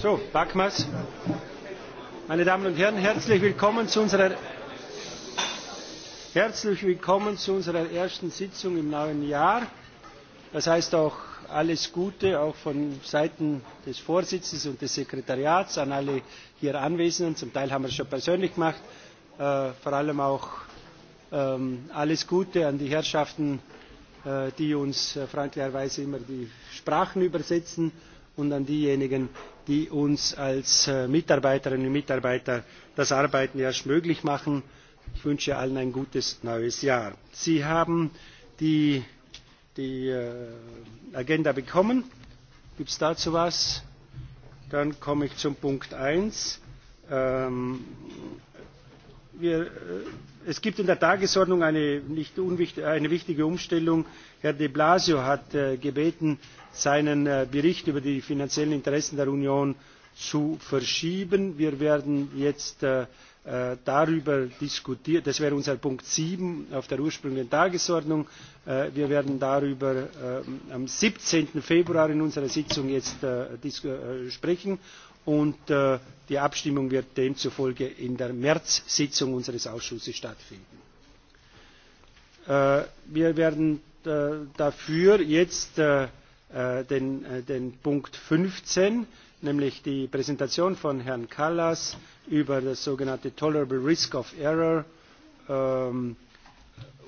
So, Backmas. Meine Damen und Herren, herzlich willkommen zu unserer Herzlich willkommen zu unserer ersten Sitzung im neuen Jahr. Das heißt auch alles Gute, auch von Seiten des Vorsitzes und des Sekretariats an alle hier Anwesenden. Zum Teil haben wir es schon persönlich gemacht. Äh, vor allem auch ähm, alles Gute an die Herrschaften, äh, die uns äh, freundlicherweise immer die Sprachen übersetzen und an diejenigen, die uns als äh, Mitarbeiterinnen und Mitarbeiter das Arbeiten erst möglich machen. Ich wünsche allen ein gutes neues Jahr. Sie haben die, die äh, Agenda bekommen. Gibt es dazu was? Dann komme ich zum Punkt 1. Ähm, wir, äh, es gibt in der Tagesordnung eine, nicht eine wichtige Umstellung. Herr de Blasio hat äh, gebeten, seinen äh, Bericht über die finanziellen Interessen der Union zu verschieben. Wir werden jetzt äh, äh, darüber diskutieren, das wäre unser Punkt 7 auf der ursprünglichen Tagesordnung. Wir werden darüber ähm, am 17. Februar in unserer Sitzung jetzt sprechen und die Abstimmung wird demzufolge in der März-Sitzung unseres Ausschusses stattfinden. Wir werden dafür jetzt Äh, den, äh, den Punkt 15, nämlich die Präsentation von Herrn Kallas über das sogenannte Tolerable Risk of Error, ähm,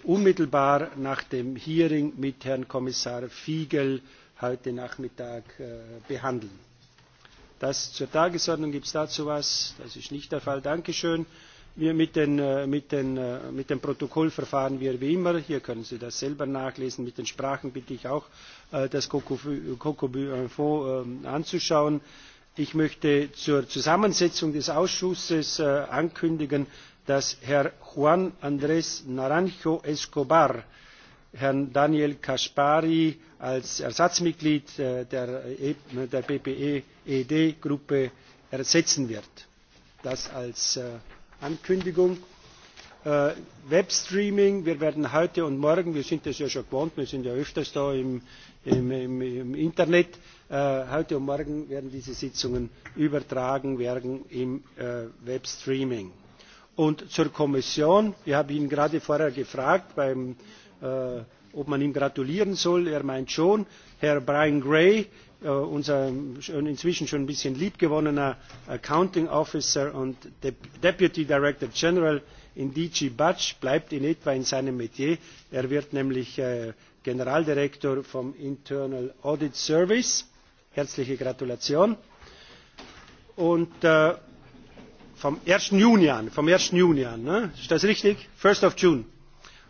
unmittelbar nach dem Hearing mit Herrn Kommissar Fiegel heute Nachmittag äh, behandeln. Das zur Tagesordnung gibt es dazu was. Das ist nicht der Fall. Dankeschön. Wir mit, den, äh, mit, den, mit dem Protokoll verfahren wir er wie immer. Hier können Sie das selber nachlesen. Mit den Sprachen bitte ich auch Äh, das Kokobüro äh, ähm, anzuschauen. Ich möchte zur Zusammensetzung des Ausschusses äh, ankündigen, dass Herr Juan Andrés Naranjo Escobar Herrn Daniel Kaspari als Ersatzmitglied der, e-, der PPE-ED-Gruppe ersetzen wird. Das als Ankündigung. Webstreaming, wir werden heute und morgen, wir sind das ja schon gewohnt, wir sind ja öfters da im im, im, im Internet. Äh, heute und morgen werden diese Sitzungen übertragen, werden im äh, Webstreaming. Und zur Kommission, ich habe ihn gerade vorher gefragt, beim, äh, ob man ihm gratulieren soll. Er meint schon, Herr Brian Gray, äh, unser schon inzwischen schon ein bisschen liebgewonnener Accounting Officer und De Deputy Director General in DG Batch, bleibt in etwa in seinem Metier. Er wird nämlich äh, Generaldirektor vom Internal Audit Service. Herzliche Gratulation. Und äh, vom 1. Juni an, vom 1. Juni an, ne? ist das richtig? 1. of June.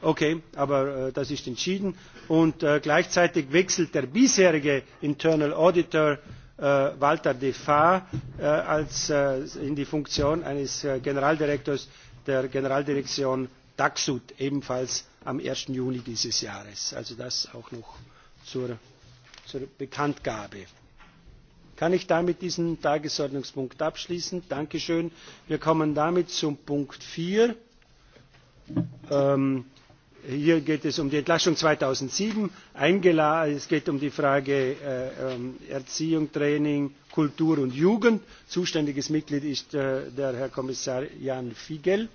Okay, aber äh, das ist entschieden. Und äh, gleichzeitig wechselt der bisherige Internal Auditor äh, Walter Fa äh, als, äh, in die Funktion eines äh, Generaldirektors der Generaldirektion DAXUT, ebenfalls am 1. Juni dieses Jahres. Also das auch noch zur, zur Bekanntgabe. Kann ich damit diesen Tagesordnungspunkt abschließen? Dankeschön. Wir kommen damit zum Punkt 4. Ähm, hier geht es um die Entlassung 2007. Eingeladen, es geht um die Frage äh, ähm, Erziehung, Training, Kultur und Jugend. Zuständiges Mitglied ist äh, der Herr Kommissar Jan Figel.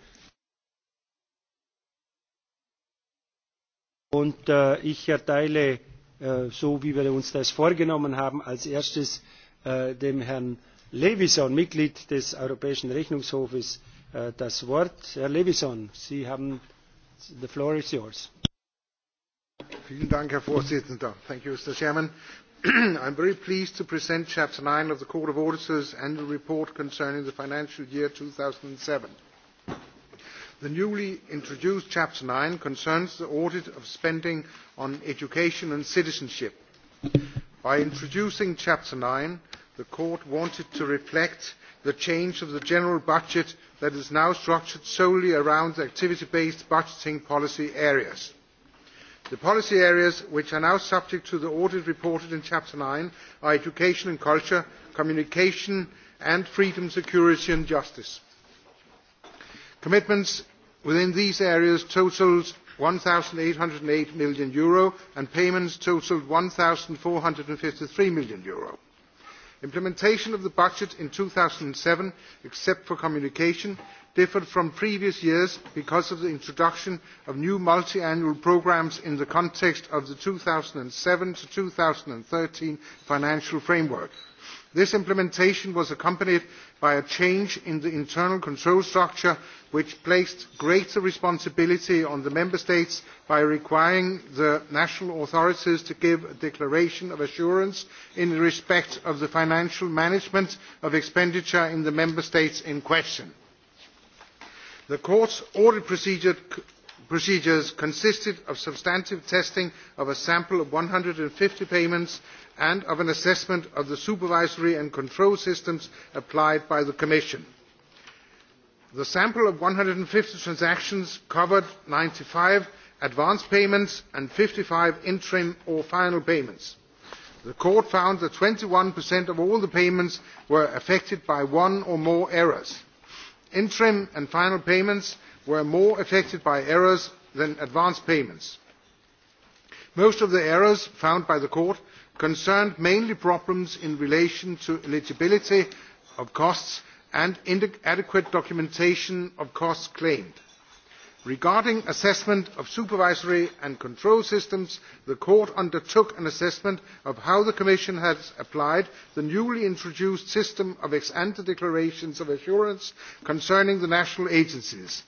Und äh, ich erteile, äh, so wie wir uns das vorgenommen haben, als erstes äh, dem Herrn Levison, Mitglied des Europäischen Rechnungshofes, äh, das Wort. Herr Levison, Sie haben, the floor is yours. Vielen Dank, Herr Vorsitzender. Thank you, Mr. Chairman. I'm very pleased to present Chapter 9 of the Court of Auditors Annual Report concerning the financial year 2007. The newly introduced Chapter 9 concerns the audit of spending on education and citizenship. By introducing Chapter 9, the Court wanted to reflect the change of the general budget that is now structured solely around activity-based budgeting policy areas. The policy areas which are now subject to the audit reported in Chapter 9 are education and culture, communication and freedom, security and justice. Commitments within these areas totalled one eight hundred and eight million Euro, and payments totalled one four hundred and fifty three million Euro. Implementation of the budget in two thousand seven, except for communication, differed from previous years because of the introduction of new multiannual programmes in the context of the two thousand seven to thirteen financial framework. This implementation was accompanied by a change in the internal control structure which placed greater responsibility on the Member States by requiring the national authorities to give a declaration of assurance in respect of the financial management of expenditure in the Member States in question. The Court's audit procedure procedures consisted of substantive testing of a sample of one hundred and fifty payments and of an assessment of the supervisory and control systems applied by the Commission. The sample of one hundred and fifty transactions covered ninety five advance payments and fifty five interim or final payments. The Court found that twenty 21% of all the payments were affected by one or more errors. Interim and final payments were more affected by errors than advance payments. Most of the errors found by the Court concerned mainly problems in relation to eligibility of costs and inadequate documentation of costs claimed. Regarding assessment of supervisory and control systems, the Court undertook an assessment of how the Commission has applied the newly introduced system of ex ante declarations of assurance concerning the national agencies.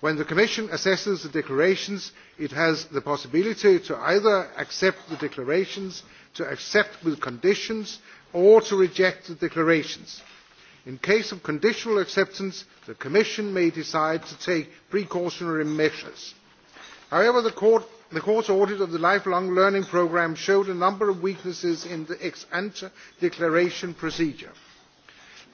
When the Commission assesses the declarations, it has the possibility to either accept the declarations to accept with conditions or to reject the declarations. In case of conditional acceptance, the Commission may decide to take precautionary measures. However, the, court, the Court's audit of the lifelong learning programme showed a number of weaknesses in the ex ante declaration procedure.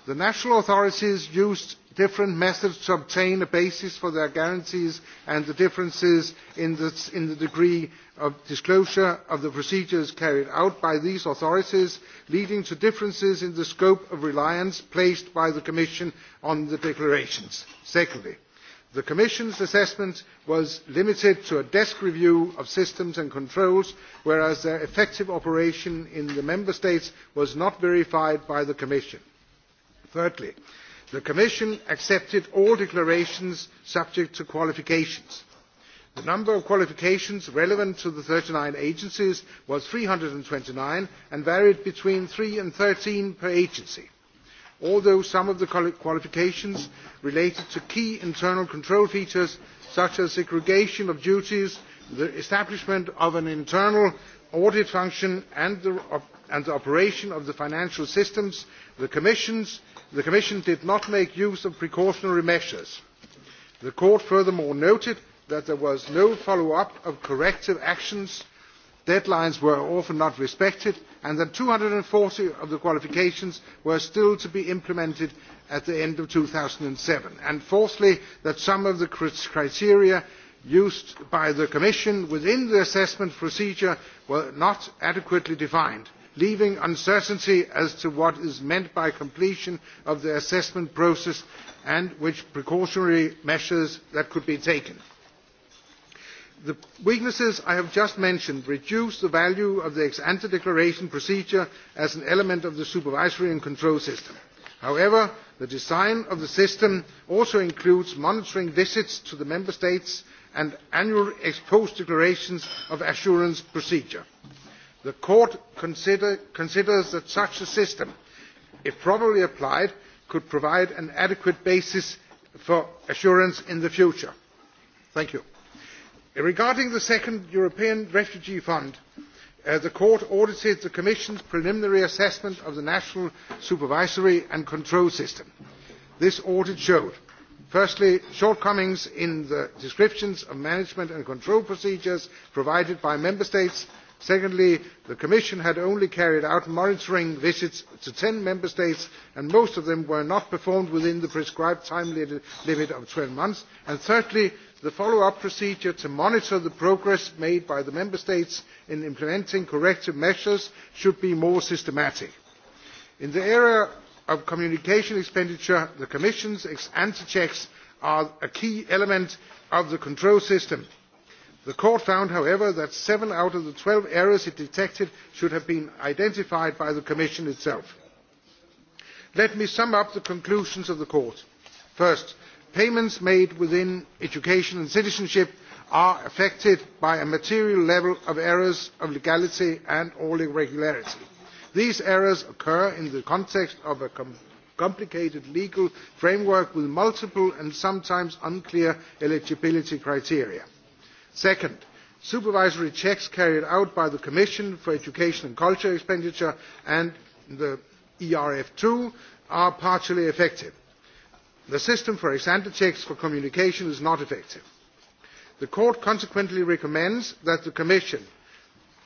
The national authorities used different methods to obtain a basis for their guarantees and the differences in the, in the degree of disclosure of the procedures carried out by these authorities, leading to differences in the scope of reliance placed by the Commission on the declarations. Secondly, the Commission's assessment was limited to a desk review of systems and controls, whereas their effective operation in the Member States was not verified by the Commission. Thirdly, the Commission accepted all declarations subject to qualifications. The number of qualifications relevant to the 39 agencies was 329 and varied between 3 and 13 per agency. Although some of the qualifications related to key internal control features such as segregation of duties, the establishment of an internal audit function and the, and the operation of the financial systems, the Commission's the commission did not make use of precautionary measures. the court furthermore noted that there was no follow up of corrective actions deadlines were often not respected and that two hundred and forty of the qualifications were still to be implemented at the end of two thousand and seven and fourthly that some of the criteria used by the commission within the assessment procedure were not adequately defined leaving uncertainty as to what is meant by completion of the assessment process and which precautionary measures that could be taken. The weaknesses I have just mentioned reduce the value of the ex-ante declaration procedure as an element of the supervisory and control system. However, the design of the system also includes monitoring visits to the Member States and annual ex post declarations of assurance procedure. The Court consider, considers that such a system, if properly applied, could provide an adequate basis for assurance in the future. Thank you. Regarding the second European Refugee Fund, uh, the Court audited the Commission's preliminary assessment of the national supervisory and control system. This audit showed Firstly, shortcomings in the descriptions of management and control procedures provided by Member States Secondly, the Commission had only carried out monitoring visits to 10 Member States and most of them were not performed within the prescribed time li limit of 12 months. And thirdly, the follow-up procedure to monitor the progress made by the Member States in implementing corrective measures should be more systematic. In the area of communication expenditure, the Commission's ex-ante checks are a key element of the control system the court found however that seven out of the twelve errors it detected should have been identified by the commission itself. let me sum up the conclusions of the court. first payments made within education and citizenship are affected by a material level of errors of legality and or irregularity. these errors occur in the context of a com complicated legal framework with multiple and sometimes unclear eligibility criteria Second, supervisory checks carried out by the Commission for Education and Culture expenditure and the ERF2 are partially effective. The system for ex ante checks for communication is not effective. The Court consequently recommends that the Commission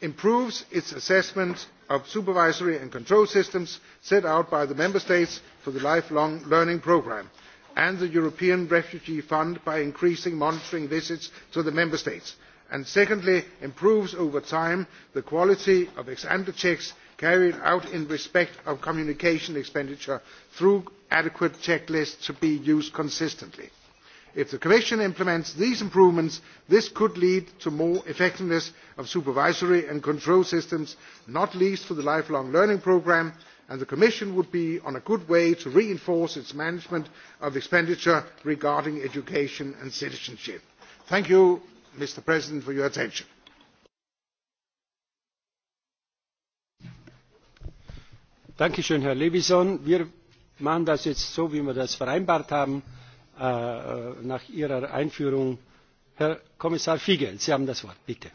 improves its assessment of supervisory and control systems set out by the Member States for the lifelong learning programme and the European Refugee Fund by increasing monitoring visits to the Member States. And secondly, improves over time the quality of ex ante checks carried out in respect of communication expenditure through adequate checklists to be used consistently. If the Commission implements these improvements, this could lead to more effectiveness of supervisory and control systems, not least for the lifelong learning programme, and the Commission would be on a good way to reinforce its management of expenditure regarding education and citizenship. Thank you, Mr. President, for your attention. Herr Levison. Wir machen das jetzt so, wie wir das vereinbart haben. Äh, nach Ihrer Einführung. Herr Kommissar Fiegel, Sie haben das Wort, bitte.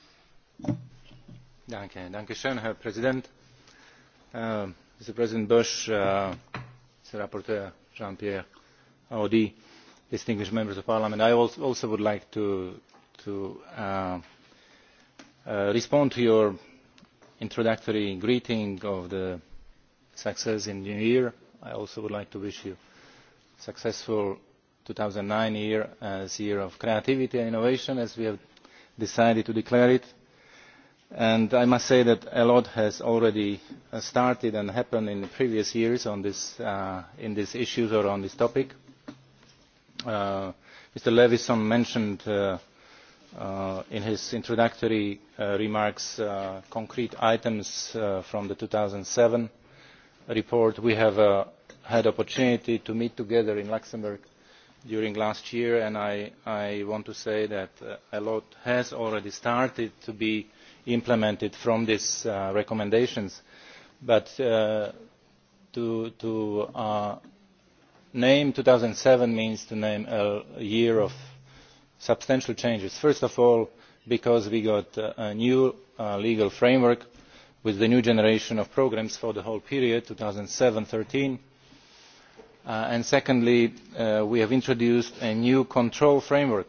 Danke, danke schön, Herr Präsident. Uh, äh, Mr. President Bush, uh, äh, Mr. Rapporteur Jean-Pierre Audi, distinguished members of parliament, I also would like to, to uh, uh, respond to your introductory greeting of the success in the new year. I also would like to wish you successful 2009 year as year of creativity and innovation as we have decided to declare it and I must say that a lot has already uh, started and happened in the previous years on this, uh, in these issues or on this topic. Uh, Mr. Levison mentioned uh, uh, in his introductory uh, remarks uh, concrete items uh, from the 2007 report. We have uh, had opportunity to meet together in Luxembourg during last year and I, I want to say that uh, a lot has already started to be implemented from these uh, recommendations. But uh, to, to uh, name 2007 means to name a year of substantial changes. First of all, because we got uh, a new uh, legal framework with the new generation of programs for the whole period, seven thirteen. Uh, and secondly, uh, we have introduced a new control framework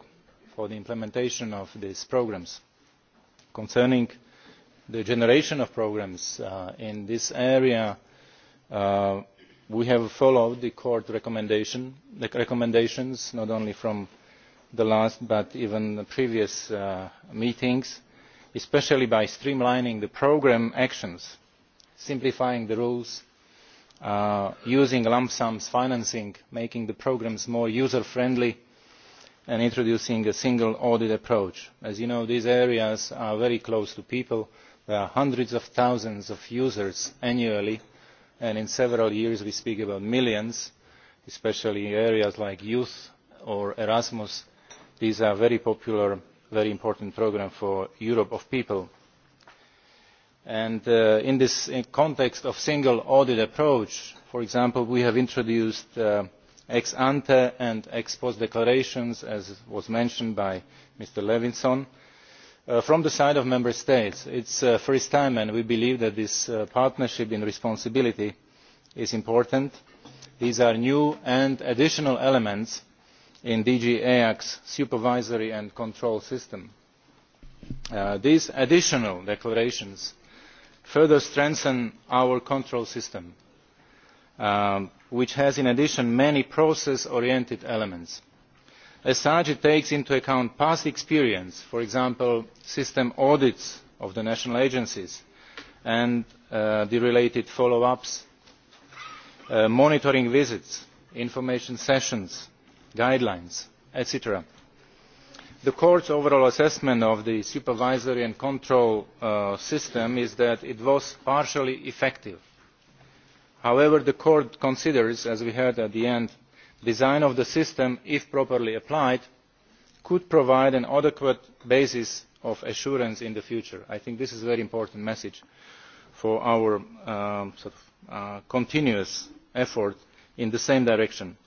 for the implementation of these programmes. Concerning the generation of programmes uh, in this area, we have followed the court recommendations not only from the last but even the previous meetings, especially by streamlining the programme actions, simplifying the rules, Uh, using lump sums financing, making the programmes more user-friendly, and introducing a single audit approach. As you know, these areas are very close to people. There are hundreds of thousands of users annually, and in several years we speak about millions, especially in areas like youth or Erasmus. These are very popular, very important programmes for Europe of people and uh, in this in context of single audit approach for example we have introduced uh, ex ante and ex post declarations as was mentioned by mr levinson uh, from the side of member states. it is the uh, first time and we believe that this uh, partnership in responsibility is important. these are new and additional elements in dg eeas's supervisory and control system. Uh, these additional declarations further strengthen our control system, um, which has in addition many process-oriented elements. As such, it takes into account past experience, for example, system audits of the national agencies and uh, the related follow-ups, uh, monitoring visits, information sessions, guidelines, etc the court's overall assessment of the supervisory and control uh, system is that it was partially effective. however the court considers as we heard at the end the design of the system if properly applied could provide an adequate basis of assurance in the future. i think this is a very important message for our um, uh, continuous effort in the same direction.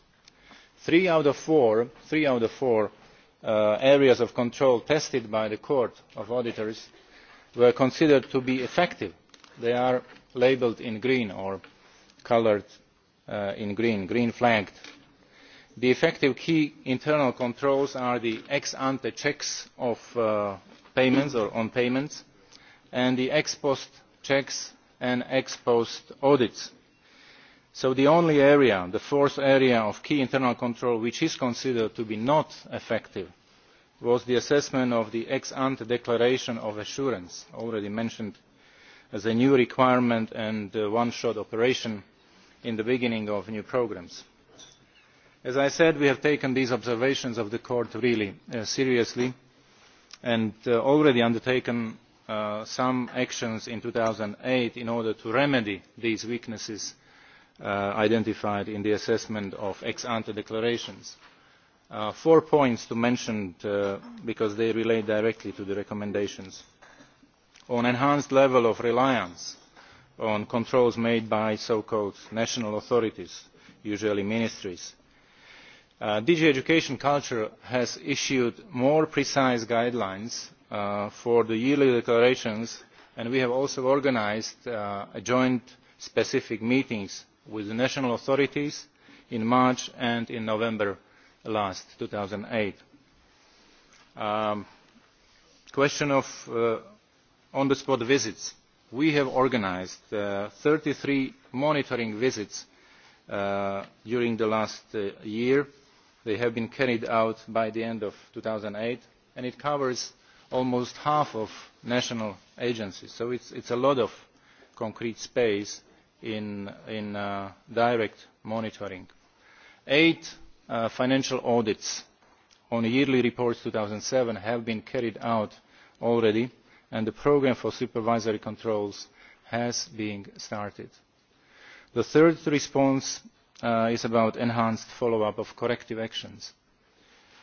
three out of four, three out of four Uh, areas of control tested by the court of auditors were considered to be effective they are labelled in green or coloured uh, in green green flagged. the effective key internal controls are the ex ante checks of uh, payments or on payments and the ex post checks and ex post audits. so the only area the fourth area of key internal control which is considered to be not effective was the assessment of the ex ante declaration of assurance already mentioned as a new requirement and a uh, one shot operation in the beginning of new programmes. as i said we have taken these observations of the court really uh, seriously and uh, already undertaken some actions in two thousand and eight in order to remedy these weaknesses identified in the assessment of ex ante declarations Uh, four points to mention uh, because they relate directly to the recommendations. On enhanced level of reliance on controls made by so-called national authorities, usually ministries. Uh, DG Education Culture has issued more precise guidelines for the yearly declarations and we have also organised joint specific meetings with the national authorities in March and in November last two thousand and eight um, question of uh, on the spot visits we have organised uh, thirty three monitoring visits uh, during the last uh, year they have been carried out by the end of two thousand and eight and it covers almost half of national agencies so it's, it's a lot of concrete space in, in uh, direct monitoring. eight Uh, financial audits on yearly reports two thousand and seven have been carried out already and the programme for supervisory controls has been started. the third response uh, is about enhanced follow up of corrective actions.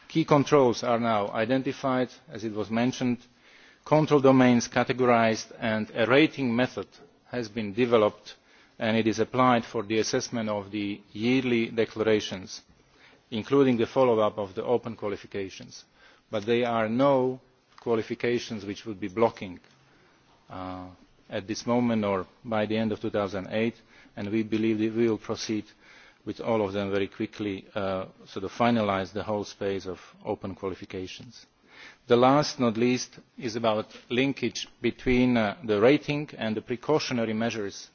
key controls are now identified as was mentioned control domains categorised and a rating method has been developed and it is applied for the assessment of the yearly declarations including the follow up of the open qualifications but there are no qualifications which would be blocking uh, at this moment or by the end of two thousand and eight and we believe that we will proceed with all of them very quickly uh, sort of finalise the whole space of open qualifications. The last not least is about linkage between uh, the rating and the precautionary measures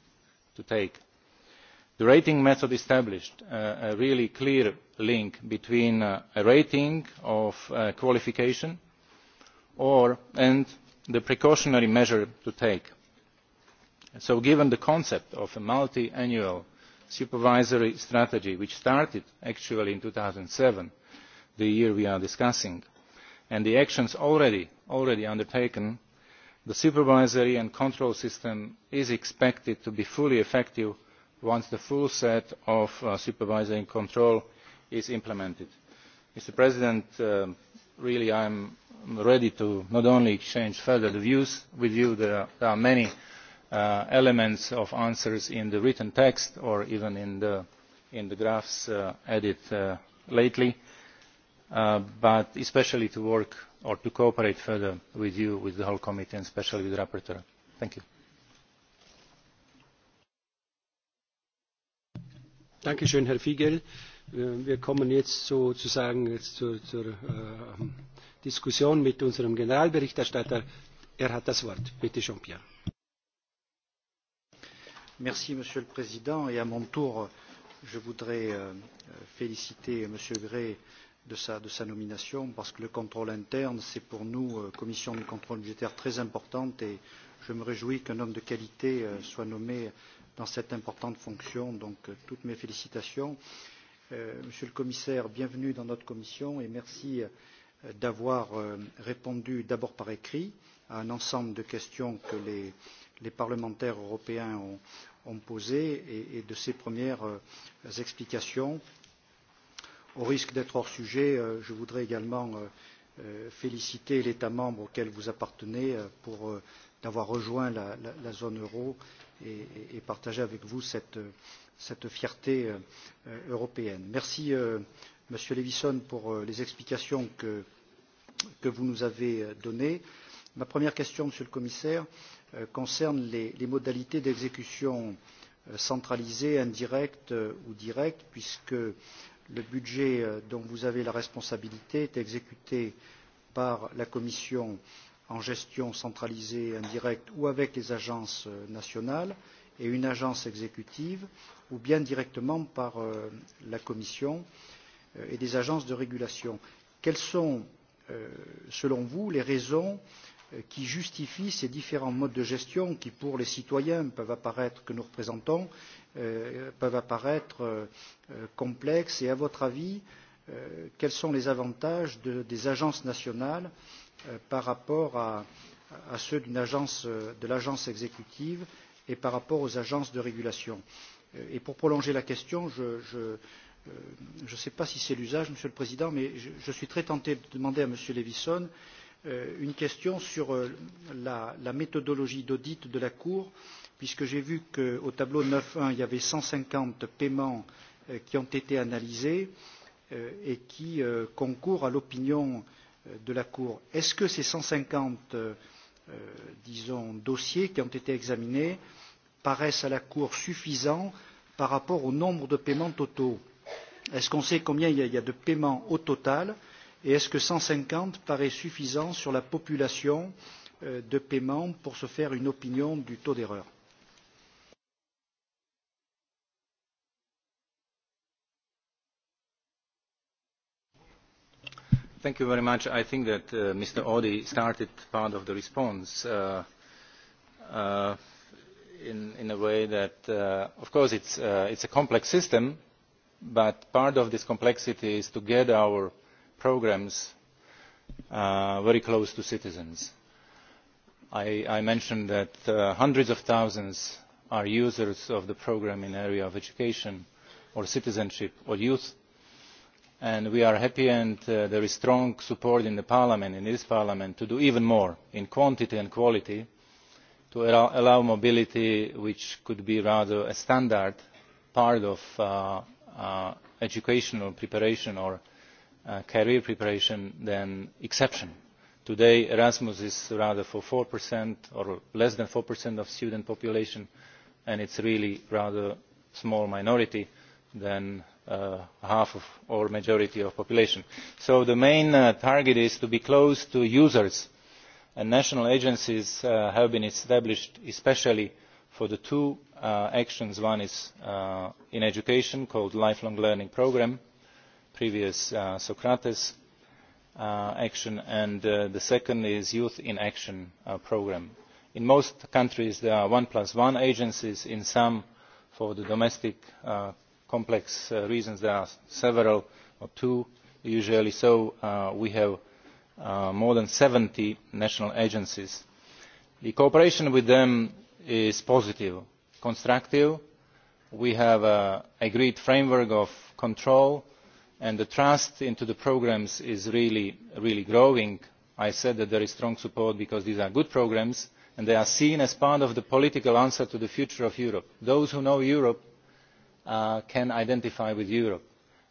to take the rating method established uh, a really clear link between uh, a rating of uh, qualification and the precautionary measure to take. so given the concept of a multiannual supervisory strategy which started actually in two thousand and seven the year we are discussing and the actions already undertaken the supervisory and control system is expected to be fully effective once the full set of uh, supervisory supervisory control is implemented. Mr. President, um, really I am ready to not only exchange further the views with you, there, are many uh, elements of answers in the written text or even in the, in the drafts added uh, lately, but especially to work or to cooperate further with you, with the whole committee and especially with the rapporteur. Thank you. schön, Herr Fiegel. Äh, wir kommen jetzt sozusagen jetzt zur, zur äh, Diskussion mit unserem Generalberichterstatter. Er hat das Wort. Bitte, schön, pierre Merci, Monsieur le Président. Et à mon tour, je voudrais euh, féliciter Monsieur Gray de sa, de sa nomination parce que le contrôle interne, c'est pour nous, euh, Commission du contrôle budgétaire, très importante et je me réjouis qu'un homme de qualité euh, soit nommé dans cette importante fonction. Donc euh, toutes mes félicitations. Euh, monsieur le Commissaire, bienvenue dans notre commission et merci euh, d'avoir euh, répondu d'abord par écrit à un ensemble de questions que les, les parlementaires européens ont, ont posées et, et de ces premières explications. Au risque d'être hors sujet, je voudrais également féliciter l'État membre auquel vous appartenez pour d'avoir rejoint la, la, la zone euro et, et, et partager avec vous cette, cette fierté euh, européenne. Merci, euh, Monsieur Levison, pour euh, les explications que, que vous nous avez euh, données. Ma première question, Monsieur le Commissaire, euh, concerne les, les modalités d'exécution euh, centralisées, indirectes euh, ou directes, puisque le budget euh, dont vous avez la responsabilité est exécuté par la Commission européenne en gestion centralisée indirecte ou avec les agences euh, nationales et une agence exécutive ou bien directement par euh, la Commission euh, et des agences de régulation. Quelles sont, selon vous, les raisons qui justifient ces différents modes de gestion qui, pour les citoyens, peuvent apparaître, que nous représentons, peuvent apparaître complexes et, à votre avis, quels sont les avantages de, des agences nationales euh, Euh, par rapport à, à ceux agence, euh, de l'agence exécutive et par rapport aux agences de régulation. Euh, et pour prolonger la question, je, je, je ne sais pas si c'est l'usage, Monsieur le Président, mais je, je suis très tenté de demander à Monsieur Levison une question sur la, la méthodologie d'audit de la Cour, puisque j'ai vu qu'au tableau 9.1, il y avait 150 paiements qui ont été analysés et qui concourent à l'opinion euh, Euh, de la Cour. Est-ce que ces 150, euh, euh, disons, dossiers qui ont été examinés paraissent à la Cour suffisants par rapport au nombre de paiements totaux Est-ce qu'on sait combien il y, a, de paiements au total Et est-ce que 150 paraît suffisant sur la population euh, de paiements pour se faire une opinion du taux d'erreur Thank you very much. I think that uh, Mr. Audi started part of the response uh, uh, in, in a way that, uh, of course, it's, uh, it's a complex system, but part of this complexity is to get our programs uh, very close to citizens. I, I mentioned that uh, hundreds of thousands are users of the program in the area of education or citizenship or youth and we are happy and uh, there is strong support in the parliament in this parliament to do even more in quantity and quality to allow, mobility which could be rather a standard part of uh, uh, educational preparation or career preparation than exception. Today Erasmus is rather for four or less than four of the student population and it's really rather small minority than uh, half of or majority of population. So the main uh, target is to be close to users and national agencies uh, have been established especially for the two uh, actions. One is uh, in education called lifelong learning program, previous uh, Socrates uh, action, and uh, the second is youth in action uh, program. In most countries there are one plus one agencies, in some for the domestic uh, complex uh, reasons. There are several or two usually. So uh, we have uh, more than seventy national agencies. The cooperation with them is positive, constructive. We have an agreed framework of control and the trust in the programmes is really, really growing. I said that there is strong support because these are good programmes and they are seen as part of the political answer to the future of Europe. Those who know Europe uh, can identify with europe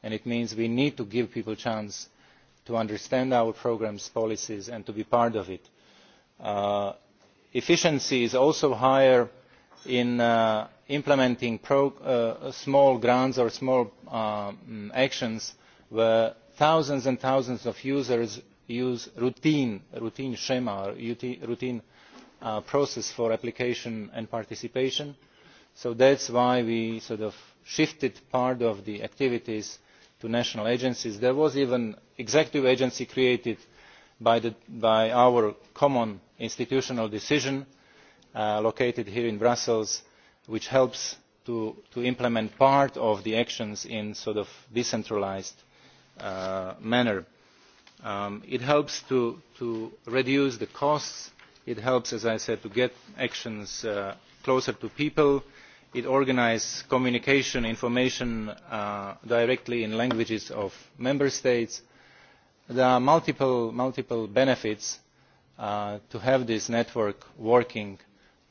and it means we need to give people a chance to understand our programmes policies and to be part of it. Uh, efficiency is also higher in uh, implementing pro, uh, small grants or small um, actions where thousands and thousands of users use routine routine schema routine uh, process for application and participation so that's why we sort of shifted part of the activities to national agencies. there was even an executive agency created by, the, by our common institutional decision uh, located here in brussels which helps to, to implement part of the actions in a sort of decentralised uh, manner. Um, it helps to, to reduce the costs. It helps, as I said, to get actions uh, closer to people. Uh, it organises communication and information uh, directly in the languages of member states. there are multiple, benefits uh, to having this network working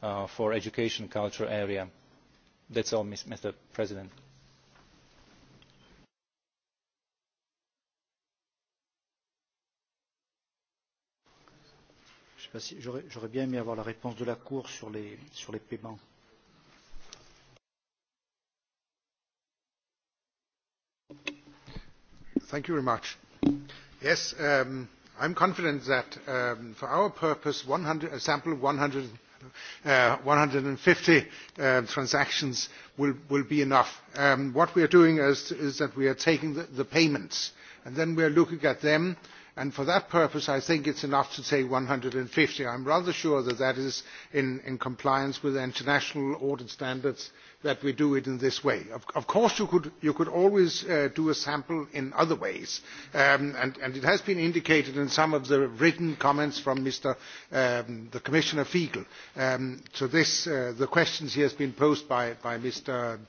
uh, for the education and culture area. that is all mr president. j'aurais bien aimé avoir la réponse de la cour sur les paiements. Thank you very much. Yes, um, I'm confident that um, for our purpose, 100, a sample of 100 uh, 150 uh, um, transactions will, will be enough. Um, what we are doing is, is that we are taking the, the payments and then we are looking at them and for that purpose I think it's enough to say 150. I'm rather sure that that is in, in compliance with international audit standards uh, that we do it in this way. Of, of course, you could, you could always uh, do a sample in other ways, um, and, and it has been indicated in some of the written comments from Mr. Um, the Commissioner Fiegel. Um, so this, uh, the questions here has been posed by, by Mr.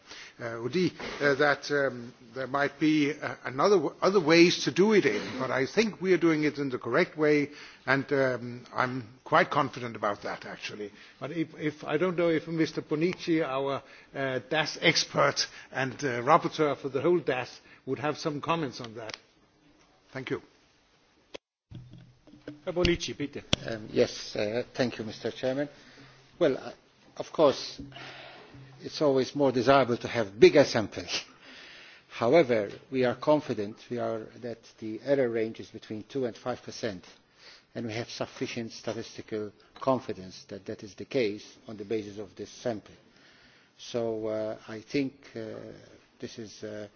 Uh, Udi uh, that um, there might be uh, another, other ways to do it in, but I think we are doing it in the correct way, and um, I'm quite confident about that, actually. But if, if I don't know if Mr. Bonici, our uh, DAS expert and uh, rapporteur for the whole DAS, would have some comments on that. Thank you. Bonici, uh, Peter. Um, yes, uh, thank you, Mr. Chairman. Well, uh, of course, it's always more desirable to have bigger samples. However, we are confident we are, that the error range is between 2 and 5 percent and we have sufficient statistical confidence that that is the case on the basis of this sample. So uh, I think uh, this is uh,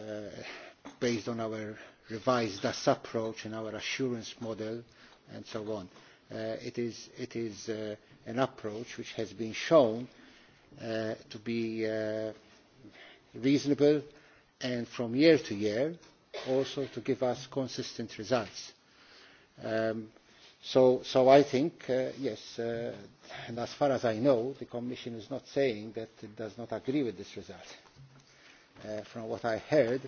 uh, based on our revised DAS approach and our assurance model and so on. Uh, it is, it is uh, an approach which has been shown uh, to be uh, reasonable and from year to year also to give us consistent results Um, so, so I think, uh, yes, uh, and as far as I know, the Commission is not saying that it does not agree with this result. Uh, from what I heard,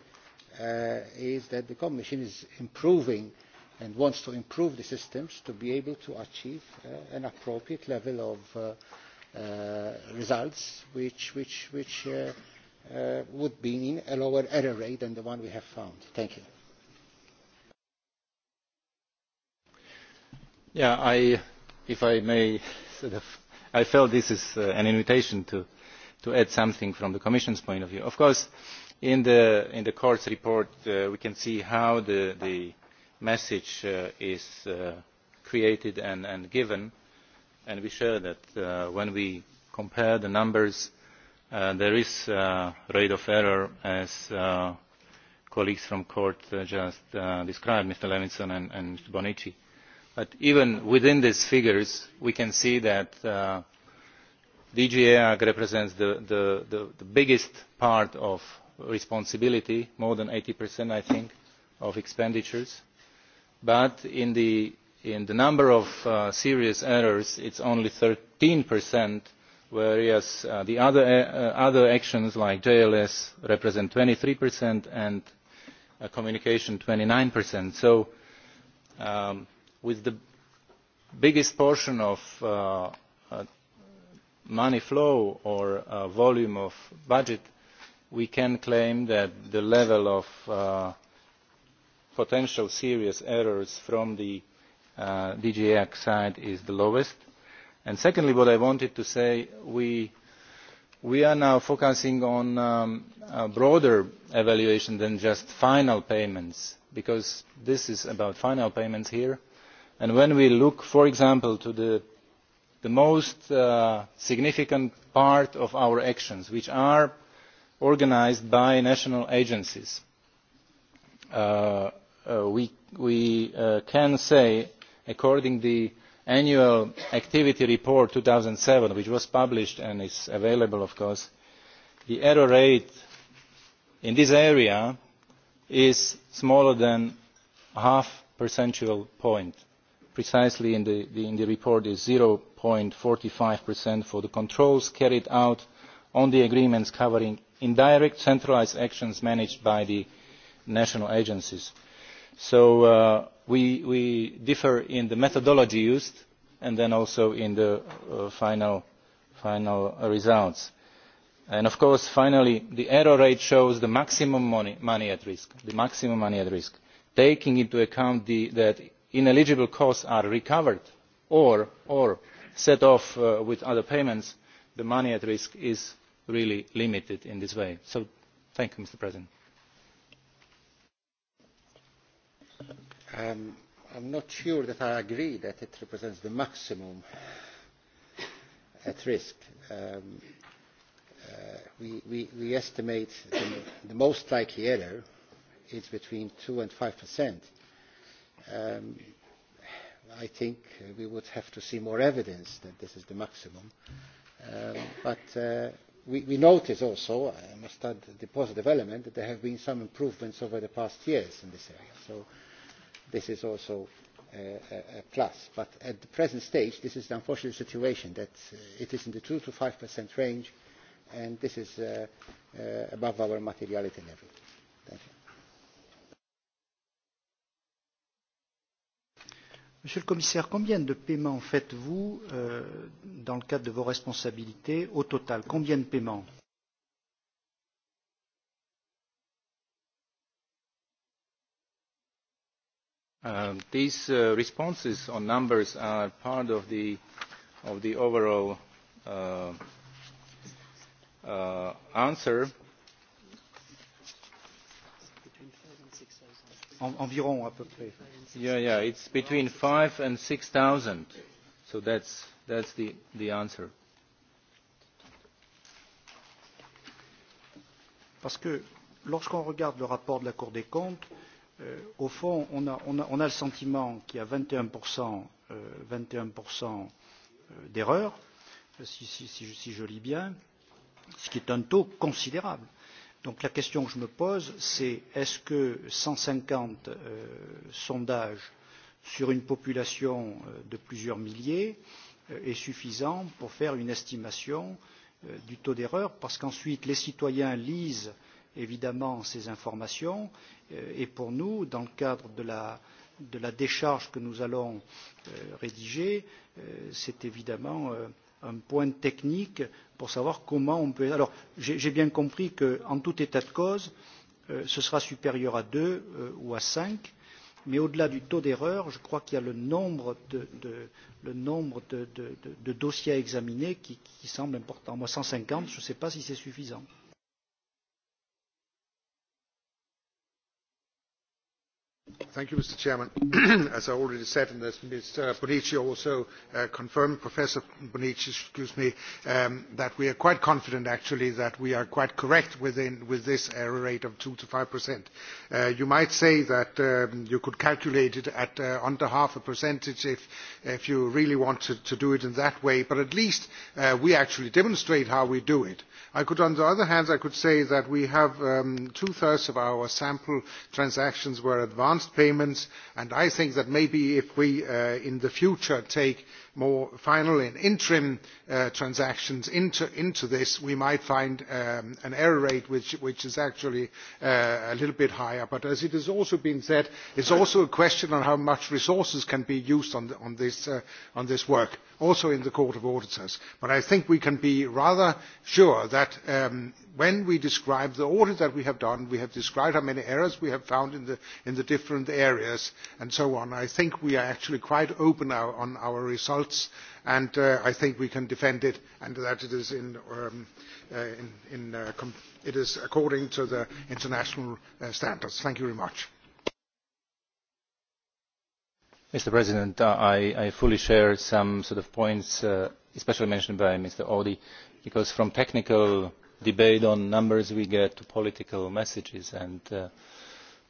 uh, is that the Commission is improving and wants to improve the systems to be able to achieve uh, an appropriate level of uh, uh, results which, which, which uh, uh, would in a lower error rate than the one we have found. Thank you. Yeah, I, if I may, sort of, I felt this is uh, an invitation to, to add something from the Commission's point of view. Of course, in the, in the court's report, uh, we can see how the, the message uh, is uh, created and, and given, and we share that uh, when we compare the numbers, uh, there is uh, rate of error as uh, colleagues from court uh, just uh, described, Mr. Levinson and, and Mr. Bonici. Uh, But even within these figures, we can see that uh, DG EAC represents the, the, the, the biggest part of responsibility, more than 80%, I think, of expenditures. But in the, in the number of uh, serious errors, it's only 13%, whereas uh, the other, uh, other actions like JLS represent 23% and uh, communication 29%. So um, with the biggest portion of uh, uh, money flow or uh, volume of budget, we can claim that the level of uh, potential serious errors from the uh, DGAC side is the lowest. And secondly, what I wanted to say, we, we are now focusing on um, a broader evaluation than just final payments, because this is about final payments here and when we look for example to the, the most uh, significant part of our actions which are organised by national agencies uh, uh, we, we uh, can say according to the annual activity report two thousand and seven which was published and is available of course the error rate in this area is smaller than half percentage point precisely in the, the, in the report is 0.45% for the controls carried out on the agreements covering indirect centralized actions managed by the national agencies. So uh, we, we differ in the methodology used and then also in the uh, final, final results. And of course, finally, the error rate shows the maximum money, money at risk, the maximum money at risk, taking into account the, that ineligible costs are recovered or, set off uh, with other payments, the money at risk is really limited in this way. So thank you, Mr. President. Um, I'm not sure that I agree that it represents the maximum at risk. Um, uh, we, we, we estimate the, the most likely error is between 2 and 5 percent Um, I think we would have to see more evidence that this is the maximum. Um, but uh, we, we notice also, I must add the positive element, that there have been some improvements over the past years in this area. So this is also a, a plus. But at the present stage, this is the unfortunate situation that uh, it is in the 2 to 5% range, and this is uh, uh, above our materiality level. Monsieur le Commissaire, combien de paiements faites-vous euh, dans le cadre de vos responsabilités au total Combien de paiements Uh, these uh, responses on numbers are part of the, of the overall uh, uh, answer environ à peu près. Yeah, yeah, it's between 5 and 6,000. So that's, that's the, the answer. Parce que lorsqu'on regarde le rapport de la Cour des comptes, euh, au fond, on a, on, a, on a le sentiment qu'il y a 21%, euh, 21 euh, d'erreurs, si, si, si, si, si je lis bien, ce qui est un taux considérable Donc la question que je me pose, c'est est-ce que 150 euh, sondages sur une population euh, de plusieurs milliers euh, est suffisant pour faire une estimation euh, du taux d'erreur parce qu'ensuite les citoyens lisent évidemment ces informations et pour nous, dans le cadre de la, de la décharge que nous allons rédiger, c'est évidemment un point technique pour savoir comment on peut. Alors, j'ai bien compris qu'en tout état de cause, euh, ce sera supérieur à 2 euh, ou à 5, mais au-delà du taux d'erreur, je crois qu'il y a le nombre de, de, le nombre de, de, de, de dossiers à examiner qui, qui semble important. Moi, 150, je ne sais pas si c'est suffisant. Thank you, Mr. Chairman. As I already said, and as Mr. Bonici also uh, confirmed, Professor Bonici, excuse me, um, that we are quite confident actually that we are quite correct within with this error rate of 2 to 5 percent. Uh, you might say that um, you could calculate it at uh, under half a percentage if, if you really want to, to do it in that way, but at least uh, we actually demonstrate how we do it. I could, on the other hand, I could say that we have um, two-thirds of our sample transactions were advanced payments and I think that maybe if we uh, in the future take more final and interim uh, transactions into, into this, we might find um, an error rate which, which is actually uh, a little bit higher. But as it has also been said, it's also a question on how much resources can be used on, the, on, this, uh, on this work, also in the Court of Auditors. But I think we can be rather sure that um, when we describe the audit that we have done, we have described how many errors we have found in the, in the different areas and so on. I think we are actually quite open our, on our results votes and uh, I think we can defend it and that it is, in, um, uh, in, in, uh, com it is according to the international uh, standards. Thank you very much. Mr. President, uh, I, I fully share some sort of points, uh, especially mentioned by Mr. Audi, because from technical debate on numbers we get to political messages and uh,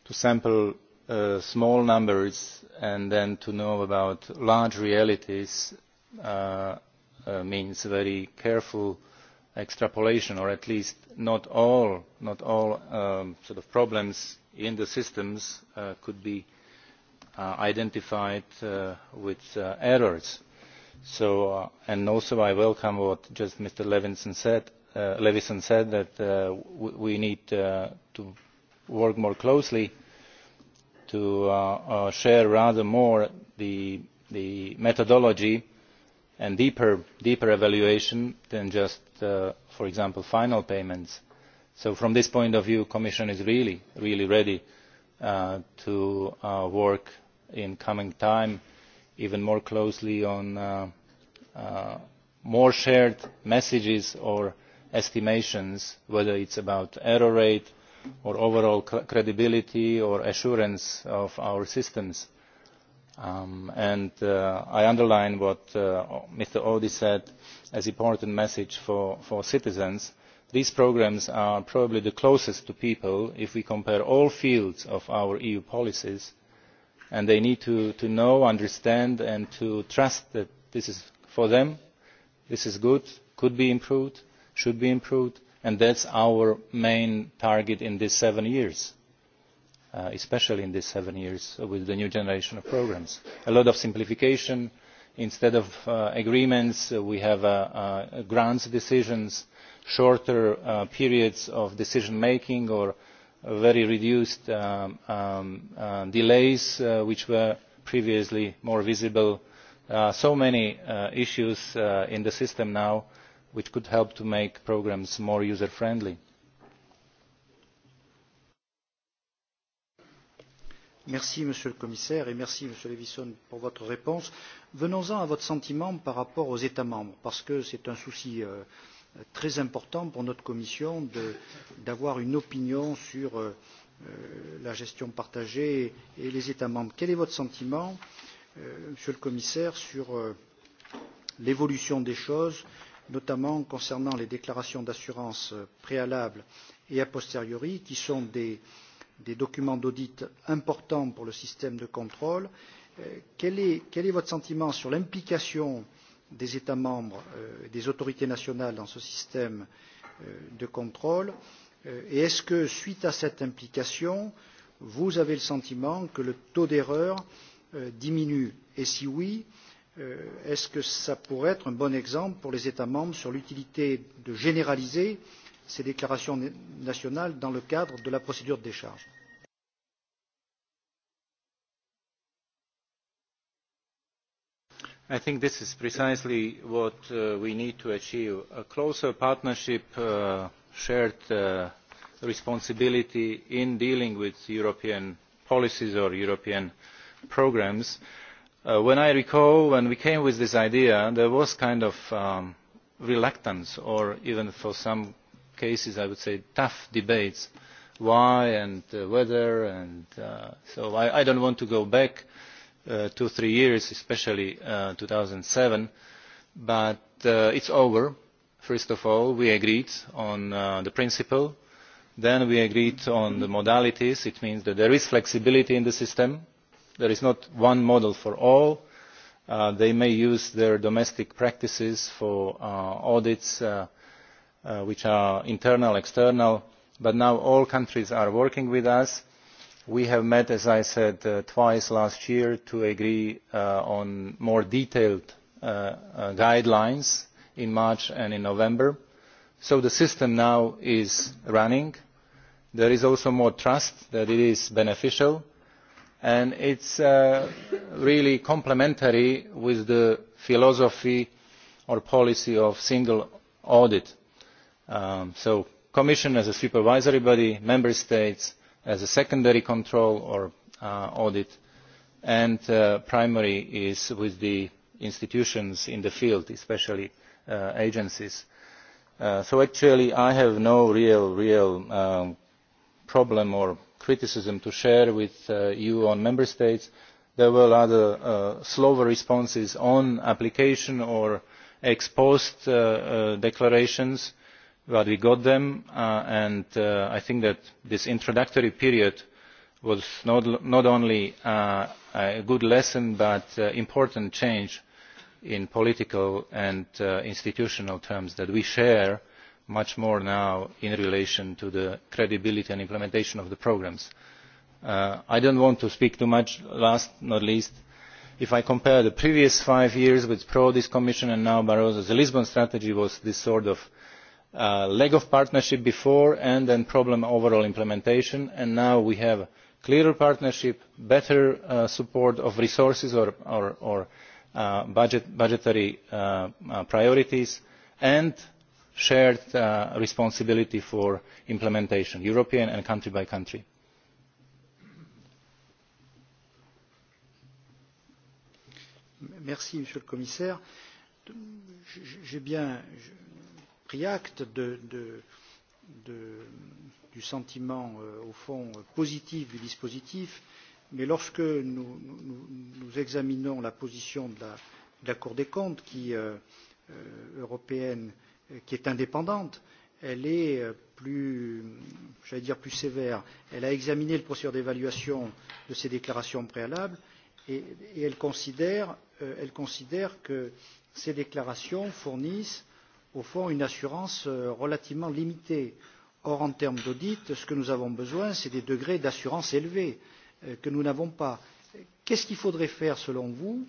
to sample uh, small numbers and then to know about large realities uh, uh, means very careful extrapolation or at least not all, not all um, sort of problems in the systems uh, could be uh, identified uh, with uh, errors. So, uh, and also I welcome what just Mr. Levinson said, uh, Levison said that uh, w we need uh, to work more closely uh, to uh, uh, share rather more the, the methodology and deeper, deeper evaluation than just, uh, for example, final payments. So from this point of view, the Commission is really, really ready uh, to uh, work in coming time even more closely on uh, uh, more shared messages or estimations, whether it's about error rate, or overall credibility or assurance of our systems. Um, and uh, I underline what uh, Mr. Odi said as an important message for, for citizens. These programs are probably the closest to people if we compare all fields of our EU policies, and they need to, to know, understand, and to trust that this is for them, this is good, could be improved, should be improved, and that's our main target in these seven years uh, especially in these seven years with the new generation of programmes. a lot of simplification instead of uh, agreements uh, we have uh, uh, grants decisions shorter uh, periods of decision making or very reduced um, um, delays which were previously more visible. so many issues in the system now which could help to make programmes more user friendly. Merci, Monsieur le Commissaire, et merci, Monsieur Levison, pour votre réponse. Venons-en à votre sentiment par rapport aux États membres, parce que c'est un souci euh, très important pour notre Commission d'avoir une opinion sur euh, euh, la gestion partagée et les États membres. Quel est votre sentiment, euh, Monsieur le Commissaire, sur euh, l'évolution des choses notamment concernant les déclarations d'assurance préalables et a posteriori, qui sont des, des documents d'audit importants pour le système de contrôle. Euh, quel est, quel est votre sentiment sur l'implication des États membres, euh, des autorités nationales dans ce système euh, de contrôle euh, Et est-ce que, suite à cette implication, vous avez le sentiment que le taux d'erreur euh, diminue Et si oui, euh, Euh, est-ce que ça pourrait être un bon exemple pour les États membres sur l'utilité de généraliser ces déclarations nationales dans le cadre de la procédure de décharge I think this is precisely what uh, we need to achieve, a closer partnership, uh, shared uh, responsibility in dealing with European policies or European programs. Uh, when I recall when we came with this idea, there was kind of um, reluctance or even for some cases, I would say, tough debates. Why and uh, whether and uh, so I, I don't want to go back uh, two, three years, especially uh, 2007, but uh, it's over. First of all, we agreed on uh, the principle. Then we agreed on the modalities. It means that there is flexibility in the system There is not one model for all. Uh, they may use their domestic practices for uh, audits uh, uh, which are internal, external, but now all countries are working with us. We have met, as I said, uh, twice last year to agree uh, on more detailed uh, uh, guidelines in March and in November. So the system now is running. There is also more trust that it is beneficial and it is uh, really complementary with the philosophy or policy of single audit. Um, so the commission as a supervisory body member states as a secondary control or uh, audit and uh, primary is with the institutions in the field especially uh, agencies. Uh, so actually i have no real, real um, problem or criticism to share with uh, you on member states. There were rather uh, slower responses on application or ex post uh, uh, declarations, but we got them, uh, and uh, I think that this introductory period was not, not only uh, a good lesson but uh, important change in political and uh, institutional terms that we share much more now in relation to the credibility and implementation of the programmes. Uh, I don't want to speak too much, last not least, if I compare the previous five years with Prodi's Commission and now Barroso, the Lisbon strategy was this sort of uh, leg of partnership before and then problem overall implementation and now we have clearer partnership, better uh, support of resources or, or, or uh, budget, budgetary uh, uh, priorities and shared uh, responsibility for implementation european and country by country. Merci, monsieur le commissaire j'ai bien pris acte du sentiment euh, au fond positif du dispositif mais lorsque nous, nous, nous examinons la position de la, de la cour des comptes qui, euh, euh européenne qui est indépendante, elle est euh, plus, j'allais dire, plus sévère. Elle a examiné le procédure d'évaluation de ces déclarations préalables et, et elle, considère, euh, elle considère que ces déclarations fournissent, au fond, une assurance euh, relativement limitée. Or, en termes d'audit, ce que nous avons besoin, c'est des degrés d'assurance élevés euh, que nous n'avons pas. Qu'est-ce qu'il faudrait faire, selon vous,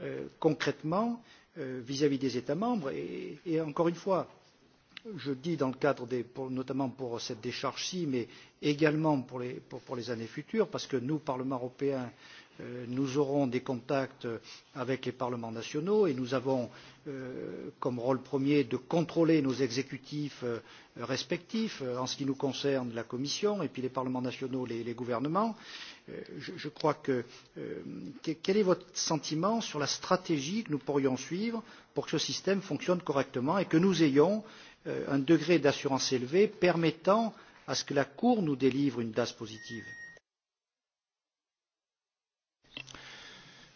euh, concrètement euh, Euh, vis-à-vis -vis des États membres. Et, et encore une fois, je dis dans le cadre des, pour, notamment pour cette décharge-ci, mais également pour les, pour, pour les années futures, parce que nous, Parlement européen, Euh, nous aurons des contacts avec les parlements nationaux et nous avons euh, comme rôle premier de contrôler nos exécutifs euh, respectifs en ce qui nous concerne la Commission et puis les parlements nationaux, et les gouvernements. Je, je crois que, quel est votre sentiment sur la stratégie que nous pourrions suivre pour que ce système fonctionne correctement et que nous ayons un degré d'assurance élevé permettant à ce que la Cour nous délivre une DAS positive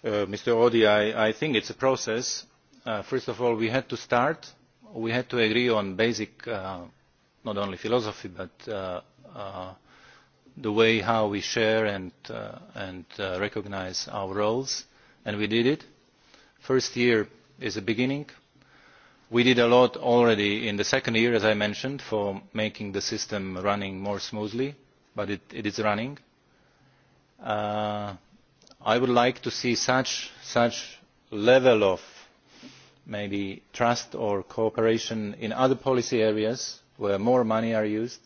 Uh, Mr. audy I, I think it's a process. Uh, first of all, we had to start. We had to agree on basic, uh, not only philosophy, but uh, uh, the way how we share and, uh, and uh, recognize our roles, and we did it. First year is a beginning. We did a lot already in the second year, as I mentioned, for making the system running more smoothly, but it, it is running. Uh, I would like to see such, such level of maybe trust or cooperation in other policy areas where more money are used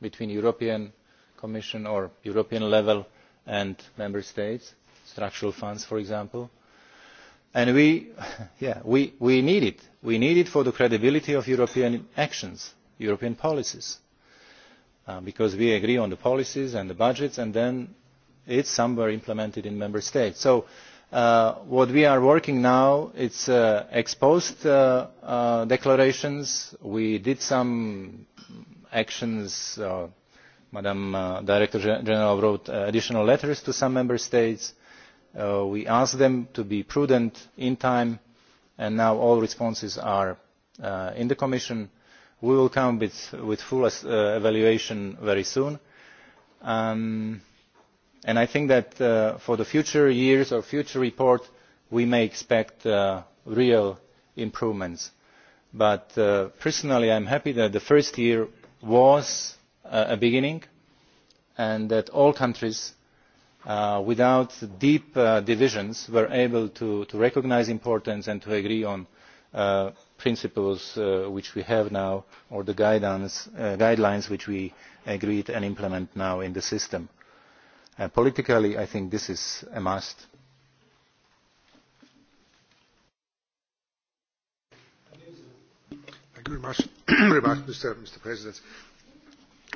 between European Commission or European level and member states, structural funds, for example. And we, yeah, we, we need it. We need it for the credibility of European actions, European policies. Uh, because we agree on the policies and the budgets, and then it's somewhere implemented in member states. So uh, what we are working now, it's uh, exposed uh, uh, declarations. We did some actions. Uh, Madam uh, Director General wrote uh, additional letters to some member states. Uh, we asked them to be prudent in time, and now all responses are uh, in the Commission. We will come with, with full uh, evaluation very soon. Um, and i think that uh, for the future years or future reports we may expect uh, real improvements but uh, personally i am happy that the first year was a beginning and that all countries uh, without deep uh, divisions were able to, to recognise importance and to agree on uh, principles which we have now or the guidance, guidelines which we agreed and implement now in the system politically, I think this is a must. Thank you very much, Mr. President.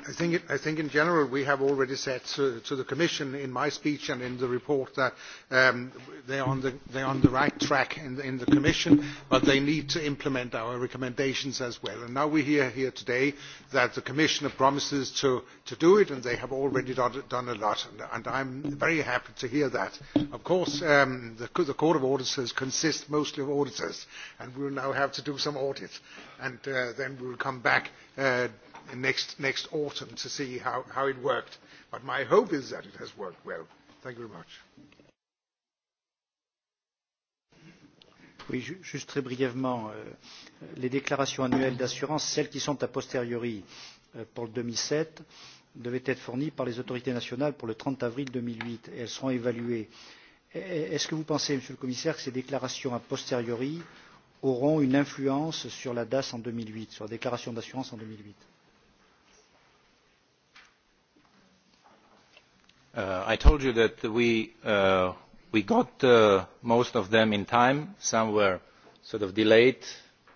I think, it, I think in general we have already said to, to the Commission in my speech and in the report that um, they're, on the, they're on the right track in the, in the Commission, but they need to implement our recommendations as well. And now we hear here today that the Commissioner promises to, to do it, and they have already done, done a lot, and, and I'm very happy to hear that. Of course, um, the, the Court of Auditors consists mostly of auditors, and we will now have to do some audits, and uh, then we will come back uh, next, next autumn to see how, how it worked. But my hope is that it has worked well. Thank you very much. Oui, juste très brièvement, euh, les déclarations annuelles d'assurance, celles qui sont a posteriori euh, pour le 2007, devaient être fournies par les autorités nationales pour le 30 avril 2008 et elles seront évaluées. E, e, est-ce que vous pensez, Monsieur le Commissaire, que ces déclarations a posteriori auront une influence sur la DAS en 2008, sur la déclaration d'assurance en 2008 Uh, I told you that we, uh, we got uh, most of them in time. Some were sort of delayed.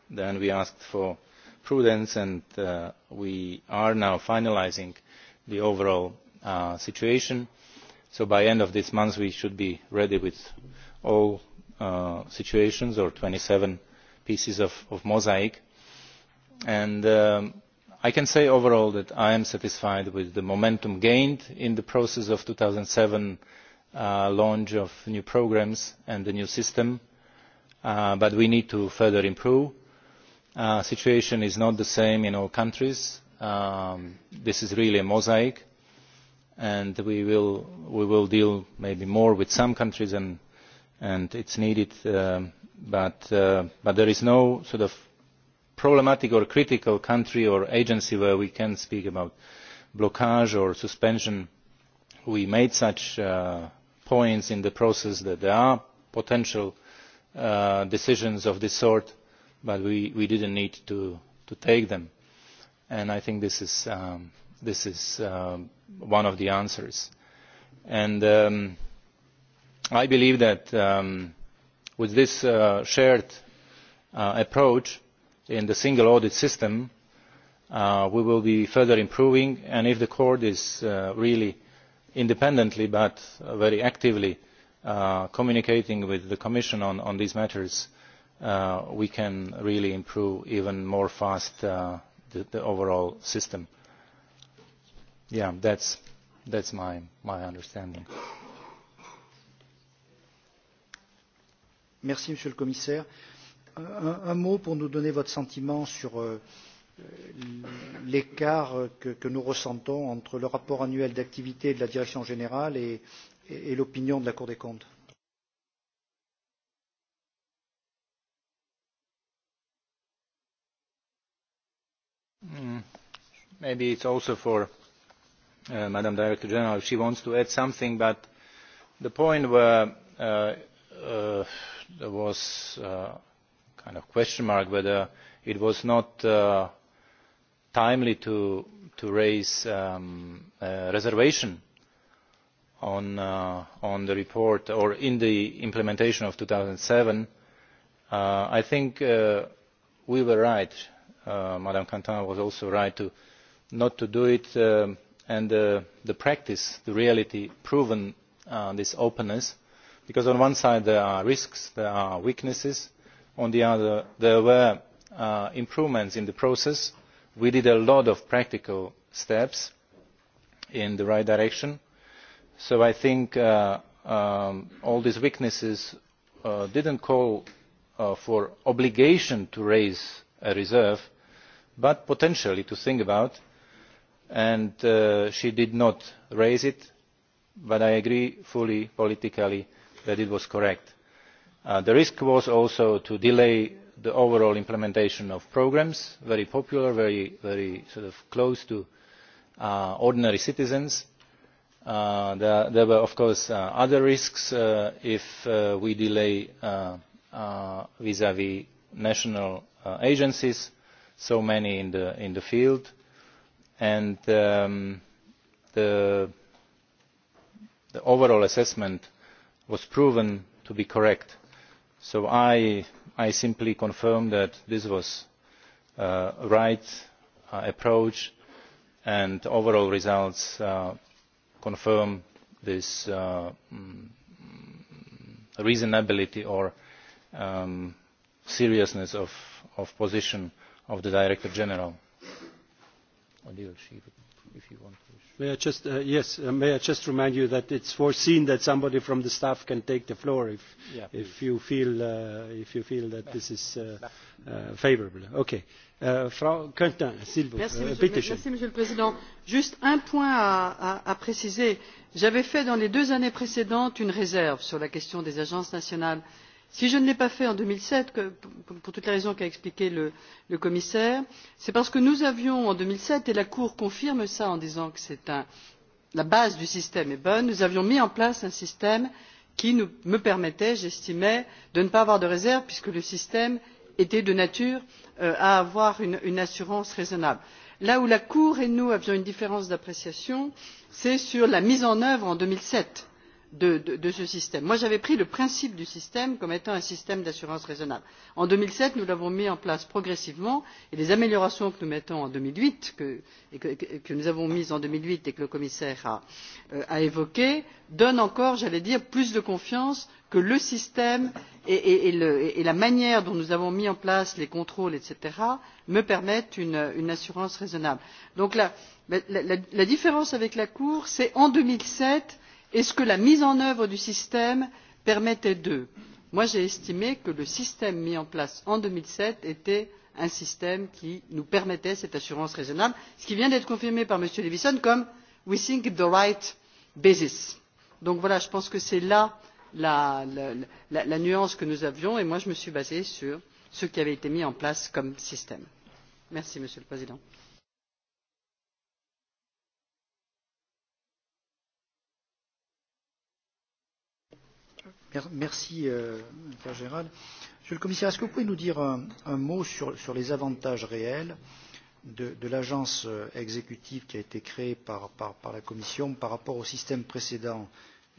Then we asked for prudence, and uh, we are now finalizing the overall uh, situation. So by end of this month, we should be ready with all uh, situations or 27 pieces of, of mosaic. And um, i can say overall that i am satisfied with the momentum gained in the process of the two thousand and seven uh, launch of new programmes and the new system uh, but we need to further improve. the uh, situation is not the same in all countries. Um, this is really a mosaic and we will, we will deal maybe more with some countries and, and it's needed um, but, uh, but there is no sort of problematic or critical country or agency where we can speak about blockage or suspension. We made such uh, points in the process that there are potential uh, decisions of this sort, but we, we didn't need to, to take them. And I think this is, um, this is um, one of the answers. And um, I believe that um, with this uh, shared uh, approach, in the single audit system uh, we will be further improving and if the court is uh, really independently but uh, very actively uh, communicating with the commission on, on these matters uh, we can really improve even more fast uh, the, the overall system. Yeah, that's, that's my, my understanding. Merci, Monsieur le Commissaire un, un mot pour nous donner votre sentiment sur euh, l'écart que, que nous ressentons entre le rapport annuel d'activité de la direction générale et, et, et l'opinion de la Cour des comptes. Hmm. Maybe it's also for uh, Madam Director General, she wants to add something, but the point where uh, uh, there was uh, kind of question mark whether it was not uh, timely to, to raise um, a reservation on, uh, on the report or in the implementation of 2007. Uh, I think uh, we were right. Uh, Madame cantan was also right to not to do it. Um, and uh, the practice, the reality, proven uh, this openness. Because on one side there are risks, there are weaknesses, on the other there were uh, improvements in the process. we did a lot of practical steps in the right direction so i think uh, um, all these weaknesses uh, didn't call uh, for obligation to raise a reserve but potentially to think about and uh, she did not raise it but i agree fully politically that it was correct Uh, the risk was also to delay the overall implementation of programmes very popular very, very sort of close to uh, ordinary citizens. Uh, there, were of course other risks if we delay vis vis national agencies so many in the in the field and um, the overall assessment was proven to be correct so i, I simply confirm that this was the uh, right uh, approach and the overall results uh, confirm this uh, mm, reasonability or um, seriousness of, of position of the director general if you want to. May I just, uh, yes, uh, may I just remind you that it's foreseen that somebody from the staff can take the floor if, yeah, if, you, feel, uh, if you feel that this is uh, uh, favorable. Okay. Uh, Frau Quentin, s'il vous plaît. Merci, euh, Merci, Monsieur le Président. Juste un point à, à, à préciser. J'avais fait dans les deux années précédentes une réserve sur la question des agences nationales si je ne l'ai pas fait en deux mille sept pour toutes les raisons qu'a expliqué le, le commissaire c'est parce que nous avions en deux mille sept et la cour confirme cela en disant que un, la base du système est bonne nous avions mis en place un système qui nous, me permettait j'estimais de ne pas avoir de réserve puisque le système était de nature euh, à avoir une, une assurance raisonnable. là où la cour et nous avions une différence d'appréciation c'est sur la mise en œuvre en deux mille sept de, de, de ce système. Moi, j'avais pris le principe du système comme étant un système d'assurance raisonnable. En deux mille sept, nous l'avons mis en place progressivement et les améliorations que nous mettons en deux mille huit, que, que nous avons mises en deux mille huit et que le commissaire a, euh, a évoquées, donnent encore, j'allais dire, plus de confiance que le système et, et, et, le, et la manière dont nous avons mis en place les contrôles, etc., me permettent une, une assurance raisonnable. Donc la, la, la, la différence avec la Cour, c'est en deux mille sept Est-ce que la mise en œuvre du système permettait d'eux Moi, j'ai estimé que le système mis en place en deux mille sept était un système qui nous permettait cette assurance raisonnable, ce qui vient d'être confirmé par M. Levison comme We think the right basis. Donc voilà, je pense que c'est là la, la, la, la nuance que nous avions et moi je me suis basée sur ce qui avait été mis en place comme système. Merci Monsieur le Président. Merci, euh, Gérald. Monsieur le Commissaire, est-ce que vous pouvez nous dire un, un mot sur, sur les avantages réels de, de l'agence euh, exécutive qui a été créée par, par, par la Commission par rapport au système précédent,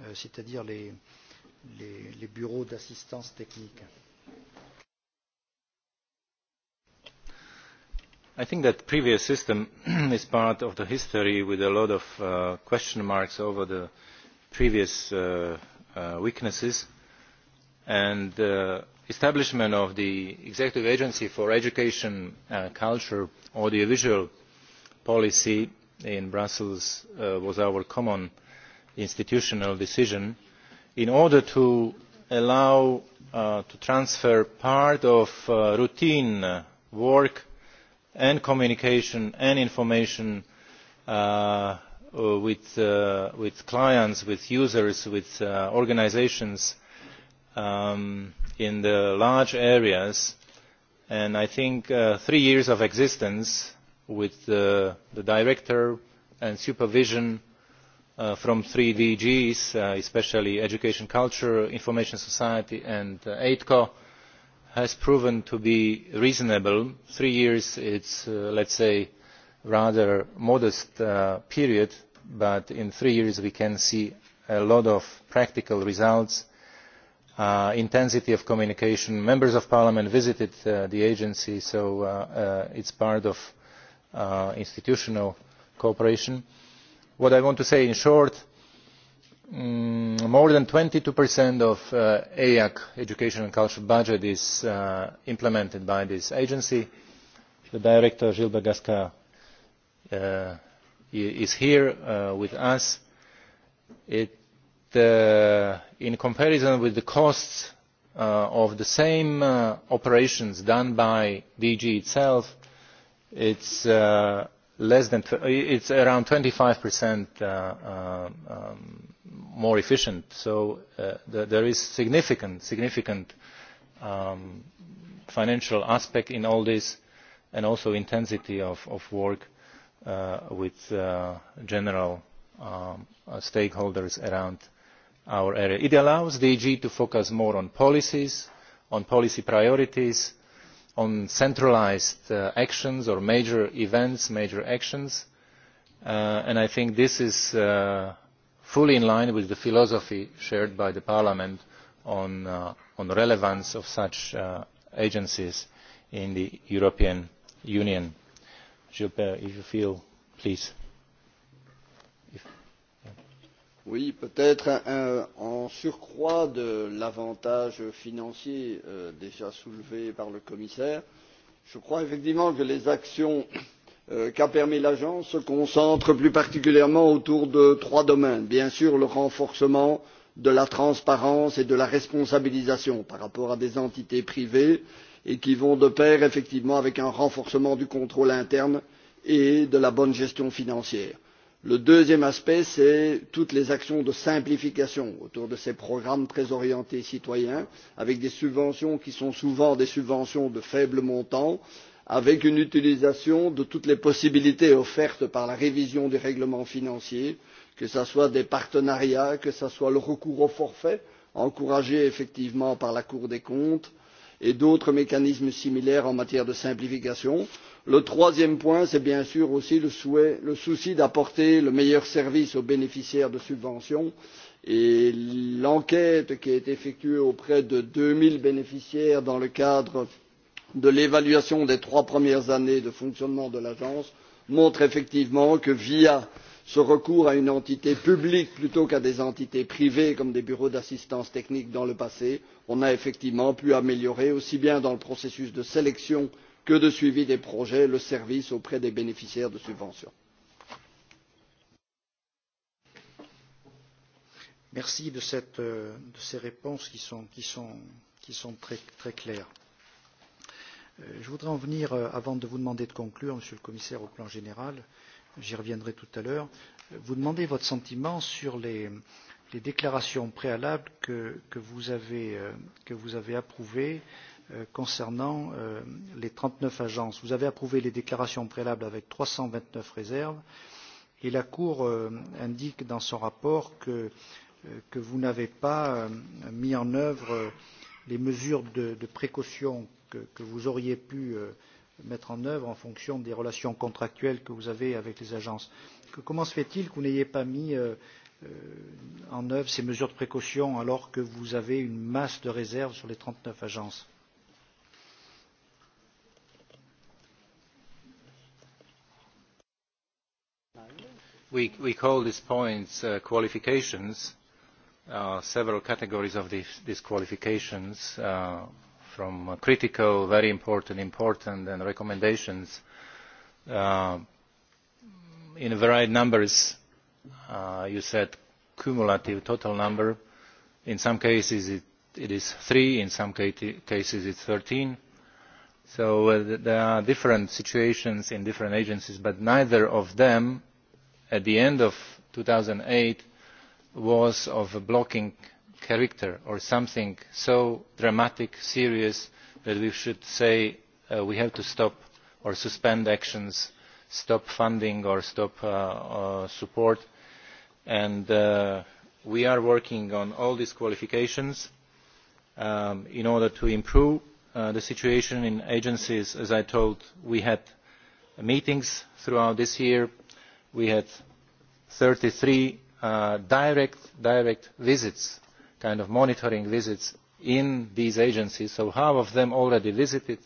euh, c'est-à-dire les, les, les bureaux d'assistance technique I think that previous system is part of the history with a lot of uh, question marks over the previous uh, uh, weaknesses and the uh, establishment of the Executive Agency for Education, uh, Culture, Audiovisual Policy in Brussels uh, was our common institutional decision in order to allow uh, to transfer part of uh, routine work and communication and information uh, Uh, with, uh, with clients, with users, with uh, organizations um, in the large areas. And I think uh, three years of existence with uh, the director and supervision uh, from three DGs, uh, especially Education Culture, Information Society and uh, AIDCO, has proven to be reasonable. Three years, it's, uh, let's say, rather modest uh, period but in three years we can see a lot of practical results uh, intensity of communication members of parliament visited uh, the agency so uh, uh, it's part of uh, institutional cooperation what i want to say in short mm, more than 22% of uh, AIAC education and culture budget is uh, implemented by this agency the director Gilbert Gasca uh, is here uh, with us, it, uh, in comparison with the costs uh, of the same uh, operations done by DG itself, it's uh, less than it's around 25% uh, uh, um, more efficient. So uh, th there is significant, significant um, financial aspect in all this, and also intensity of, of work uh, with uh, general um, uh, stakeholders around our area. It allows the EG to focus more on policies, on policy priorities, on centralized uh, actions or major events, major actions. Uh, and I think this is uh, fully in line with the philosophy shared by the Parliament on, uh, on the relevance of such uh, agencies in the European Union Gilbert, if you feel, please. Oui, peut-être euh, en surcroît de l'avantage financier euh, déjà soulevé par le commissaire, je crois effectivement que les actions euh, qu'a permis l'agence se concentrent plus particulièrement autour de trois domaines. Bien sûr, le renforcement de la transparence et de la responsabilisation par rapport à des entités privées, euh, et qui vont de pair effectivement avec un renforcement du contrôle interne et de la bonne gestion financière. Le deuxième aspect, c'est toutes les actions de simplification autour de ces programmes très orientés citoyens, avec des subventions qui sont souvent des subventions de faible montant, avec une utilisation de toutes les possibilités offertes par la révision des règlements financiers, que ce soit des partenariats, que ce soit le recours au forfait, encouragé effectivement par la Cour des comptes, et d'autres mécanismes similaires en matière de simplification. Le troisième point, c'est bien sûr aussi le, souhait, le souci d'apporter le meilleur service aux bénéficiaires de subventions et l'enquête qui a été effectuée auprès de 2000 bénéficiaires dans le cadre de l'évaluation des trois premières années de fonctionnement de l'agence montre effectivement que via ce recours à une entité publique plutôt qu'à des entités privées comme des bureaux d'assistance technique dans le passé, on a effectivement pu améliorer aussi bien dans le processus de sélection que de suivi des projets le service auprès des bénéficiaires de subventions. Merci de, cette, euh, de ces réponses qui sont, qui sont, qui sont très, très claires. Euh, je voudrais en venir, euh, avant de vous demander de conclure, Monsieur le Commissaire, au plan général, euh, j'y reviendrai tout à l'heure, vous demandez votre sentiment sur les, les déclarations préalables que, que, vous avez, euh, que vous avez approuvées euh, concernant euh, les 39 agences. Vous avez approuvé les déclarations préalables avec 329 réserves et la Cour euh, indique dans son rapport que, euh, que vous n'avez pas euh, mis en œuvre euh, les mesures de, de précaution que, que vous auriez pu euh, mettre en œuvre en fonction des relations contractuelles que vous avez avec les agences. Que, comment se fait-il que vous n'ayez pas mis euh, euh, en œuvre ces mesures de précaution alors que vous avez une masse de réserves sur les 39 agences We, we call these points uh, qualifications, uh, several categories of these, these qualifications. Uh, from uh, critical, very important, important and recommendations uh, in a varied numbers. Uh, you said cumulative total number. In some cases it, it is three, in some cases it's 13. So uh, there are different situations in different agencies, but neither of them at the end of 2008 was of blocking character or something so dramatic, serious, that we should say uh, we have to stop or suspend actions, stop funding or stop uh, uh, support. And we are working on all these qualifications um, in order to improve the situation in agencies. As I told, we had meetings throughout this year. We had thirty three direct, direct visits kind of monitoring visits in these agencies so half of them already visited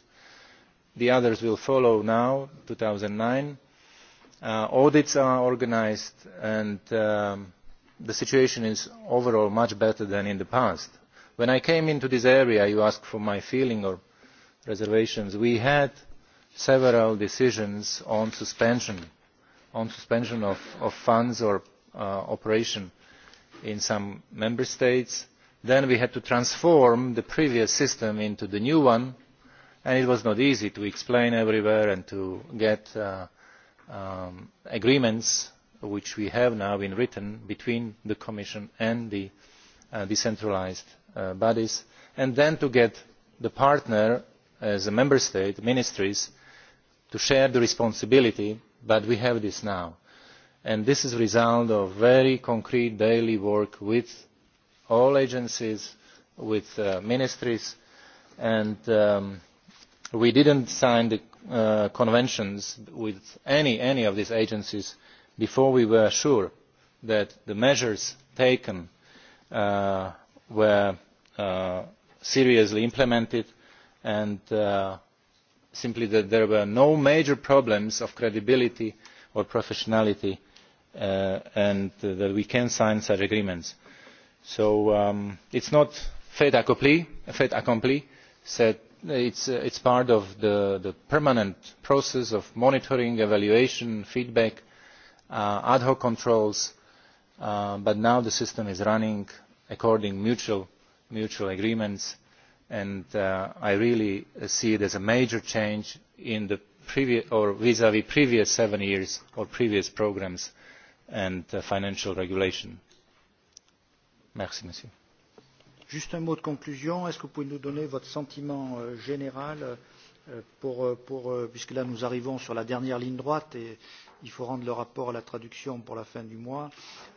the others will follow now two thousand and nine uh, audits are organised and um, the situation is overall much better than in the past. when i came into this area you asked for my feeling or reservations we had several decisions on suspension on suspension of, of funds or uh, operation in some member states then we had to transform the previous system into the new one and it was not easy to explain everywhere and to get uh, um, agreements which we have now in written between the commission and the uh, decentralised uh, bodies and then to get the partner as a member state ministries to share the responsibility but we have this now and this is a result of very concrete daily work with all agencies, with uh, ministries, and we um, we didn't sign the uh, conventions with any, of these agencies before we were sure that the measures taken uh, were seriously implemented and simply that there were no major problems of credibility or professionality uh, and uh, that we can sign such agreements. So um, it's not fait accompli, fait accompli said it's, uh, it's part of the, the permanent process of monitoring, evaluation, feedback, uh, ad hoc controls, uh, but now the system is running according mutual, mutual agreements and uh, I really see it as a major change in the previous or vis-à-vis -vis previous seven years or previous programs and uh, financial regulation. Merci, monsieur. Juste un mot de conclusion. Est-ce que vous pouvez nous donner votre sentiment euh, général euh, pour, euh, pour, euh, puisque là nous arrivons sur la dernière ligne droite et il faut rendre le rapport à la traduction pour la fin du mois.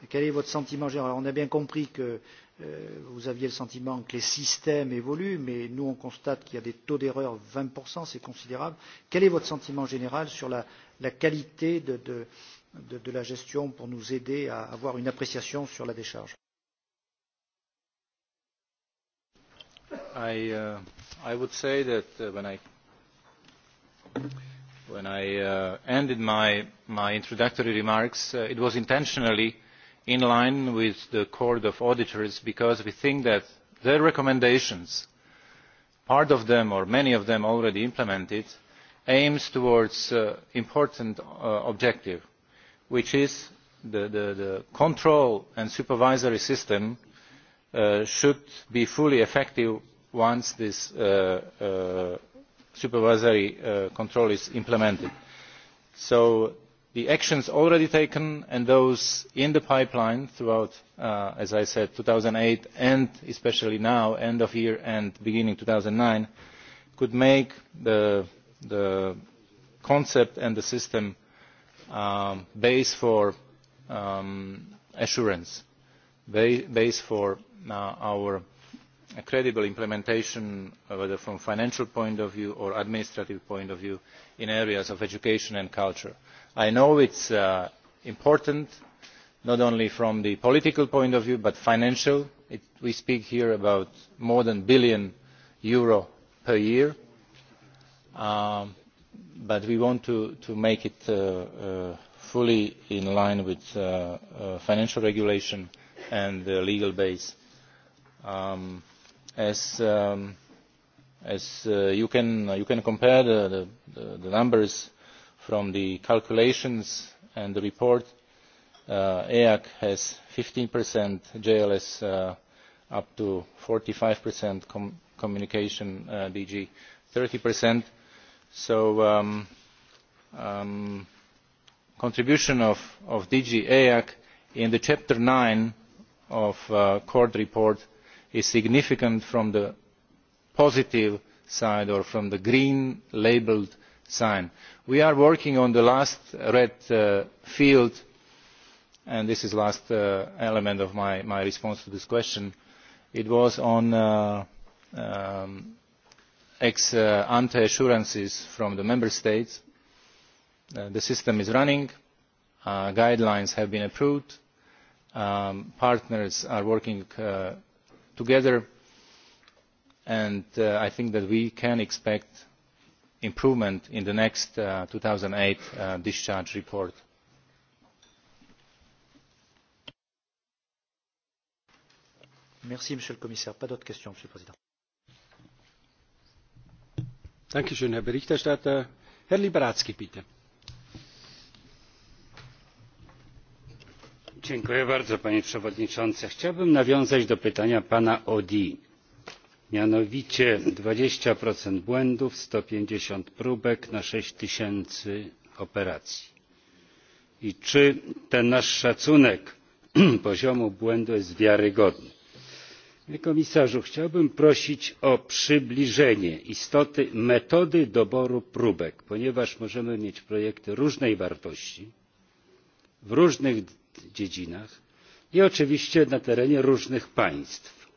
Et quel est votre sentiment général Alors, On a bien compris que euh, vous aviez le sentiment que les systèmes évoluent, mais nous on constate qu'il y a des taux d'erreur 20%, c'est considérable. Quel est votre sentiment général sur la, la qualité de, de, de, de la gestion pour nous aider à avoir une appréciation sur la décharge. I, uh, I would say that uh, when I, when I uh, ended my, my introductory remarks, uh, it was intentionally in line with the Court of Auditors because we think that their recommendations, part of them or many of them already implemented, aims towards uh, important uh, objective which is the, the, the control and supervisory system uh, should be fully effective once this uh, uh, supervisory control is implemented. So the actions already taken and those in the pipeline throughout, as I said, 2008 and especially now, end of year and beginning two thousand nine, could make the concept and the system Um, base for um, assurance, ba base for uh, our credible implementation, whether from financial point of view or administrative point of view, in areas of education and culture. I know it's uh, important, not only from the political point of view, but financial. It, we speak here about more than a billion euro per year. Um, but we want to, to make it uh, uh, fully in line with uh, uh, financial regulation and the legal base. Um, as um, as uh, you, can, uh, you can compare the, the, the numbers from the calculations and the report, uh, EAC has 15%, JLS uh, up to 45%, com communication uh, DG 30%. So um, um, contribution of, of DG AAC in the Chapter 9 of uh, court report is significant from the positive side or from the green labelled sign. We are working on the last red uh, field, and this is the last uh, element of my, my response to this question. It was on uh, um, ex ante assurances from the member states. Uh, the system is running. Uh, guidelines have been approved. Um, partners are working uh, together. And uh, I think that we can expect improvement in the next uh, 2008 uh, discharge report. Merci, Monsieur le Commissaire. Pas d'autres questions, Monsieur le Président. Dankeschön, Herr Berichterstatter. Herr Liberacki, bitte. Dziękuję bardzo, panie przewodniczący. Chciałbym nawiązać do pytania pana Odi. Mianowicie 20% błędów, 150 próbek na 6 tysięcy operacji. I czy ten nasz szacunek poziomu błędu jest wiarygodny? Panie komisarzu, chciałbym prosić o przybliżenie istoty metody doboru próbek, ponieważ możemy mieć projekty różnej wartości w różnych dziedzinach i oczywiście na terenie różnych państw.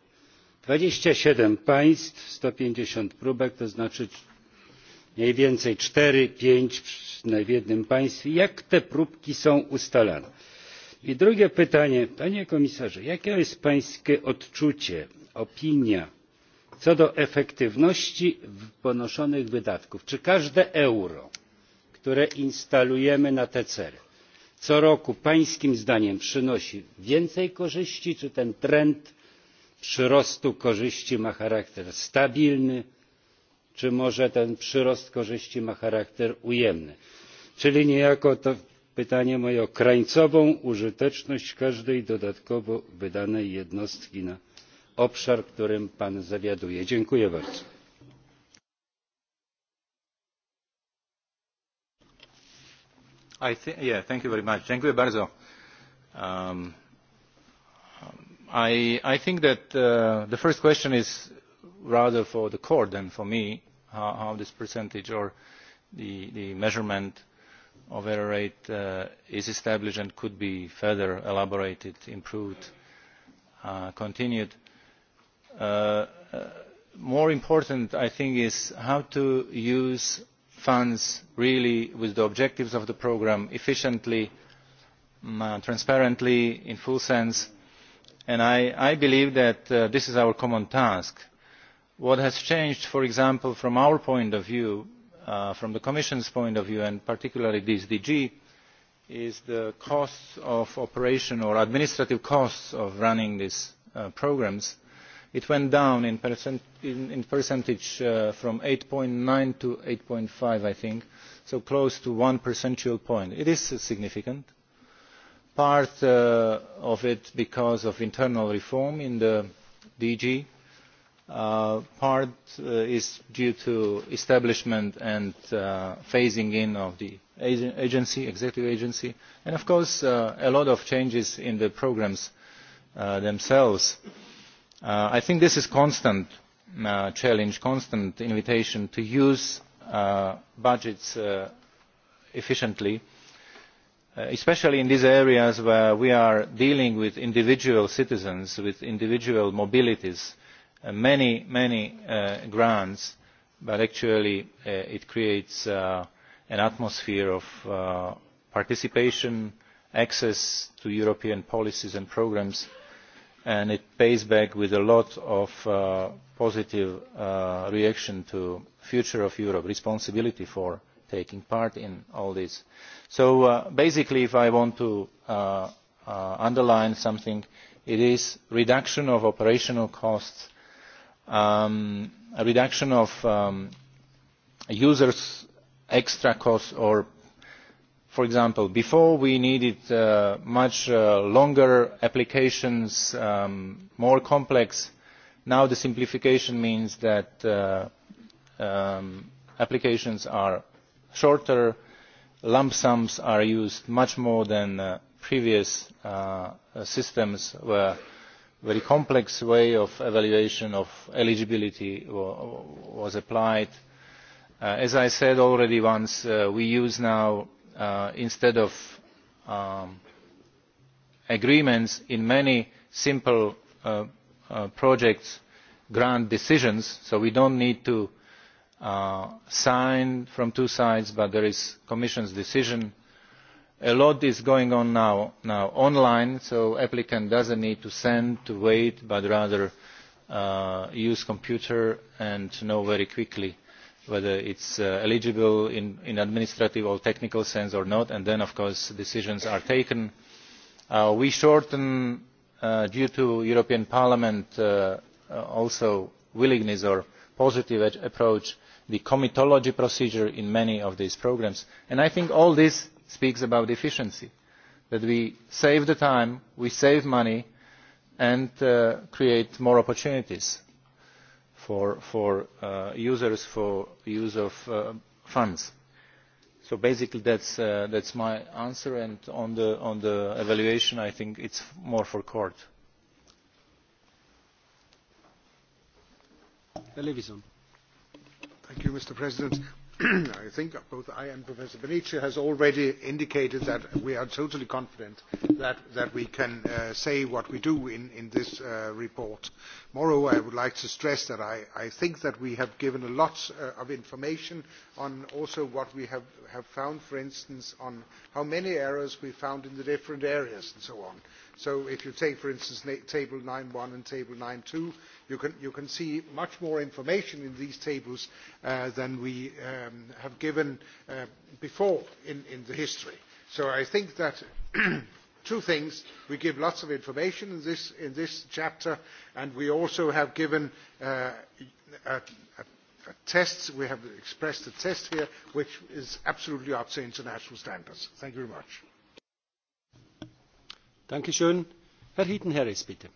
Dwadzieścia siedem państw, sto pięćdziesiąt próbek, to znaczy mniej więcej cztery, pięć w jednym państwie. Jak te próbki są ustalane? I drugie pytanie, panie komisarzu, jakie jest pańskie odczucie, opinia co do efektywności ponoszonych wydatków? Czy każde euro, które instalujemy na te cele, co roku pańskim zdaniem przynosi więcej korzyści, czy ten trend przyrostu korzyści ma charakter stabilny, czy może ten przyrost korzyści ma charakter ujemny? Czyli niejako to pytanie moje o krańcową użyteczność każdej dodatkowo wydanej jednostki na obszar którym pan zawiaduje. dziękuję bardzo. I yeah, thank you very much. Dziękuję bardzo. Um, I, I think that uh, the first question is rather for the court than for me, how, how this percentage or the, the measurement uh, of error rate uh, is established and could be further elaborated, improved, uh, continued. Uh, uh, more important, I think, is how to use funds really with the objectives of the programme efficiently, um, uh, transparently, in full sense. And I, I believe that uh, this is our common task. What has changed, for example, from our point of view Uh, from the Commission's point of view, and particularly this DG, is the costs of operation or administrative costs of running these uh, programmes. It went down in, percent in, in percentage uh, from 8.9 to 8.5, I think, so close to one percentage point. It is significant. Part uh, of it because of internal reform in the DG, Uh, part uh, is due to establishment and uh, phasing in of the agency, executive agency, and of course uh, a lot of changes in the programs uh, themselves. Uh, I think this is constant uh, challenge, constant invitation to use uh, budgets uh, efficiently, uh, especially in these areas where we are dealing with individual citizens, with individual mobilities, uh, Uh, many, many uh, grants, but actually uh, it creates uh, an atmosphere of uh, participation, access to European policies and programs, and it pays back with a lot of uh, positive uh, reaction to future of Europe, responsibility for taking part in all this. So uh, basically, if I want to uh, uh, underline something, it is reduction of operational costs um, a reduction of um, users' extra costs or for example, before we needed uh, much uh, longer applications, um, more complex. Now the simplification means that uh, um, applications are shorter, lump sums are used much more than uh, previous uh, systems were very complex way of evaluation of eligibility was applied. Uh, as I said already once, uh, we use now, uh, instead of um, agreements in many simple projects, grant decisions, so we do not need to sign from two sides, but there is the Commission's decision a lot is going on now, online, so the applicant doesn't need to send, to wait, but rather use uh, use computer and know very quickly whether it is uh, eligible in, in administrative or technical sense or not, and then, of course, decisions are taken. Uh, we shorten, due to European Parliament also willingness or positive approach, the comitology procedure in many of these programmes. And I think all this speaks about efficiency, that we save the time, we save money, and uh, create more opportunities for, for uh, users for use of uh, funds. So basically that's, uh, that's my answer and on the, on the evaluation I think it's more for court. Thank you, Mr. President. I think both I and Professor Benici has already indicated that we are totally confident that, that we can uh, say what we do in, in this uh, report. Moreover, I would like to stress that I, I think that we have given a lot uh, of information on also what we have, have found, for instance, on how many errors we found in the different areas and so on. So if you take, for instance, Table 9.1 and Table two You can, you can see much more information in these tables uh, than we um, have given uh, before in, in the history. So I think that two things. We give lots of information in this, in this chapter, and we also have given uh, a, a, a test, We have expressed a test here, which is absolutely up to international standards. Thank you very much. Dankeschön. Herr Hiten-Harris, bitte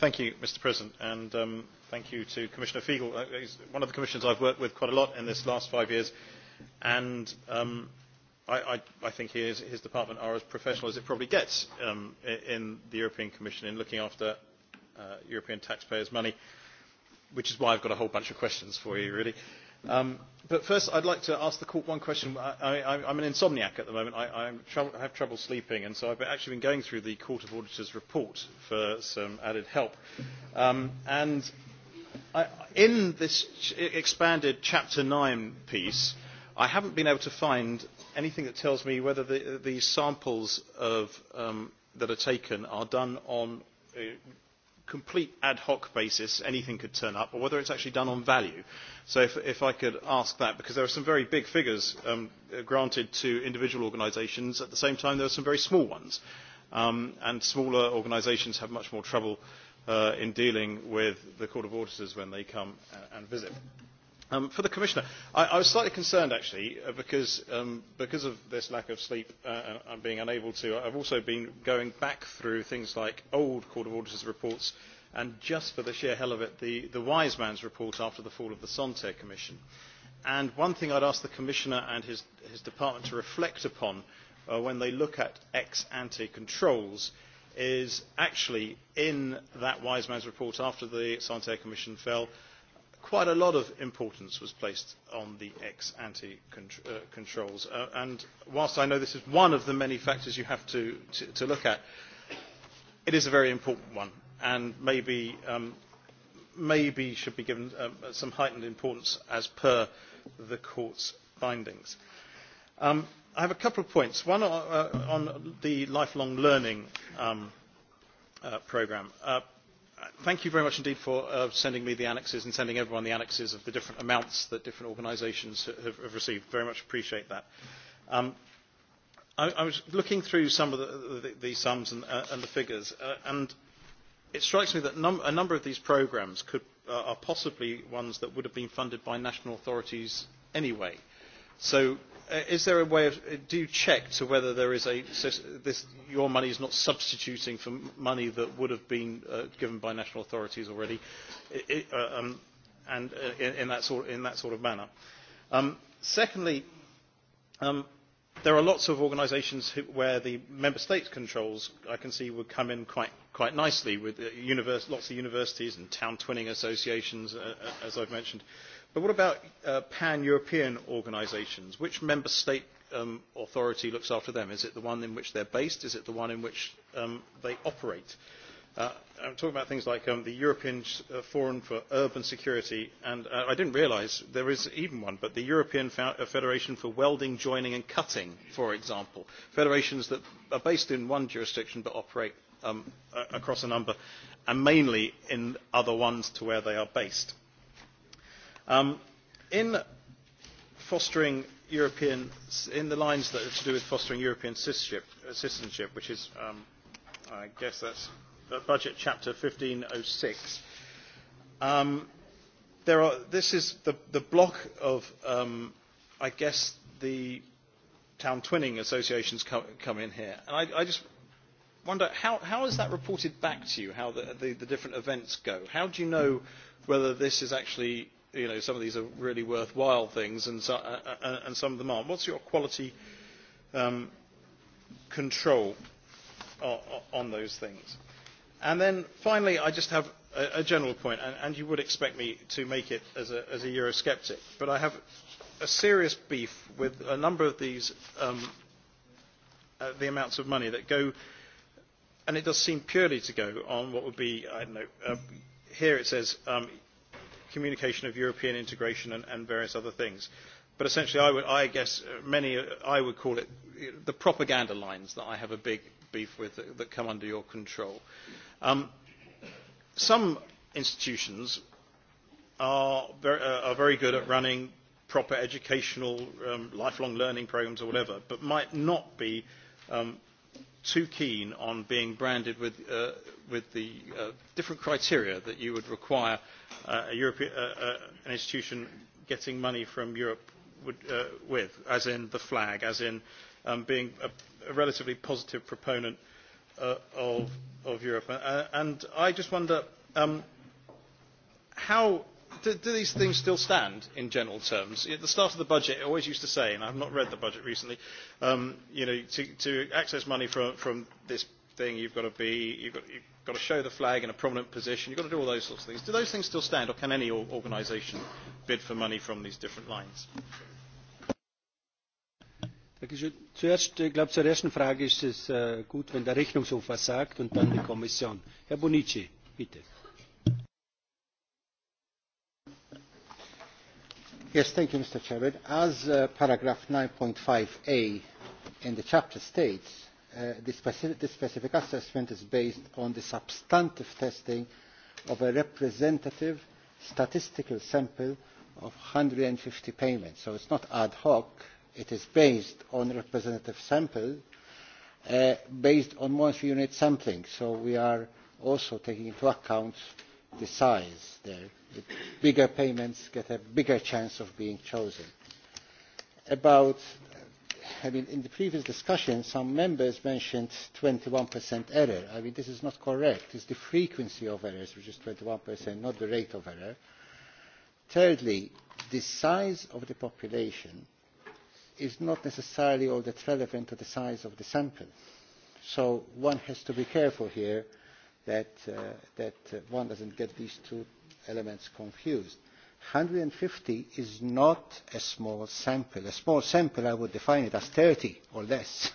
thank you, Mr. President, and um, thank you to Commissioner Fiegel. Uh, he's one of the commissioners I've worked with quite a lot in this last five years, and um, I, I, I think he is, his department are as professional as it probably gets um, in the European Commission in looking after uh, European taxpayers' money, which is why I've got a whole bunch of questions for you, really. Um, but first, I'd like to ask the court one question. I, I, I'm an insomniac at the moment. I, I'm have trouble sleeping, and so I've actually been going through the Court of Auditors report for some added help. Um, and I, in this ch expanded Chapter 9 piece, I haven't been able to find anything that tells me whether the, the samples of, um, that are taken are done on uh, complete ad hoc basis, anything could turn up, or whether it's actually done on value. So if, if I could ask that, because there are some very big figures um, uh, granted to individual organisations, at the same time there are some very small ones. Um, and smaller organisations have much more trouble uh, in dealing with the Court of Auditors when they come uh, and visit. Um, for the Commissioner, I, I was slightly concerned actually uh, because, um, because of this lack of sleep uh, uh and I'm being unable to. I've also been going back through things like old Court of Auditors reports and just for the sheer hell of it, the, the Wise Man's report after the fall of the Santé Commission. And one thing I'd ask the Commissioner and his, his department to reflect upon uh, when they look at ex-ante controls is actually in that Wise Man's report after the Santé Commission fell – quite a lot of importance was placed on the ex ante uh, controls. Uh, and whilst I know this is one of the many factors you have to, to, to look at, it is a very important one and maybe, um, maybe should be given um, some heightened importance as per the court's findings. Um, I have a couple of points. One uh, on the lifelong learning um, uh, programme. Uh, thank you very much indeed for uh, sending me the annexes and sending everyone the annexes of the different amounts that different organisations have, have received. Very much appreciate that. Um, I, I was looking through some of the, the, the sums and, uh, and the figures, uh, and it strikes me that num a number of these programmes could, uh, are possibly ones that would have been funded by national authorities anyway. So uh, is there a way of uh, do you check to whether there is a so this your money is not substituting for money that would have been uh, given by national authorities already it, uh, um, and uh, in, in that sort in that sort of manner um, secondly um, there are lots of organisations where the member state controls I can see would come in quite, quite nicely with uh, univers lots of universities and town twinning associations, uh, uh, as I've mentioned. Uh, But what about uh, pan-European organisations? Which member state um, authority looks after them? Is it the one in which they're based? Is it the one in which um, they operate? Uh, I'm talking about things like um, the European uh, Forum for Urban Security, and uh, I didn't realise there is even one, but the European uh, Federation for Welding, Joining and Cutting, for example, federations that are based in one jurisdiction but operate um, across a number, and mainly in other ones to where they are based. Um, in fostering European, in the lines that are to do with fostering European citizenship, uh, citizenship which is, um, I guess that's budget chapter 1506, um, there are, this is the, the block of, um, I guess, the town twinning associations come, come in here. And I, I just wonder, how, how is that reported back to you, how the, the, the different events go? How do you know whether this is actually you know, some of these are really worthwhile things and, so, uh, uh, uh and some of them aren't. What's your quality um, control on, on those things? And then finally, I just have a, a general point, and, and you would expect me to make it as a, as a Eurosceptic, but I have a serious beef with a number of these, um, uh, the amounts of money that go, and it does seem purely to go on what would be, I don't know, uh, here it says um, communication of European integration and, and various other things. But essentially, I, would, I guess uh, many, uh, I would call it uh, the propaganda lines that I have a big beef with that, that come under your control. Um, some institutions are very, uh, are very good at running proper educational, um, lifelong learning programs or whatever, but might not be um, too keen on being branded with, uh, with the uh, different criteria that you would require uh, a European, uh, uh, an institution getting money from Europe would, uh, with, as in the flag, as in um, being a, a relatively positive proponent uh, of, of Europe. Uh, and I just wonder um, how do, do these things still stand in general terms? At the start of the budget, I always used to say, and I've not read the budget recently, um, you know, to, to access money from, from this thing, you've got to be, you've got, you've got to show the flag in a prominent position, you've got to do all those sorts of things. Do those things still stand, or can any organisation bid for money from these different lines? Zuerst, ich glaube, zur ersten Frage ist es äh, gut, wenn der Rechnungshof was sagt und dann die Kommission. Herr Bonici, bitte. Yes, thank you, Mr. Chairman. As uh, paragraph 9.5a in the chapter states, uh, the, specific, the specific assessment is based on the substantive testing of a representative statistical sample of 150 payments. So it's not ad hoc, it is based on representative sample, uh, based on multi unit sampling. So we are also taking into account the size there. The bigger payments get a bigger chance of being chosen. About, I mean, in the previous discussion, some members mentioned 21% error. I mean, this is not correct. It's the frequency of errors, which is 21%, not the rate of error. Thirdly, the size of the population is not necessarily all that relevant to the size of the sample. So one has to be careful here that, uh, that one doesn't get these two elements confused. 150 is not a small sample. A small sample, I would define it as 30 or less.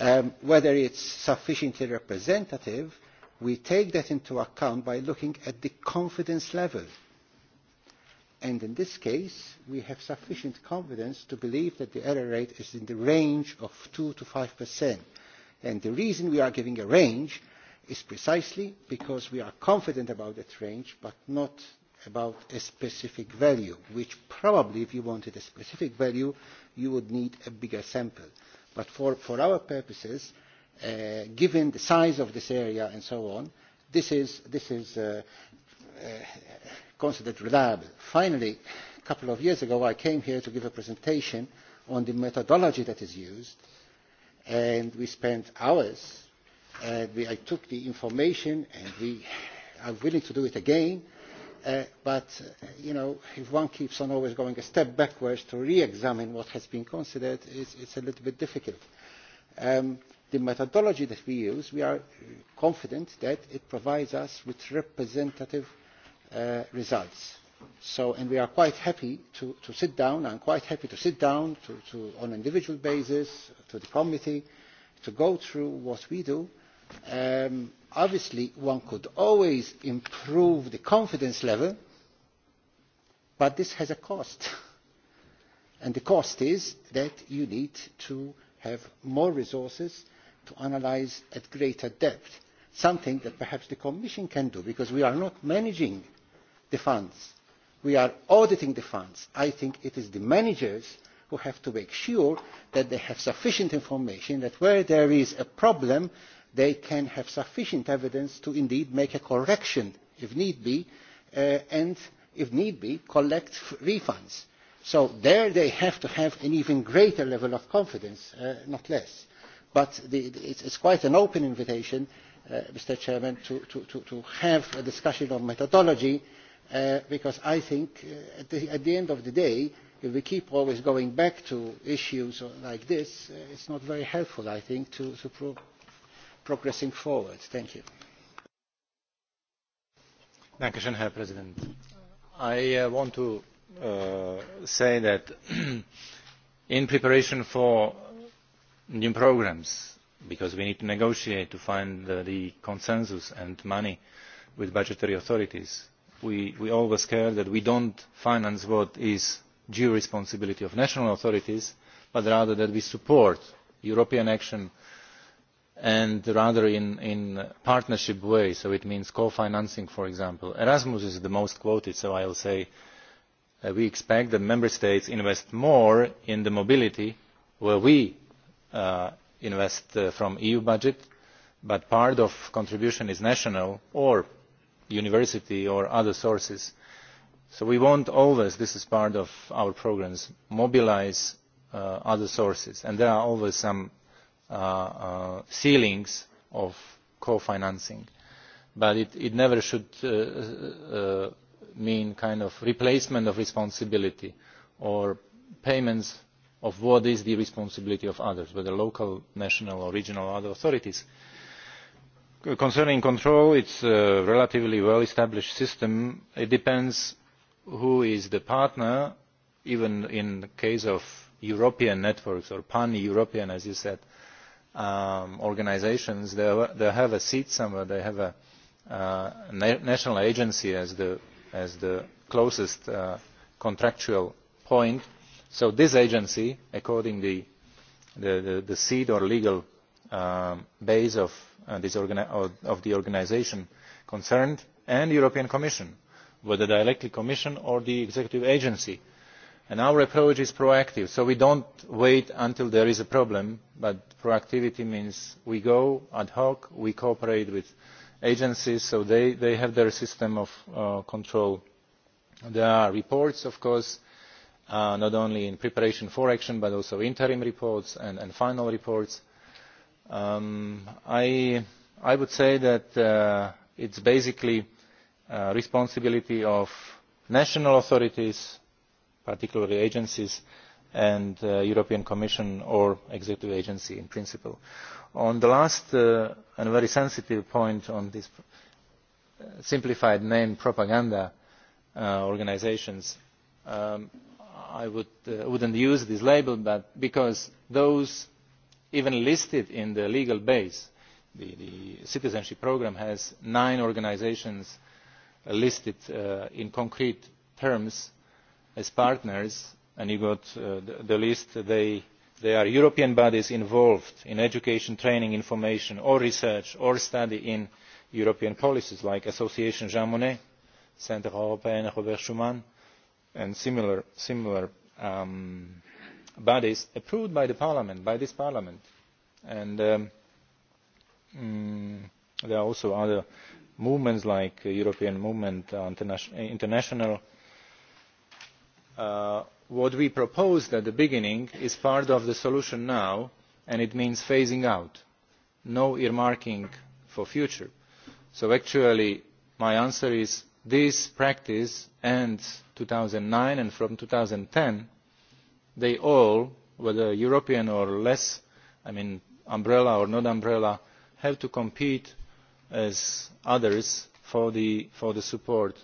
Um, whether it's sufficiently representative, we take that into account by looking at the confidence level. And in this case, we have sufficient confidence to believe that the error rate is in the range of 2 to 5%. And the reason we are giving a range is precisely because we are confident about its range but not about a specific value, which probably if you wanted a specific value, you would need a bigger sample. But for, for our purposes, uh, given the size of this area and so on, this is, this is uh, uh, considered reliable. Finally, a couple of years ago, I came here to give a presentation on the methodology that is used, and we spent hours Uh, we, I took the information and we are willing to do it again. Uh, but, uh, you know, if one keeps on always going a step backwards to re-examine what has been considered, it's, it's a little bit difficult. Um, the methodology that we use, we are confident that it provides us with representative uh, results. So, and we are quite happy to, to sit down, I'm quite happy to sit down to, to, on an individual basis, to the committee, to go through what we do, um, obviously one could always improve the confidence level, but this has a cost. and the cost is that you need to have more resources to analyse at greater depth, something that perhaps the Commission can do, because we are not managing the funds. We are auditing the funds. I think it is the managers who have to make sure that they have sufficient information that where there is a problem, they can have sufficient evidence to indeed make a correction if need be uh, and if need be collect refunds. So there they have to have an even greater level of confidence, uh, not less. But the, the, it's, it's quite an open invitation, uh, Mr. Chairman, to, to, to, to have a discussion on methodology uh, because I think uh, at, the, at the end of the day, if we keep always going back to issues like this, uh, it's not very helpful, I think, to, to pro progressing forward. Thank you. Thank you, Herr President. I uh, want to uh, say that in preparation for new programs, because we need to negotiate to find the, the consensus and money with budgetary authorities, we, we always care that we don't finance what is due responsibility of national authorities, but rather that we support European action and rather in, in partnership way, so it means co-financing, for example. Erasmus is the most quoted, so I will say uh, we expect that member states invest more in the mobility where we uh, invest uh, from EU budget, but part of contribution is national or university or other sources. So we won't always, this is part of our programs, mobilize uh, other sources, and there are always some uh, uh, ceilings of co-financing. But it, it never should uh, uh, uh, mean kind of replacement of responsibility or payments of what is the responsibility of others, whether local, national or regional or other authorities. Concerning control, it's a relatively well-established system. It depends who is the partner, even in the case of European networks or pan-European, as you said, uh, um, organizations, they, they have a seat somewhere, they have a uh, na national agency as the, as the closest uh, contractual point. So this agency, according the, the, the, the seat or legal um, base of, uh, this organi of the organization concerned, and the European Commission, whether directly Commission or the executive agency, And our approach is proactive, so we don't wait until there is a problem, but proactivity means we go ad hoc, we cooperate with agencies, so they, they have their system of uh, control. There are reports, of course, uh, not only in preparation for action, but also interim reports and, and final reports. Um, I, I would say that uh, it's basically uh, responsibility of national authorities, particularly agencies and the uh, European Commission or executive agency in principle. On the last uh, and very sensitive point on this uh, simplified name propaganda uh, organizations, um, I would, uh, wouldn't use this label but because those even listed in the legal base, the, the citizenship program has nine organizations listed uh, in concrete terms as partners, and you got uh, the, the list, they, they are European bodies involved in education, training, information, or research, or study in European policies, like Association Jean Monnet, Centre Européen Robert Schuman, and similar, similar um, bodies approved by the Parliament, by this Parliament. And um, mm, there are also other movements like European Movement uh, Interna International Uh, what we proposed at the beginning is part of the solution now, and it means phasing out, no earmarking for future. So actually, my answer is this practice ends 2009, and from 2010, they all, whether European or less, I mean, umbrella or not umbrella, have to compete as others for the, for the support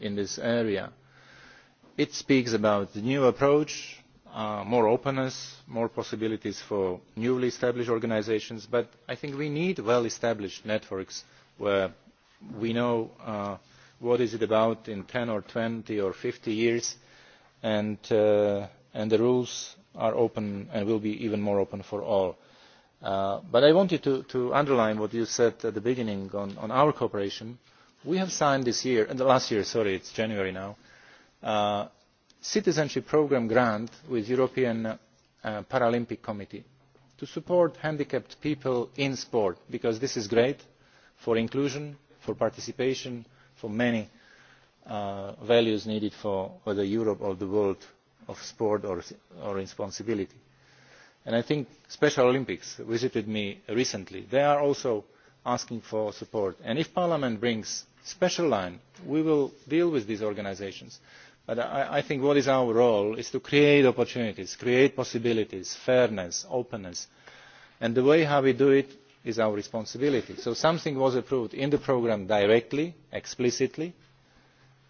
in this area It speaks about the new approach, uh, more openness, more possibilities for newly established organisations, but I think we need well-established networks where we know uh, what it is about in ten or twenty or fifty years, uh, and, the rules are open and will be even more open for all. but I wanted to, to underline what you said at the beginning on, on our cooperation. We have signed this year, and last year, sorry, it's January now, Uh, citizenship programme grant with the European uh, Paralympic Committee to support handicapped people in sport because this is great for inclusion, for participation, for many uh, values needed for whether Europe or the world of sport or, or responsibility. And I think Special Olympics visited me recently. They are also asking for support. And if Parliament brings special line, we will deal with these organizations But I, I think what is our role is to create opportunities, create possibilities, fairness, openness. And the way how we do it is our responsibility. So something was approved in the programme directly, explicitly.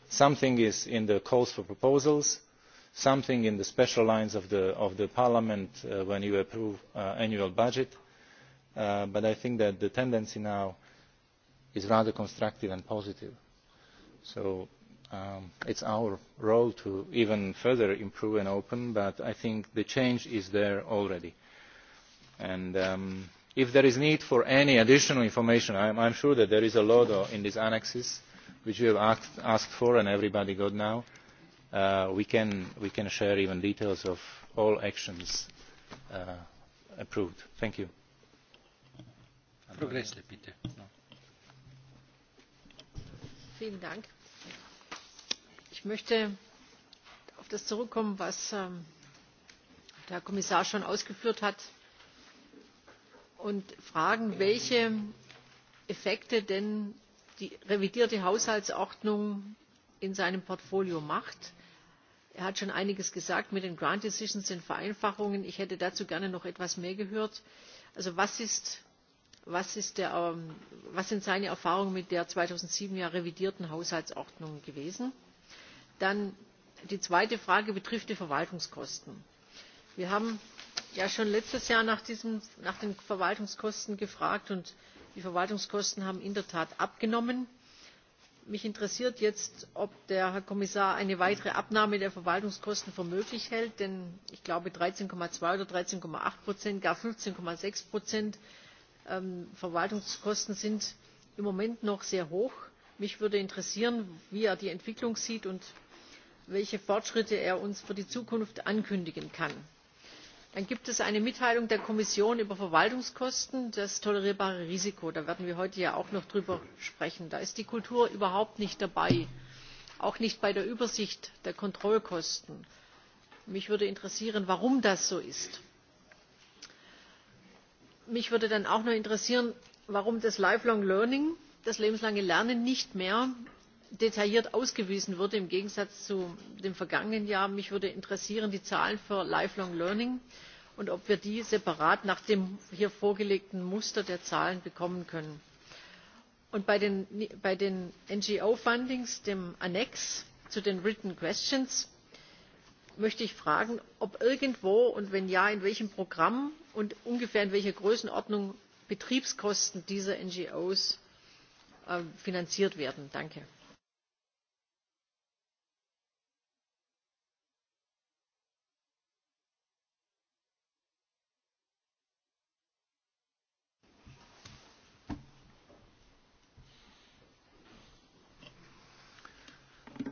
Something is in the calls for proposals. Something in the special lines of the, of the Parliament uh, when you approve uh, annual budget. Uh, but I think that the tendency now is rather constructive and positive. So um, it's our role to even further improve and open, but I think the change is there already. And um, if there is need for any additional information, I'm, I'm sure that there is a lot in these annexes which you have asked, asked for and everybody got now. Uh, we, can, we can share even details of all actions uh, approved. Thank you. Progress, Peter. No. Vielen Dank. Ich möchte auf das zurückkommen, was ähm, der Herr Kommissar schon ausgeführt hat und fragen, welche Effekte denn die revidierte Haushaltsordnung in seinem Portfolio macht. Er hat schon einiges gesagt mit den Grant Decisions und Vereinfachungen. Ich hätte dazu gerne noch etwas mehr gehört. Also was, ist, was, ist der, ähm, was sind seine Erfahrungen mit der 2007 ja revidierten Haushaltsordnung gewesen? Dann die zweite Frage betrifft die Verwaltungskosten. Wir haben ja schon letztes Jahr nach, den Verwaltungskosten gefragt und die Verwaltungskosten haben in der Tat abgenommen. Mich interessiert jetzt, ob der Herr Kommissar eine weitere Abnahme der Verwaltungskosten für möglich hält, denn ich glaube dreizehn zwei oder dreizehn acht gar fünfzehn Prozent ähm, Verwaltungskosten sind im Moment noch sehr hoch. Mich würde interessieren, wie er die Entwicklung sieht und welche fortschritte er uns für die zukunft ankündigen kann. dann gibt es eine mitteilung der kommission über verwaltungskosten das tolerierbare risiko da werden wir heute ja auch noch darüber sprechen. da ist die kultur überhaupt nicht dabei auch nicht bei der übersicht der kontrollkosten. mich würde interessieren warum das so ist. mich würde dann auch noch interessieren warum das lifelong learning das lebenslange lernen nicht mehr detailliert ausgewiesen wurde im Gegensatz zu dem vergangenen Jahr. Mich würde interessieren die Zahlen für Lifelong Learning und ob wir die separat nach dem hier vorgelegten Muster der Zahlen bekommen können. Und bei den, NGO-Fundings, dem Annex zu den Written Questions, möchte ich fragen, ob irgendwo und wenn ja, in welchem Programm und ungefähr in welcher Größenordnung Betriebskosten dieser NGOs äh, finanziert werden. Danke.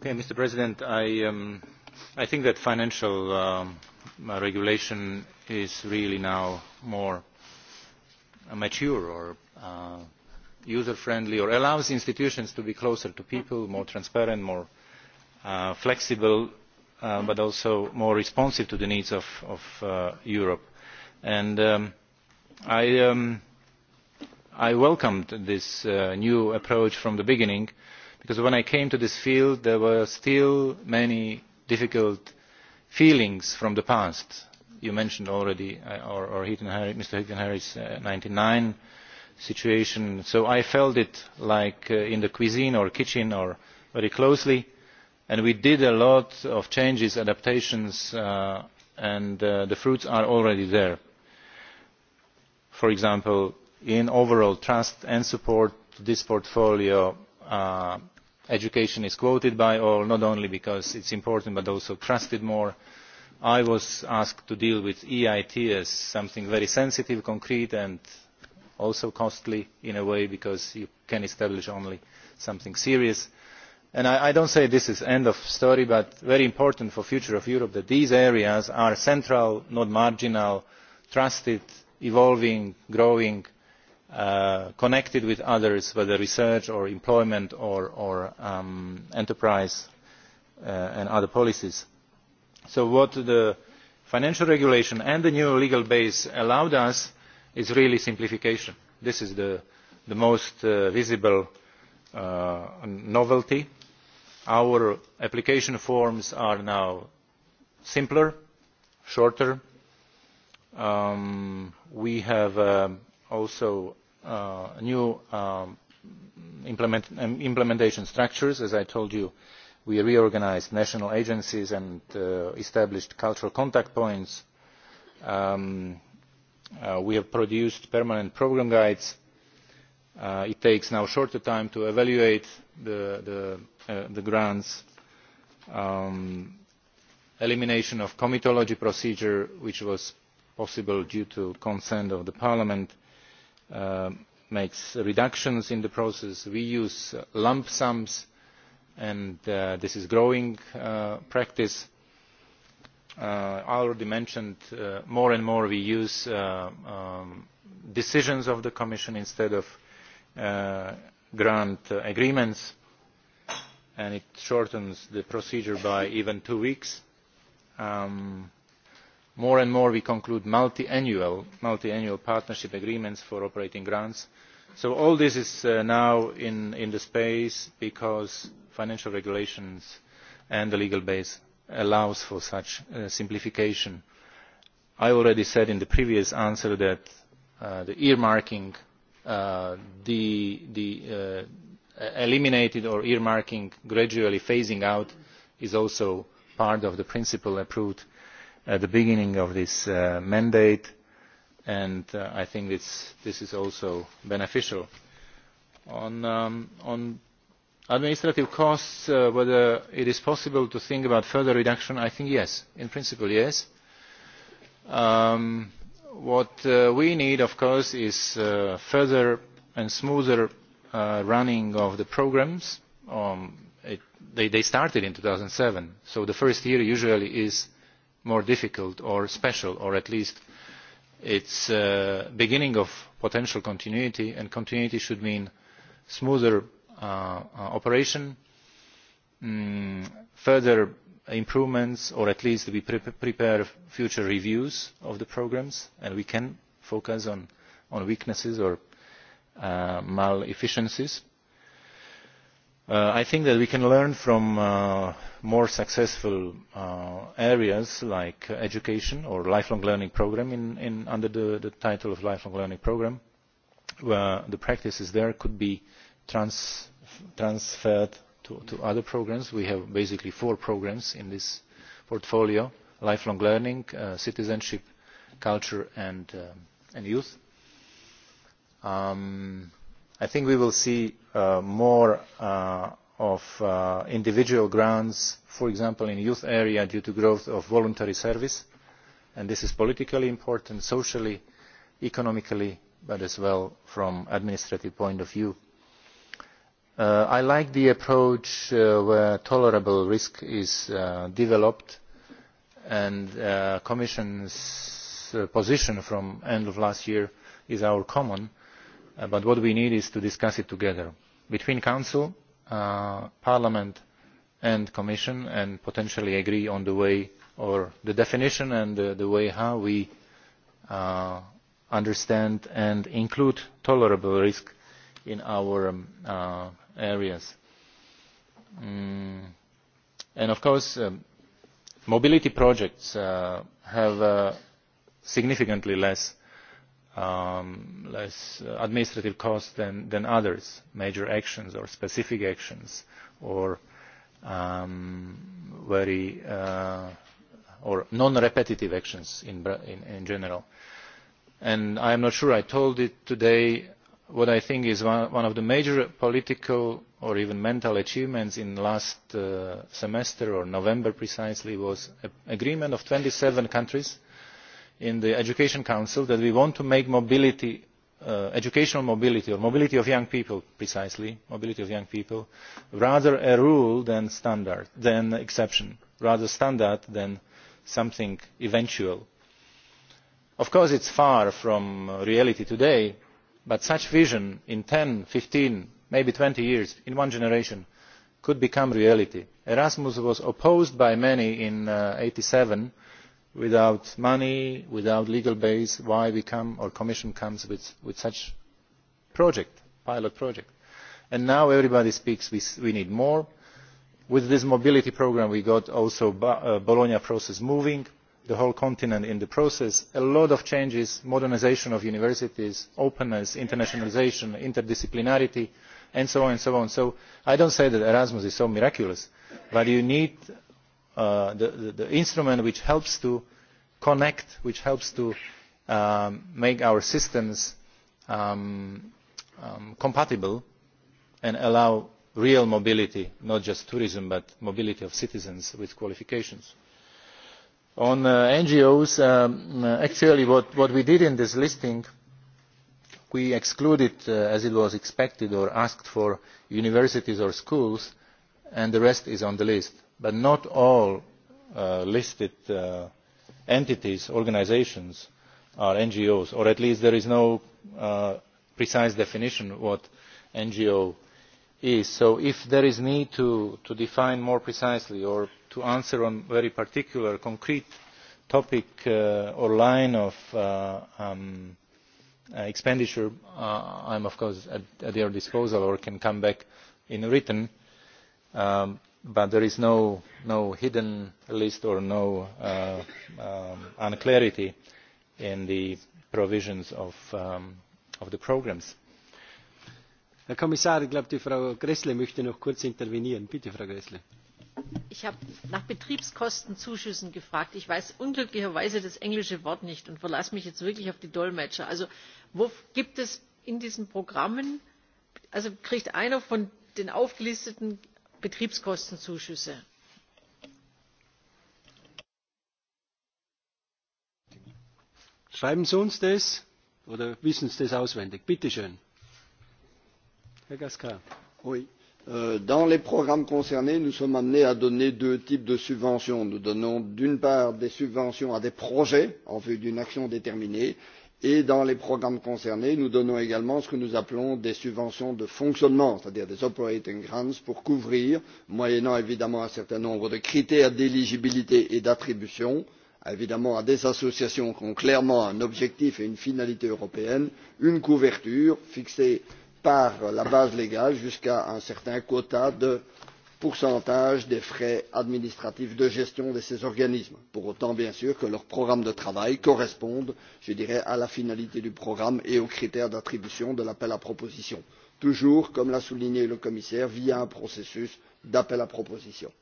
Okay, Mr. President, I, um, I think that financial um, regulation is really now more mature or uh, user-friendly or allows institutions to be closer to people, more transparent, more uh, flexible, uh, but also more responsive to the needs of, of uh, Europe. And um, I, um, I welcomed this uh, new approach from the beginning uh, because when I came to this field there were still many difficult feelings from the past. You mentioned already uh, or, or Mr. Hitten Harris uh, 99 situation, so I felt it like uh, in the cuisine or kitchen or very closely, and we did a lot of changes, adaptations, uh, and uh, the fruits are already there. For example, in overall trust and support, this portfolio uh, education is quoted by all not only because it is important but also trusted more. i was asked to deal with eit as something very sensitive concrete and also costly in a way because you can establish only something serious. And i, I do not say this is the end of the story but it is very important for the future of europe that these areas are central not marginal trusted evolving growing Uh, connected with others, whether research or employment or, or um, enterprise uh, and other policies. So what the financial regulation and the new legal base allowed us is really simplification. This is the, the most uh, visible uh, novelty. Our application forms are now simpler, shorter. Um, we have um, also uh, new um, implement, um, implementation structures. As I told you, we reorganized national agencies and uh, established cultural contact points. Um, uh, we have produced permanent program guides. Uh, it takes now shorter time to evaluate the, the, uh, the grants. Um, elimination of comitology procedure, which was possible due to consent of the parliament. Uh, Uh, makes reductions in the process. We use lump sums, and uh, this is growing uh, practice. Uh, I already mentioned uh, more and more we use uh, um, decisions of the Commission instead of uh, grant uh, agreements, and it shortens the procedure by even two weeks. Um, more and more we conclude multiannual partnership agreements for operating grants so all this is uh, now in, the space because financial regulations and the legal base allow for such uh, simplification. i already said in the previous answer that uh, the earmarking the, the eliminated or earmarking gradually phasing out is also part of the principle approved at the beginning of this uh, mandate and uh, I think it's, this is also beneficial. On, um, on administrative costs, uh, whether it is possible to think about further reduction, I think yes, in principle yes. Um, what uh, we need, of course, is uh, further and smoother uh, running of the programs. Um, it, they, they started in 2007, so the first year usually is more difficult or special or at least it's uh, beginning of potential continuity and continuity should mean smoother uh, uh operation um, further improvements or at least we pre prepare future reviews of the programs and we can focus on, on weaknesses or uh, malefficiencies. efficiencies Uh, I think that we can learn from uh, more successful uh, areas like education or lifelong learning programme in, in, under the, the title of lifelong learning Programme, where the practices there could be transferred to, to other programs. We have basically four programs in this portfolio, lifelong learning, uh, citizenship, culture, and, um, and youth. Um, I think we will see uh, more uh, of uh, individual grants, for example, in the youth area due to growth of voluntary service. And this is politically important, socially, economically, but as well from administrative point of view. Uh, I like the approach uh, where tolerable risk is uh, developed and uh, Commission's uh, position from end of last year is our common Uh, but what we need is to discuss it together between Council, uh, Parliament and Commission and potentially agree on the way or the definition and the way how we uh, understand and include tolerable risk in our um, uh, areas. Mm. And of course, um, mobility projects uh, have uh, significantly less um, less administrative costs than, than others, major actions or specific actions or um, very uh, or non-repetitive actions in, in, in general. And I am not sure I told it today what I think is one, one of the major political or even mental achievements in last uh, semester or November precisely was an agreement of 27 countries in the Education Council that we want to make mobility, uh, educational mobility, or mobility of young people precisely, mobility of young people, rather a rule than standard, than exception, rather standard than something eventual. Of course it is far from uh, reality today, but such vision in ten, fifteen, maybe twenty years, in one generation, could become reality. Erasmus was opposed by many in uh, eighty seven without money, without legal base, why we come or Commission comes with, with such project, pilot project. And now everybody speaks we, we need more. With this mobility program we got also ba uh, Bologna process moving, the whole continent in the process, a lot of changes, modernization of universities, openness, internationalization, interdisciplinarity, and so on and so on. So I don't say that Erasmus is so miraculous, but you need Uh, the, the, the instrument which helps to connect, which helps to um, make our systems um, um, compatible and allow real mobility, not just tourism, but mobility of citizens with qualifications. On uh, NGOs, um, actually what, what we did in this listing, we excluded, uh, as it was expected or asked for, universities or schools, and the rest is on the list but not all uh, listed uh, entities organisations are ngos or at least there is no uh, precise definition of what ngo is so if there is a need to, to define more precisely or to answer on very particular concrete topic uh, or line of uh, um, uh, expenditure uh, i'm of course at, at your disposal or can come back in written um, but there is no, no hidden list or no uh, um, unclarity in the provisions of, um, of the programs. Herr Kommissar, ich glaube, die Frau Gressle möchte noch kurz intervenieren. Bitte, Frau Gressle. Ich habe nach Betriebskostenzuschüssen gefragt. Ich weiß unglücklicherweise das englische Wort nicht und verlasse mich jetzt wirklich auf die Dolmetscher. Also, wo gibt es in diesen Programmen, also kriegt einer von den aufgelisteten betriebskostenzuschüsse. Schreiben Sie uns das oder wissen Sie das auswendig? Bitte schön. Herr Gascar. Oui. Euh, dans les programmes concernés, nous sommes amenés à donner deux types de subventions. Nous donnons d'une part des subventions à des projets en vue d'une action déterminée et dans les programmes concernés nous donnons également ce que nous appelons des subventions de fonctionnement c'est à dire des operating grants pour couvrir moyennant évidemment un certain nombre de critères d'éligibilité et d'attribution évidemment à des associations qui ont clairement un objectif et une finalité européenne une couverture fixée par la base légale jusqu'à un certain quota de pourcentage des frais administratifs de gestion de ces organismes, pour autant bien sûr que leur programme de travail corresponde, je dirais, à la finalité du programme et aux critères d'attribution de l'appel à proposition, toujours, comme l'a souligné le commissaire, via un processus d'appel à proposition.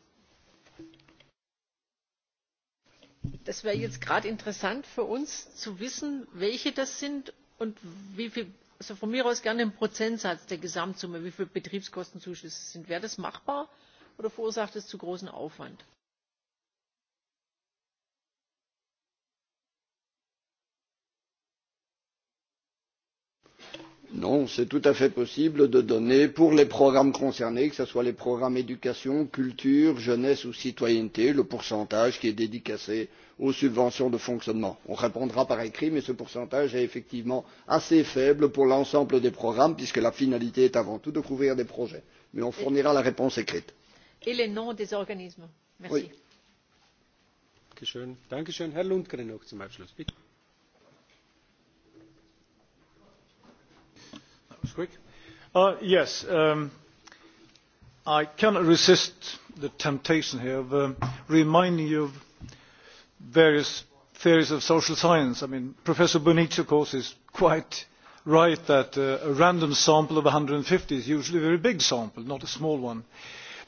Das wäre jetzt gerade interessant für uns zu wissen, welche das sind und wie viel also von mir aus gerne einen Prozentsatz der Gesamtsumme, wie viele Betriebskostenzuschüsse sind. Wäre das machbar oder verursacht es zu großen Aufwand? Non, c'est tout à fait possible de donner pour les programmes concernés, que ce soit les programmes éducation, culture, jeunesse ou citoyenneté, le pourcentage qui est dédicacé aux subventions de fonctionnement. On répondra par écrit, mais ce pourcentage est effectivement assez faible pour l'ensemble des programmes, puisque la finalité est avant tout de couvrir des projets. Mais on fournira la réponse écrite. Et les noms des organismes. Merci. Oui. Dankeschön. Dankeschön. Herr Lundgren noch zum Abschluss, bitte. quick. Uh, yes, um, I cannot resist the temptation here of um, reminding you of various theories of social science. I mean, Professor Bonici, of course, is quite right that uh, a random sample of 150 is usually a very big sample, not a small one.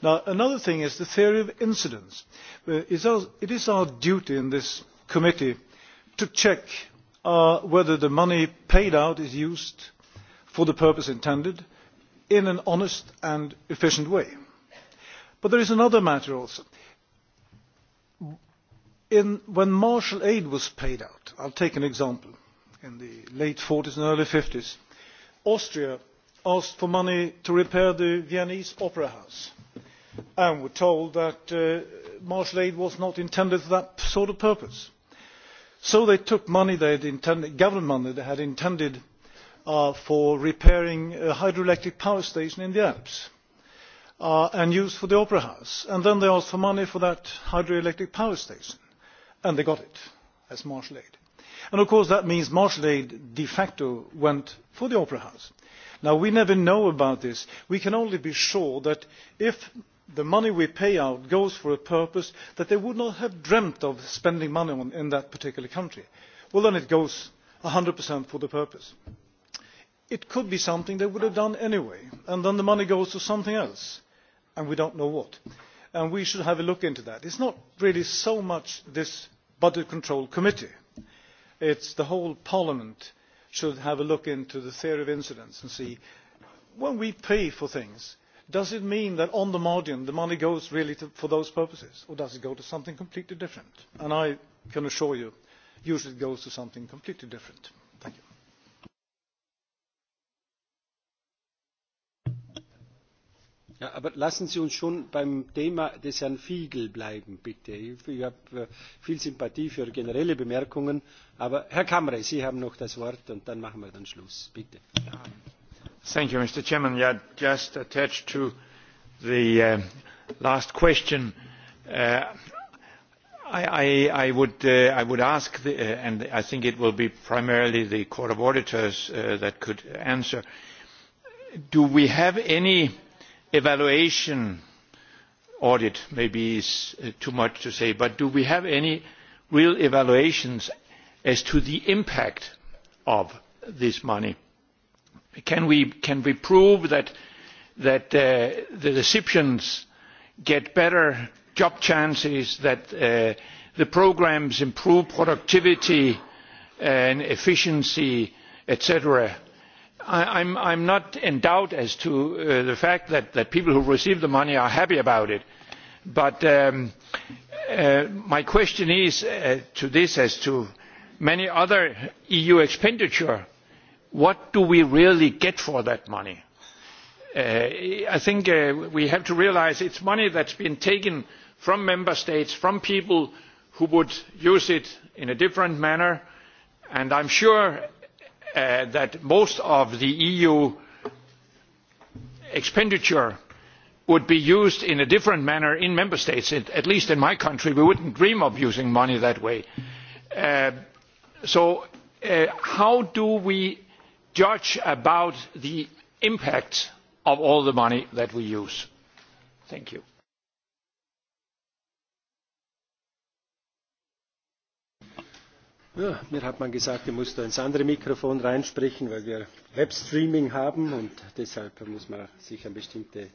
Now, another thing is the theory of incidence. Uh, it is our duty in this committee to check uh, whether the money paid out is used for the purpose intended in an honest and efficient way. But there is another matter also. In, when martial aid was paid out, I'll take an example, in the late 40s and early 50s, Austria asked for money to repair the Viennese Opera House and were told that uh, martial aid was not intended for that sort of purpose. So they took money they had intended, government money they had intended uh, for repairing a uh, hydroelectric power station in the Alps uh, and used for the opera house. And then they asked for money for that hydroelectric power station. And they got it as martial aid. And of course that means martial aid de facto went for the opera house. Now we never know about this. We can only be sure that if the money we pay out goes for a purpose that they would not have dreamt of spending money on in that particular country, well then it goes 100% for the purpose it could be something they would have done anyway, and then the money goes to something else, and we don't know what. And we should have a look into that. It's not really so much this Budget Control Committee. It's the whole Parliament should have a look into the theory of incidents and see when we pay for things, does it mean that on the margin the money goes really to, for those purposes, or does it go to something completely different? And I can assure you, usually it goes to something completely different. Ja, aber lassen Sie uns schon beim Thema des Herrn Fiegel bleiben, bitte. Ich, ich habe äh, viel Sympathie für generelle Bemerkungen. Aber Herr Kamre, Sie haben noch das Wort und dann machen wir dann Schluss. Bitte. Thank you, Mr. Chairman. Yeah, just attached to the uh, last question, uh, I, I, I, would, uh, I would ask, the, uh, and I think it will be primarily the Court of Auditors uh, that could answer, do we have any evaluation audit maybe is uh, too much to say, but do we have any real evaluations as to the impact of this money? Can we, can we prove that, that uh, the recipients get better job chances, that uh, the programs improve productivity and efficiency, etc.? I, I'm, I'm not in doubt as to uh, the fact that, that people who receive the money are happy about it. But um, uh, my question is uh, to this as to many other EU expenditure, what do we really get for that money? Uh, I think uh, we have to it it's money that's been taken from member states, from people who would use it in a different manner, and I'm sure Uh, that most of the EU expenditure would be used in a different manner in member states. It, at least in my country, we wouldn't dream of using money that way. Uh, so uh, how do we judge about the impact of all the money that we use? Thank you. Ja, mir hat man gesagt, ich muss da ins andere Mikrofon reinsprechen, weil wir Webstreaming haben und deshalb muss man sich an bestimmte äh,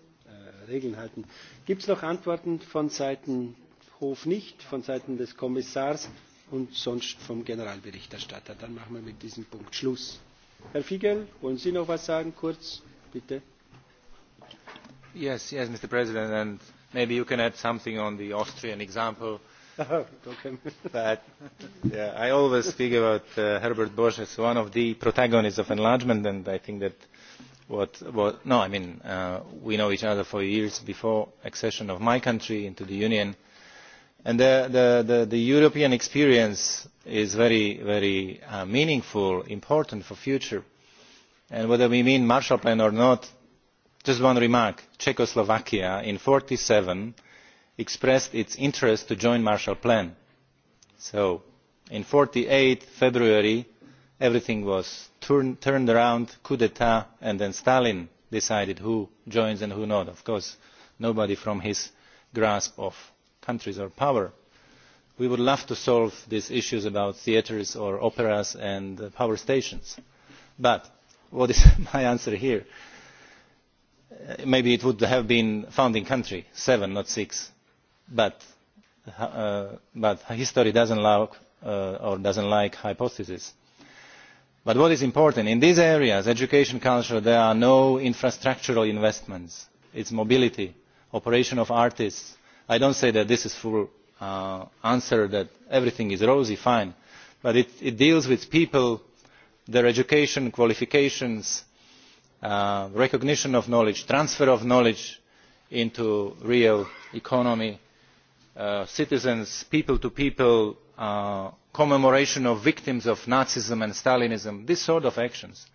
Regeln halten. Gibt es noch Antworten von Seiten Hof nicht, von Seiten des Kommissars und sonst vom Generalberichterstatter? Dann machen wir mit diesem Punkt Schluss. Herr Figel, wollen Sie noch was sagen, kurz, bitte? Yes, yes, Mr. President, and maybe you can add something on the Austrian example but, yeah, I always speak about uh, Herbert Bosch as one of the protagonists of enlargement, and I think that what, what no, I mean, uh, we know each other for years before accession of my country into the Union, and the, the, the, the European experience is very, very uh, meaningful, important for future. And whether we mean Marshall Plan or not, just one remark: Czechoslovakia in 47 expressed its interest to join the marshall plan. so on forty eight february everything was turn, turned around coup d'tat and then stalin decided who joins and who not of course nobody from his grasp of countries or power. we would love to solve these issues about theatres or operas and uh, power stations but what is my answer here? Uh, maybe it would have been founding country seven not six But, uh, but history doesn't like, uh, or doesn't like hypotheses. But what is important, in these areas, education, culture, there are no infrastructural investments. It's mobility, operation of artists. I don't say that this is full uh, answer that everything is rosy, fine. But it, it deals with people, their education, qualifications, uh, recognition of knowledge, transfer of knowledge into real economy, Uh, citizens people to people uh, commemoration of victims of nazism and stalinism this sort of actions.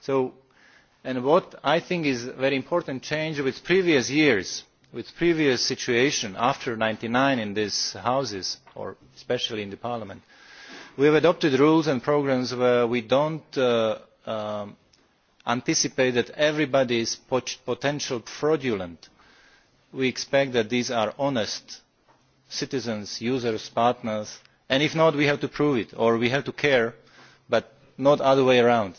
So, and what i think is a very important change with previous years with previous situation after ninety nine in these houses or especially in the parliament we have adopted rules and programmes where we do not uh, um, anticipate that everybody is pot potentially fraudulent. we expect that these are honest citizens users partners and if not we have to prove it or we have to care but not the other way around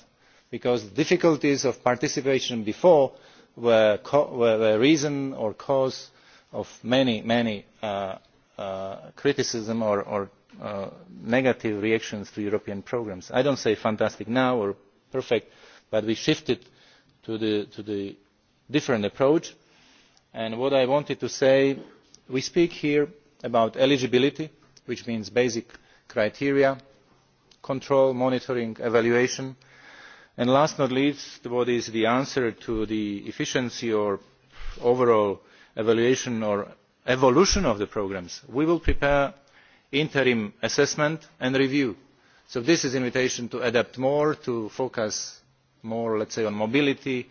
because the difficulties of participation before were, were the reason or cause of many many uh, uh, criticism or, or uh, negative reactions to European programmes. I don't say fantastic now or perfect, but we shifted to the, to the different approach. And what I wanted to say, we speak here about eligibility which means basic criteria control monitoring evaluation and last but not least what is the answer to the efficiency or overall evaluation or evolution of the programmes. we will prepare interim assessment and review so this is an invitation to adapt more to focus more let us say on mobility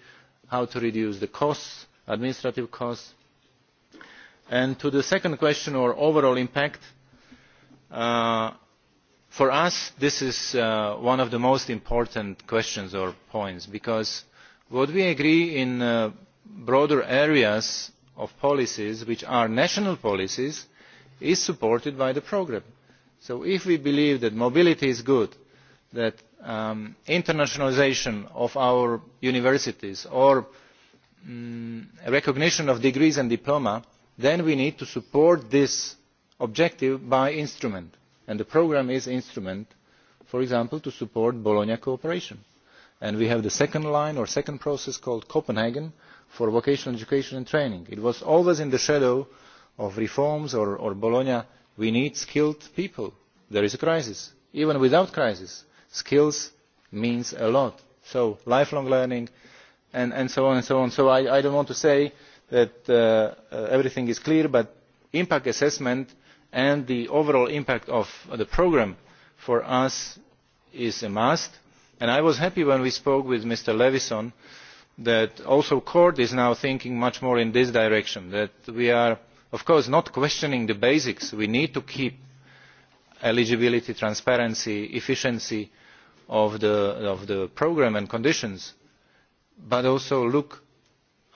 how to reduce the costs administrative costs And to the second question or overall impact, uh, for us this is uh, one of the most important questions or points because what we agree in uh, broader areas of policies which are national policies is supported by the programme. So if we believe that mobility is good, that um, internationalisation of our universities or um, recognition of degrees and diploma then we need to support this objective by instrument and the programme is an instrument for example to support bologna cooperation and we have the second line or second process called copenhagen for vocational education and training. it was always in the shadow of reforms or, or bologna we need skilled people. there is a crisis. even without crisis skills means a lot so lifelong learning and, and so on and so on. so i, I do not want to say that uh, uh, everything is clear but impact assessment and the overall impact of uh, the programme for us is a must and i was happy when we spoke with mr levinson that also the court is now thinking much more in this direction that we are of course not questioning the basics we need to keep eligibility transparency efficiency of the, of the programme and conditions but also look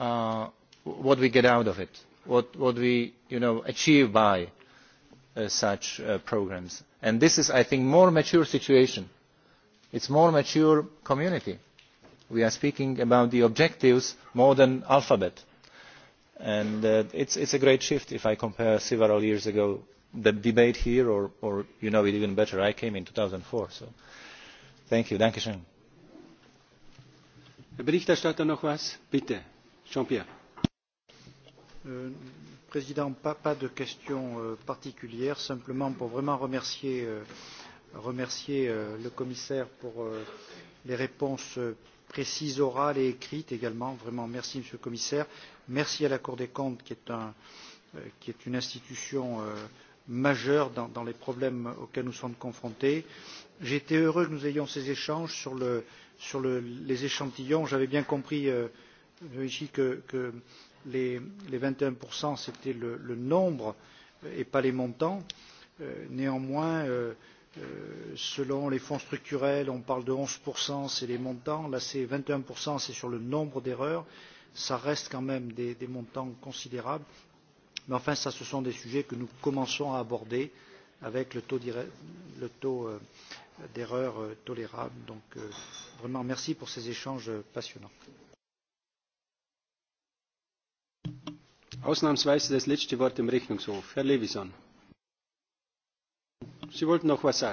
uh, what we get out of it, what, what we you know, achieve by uh, such uh, programs. And this is, I think, more mature situation. It's more mature community. We are speaking about the objectives more than alphabet. And uh, it's, it's a great shift if I compare several years ago the debate here, or, or you know it even better, I came in 2004. So thank you. Dankeschön. Herr Berichterstatter, noch was? Bitte, Jean-Pierre. Euh, Président, pas, pas de questions euh, particulières, simplement pour vraiment remercier, euh, remercier euh, le commissaire pour euh, les réponses euh, précises, orales et écrites également. Vraiment, merci Monsieur le commissaire. Merci à la Cour des comptes qui est, un, euh, qui est une institution euh, majeure dans, dans les problèmes auxquels nous sommes confrontés. J'ai été heureux que nous ayons ces échanges sur, le, sur le, les échantillons. J'avais bien compris, euh, ici, que, que les, les 21%, c'était le, le nombre et pas les montants. Euh, néanmoins, euh, euh, selon les fonds structurels, on parle de 11%, c'est les montants. Là, c'est 21%, c'est sur le nombre d'erreurs. Ça reste quand même des, des montants considérables. Mais enfin, ça, ce sont des sujets que nous commençons à aborder avec le taux, le taux d'erreur euh, euh tolérable. Donc, euh, vraiment, merci pour ces échanges passionnants. Ausnahmsweise das letzte Wort im Rechnungshof. Herr Levison. Yes,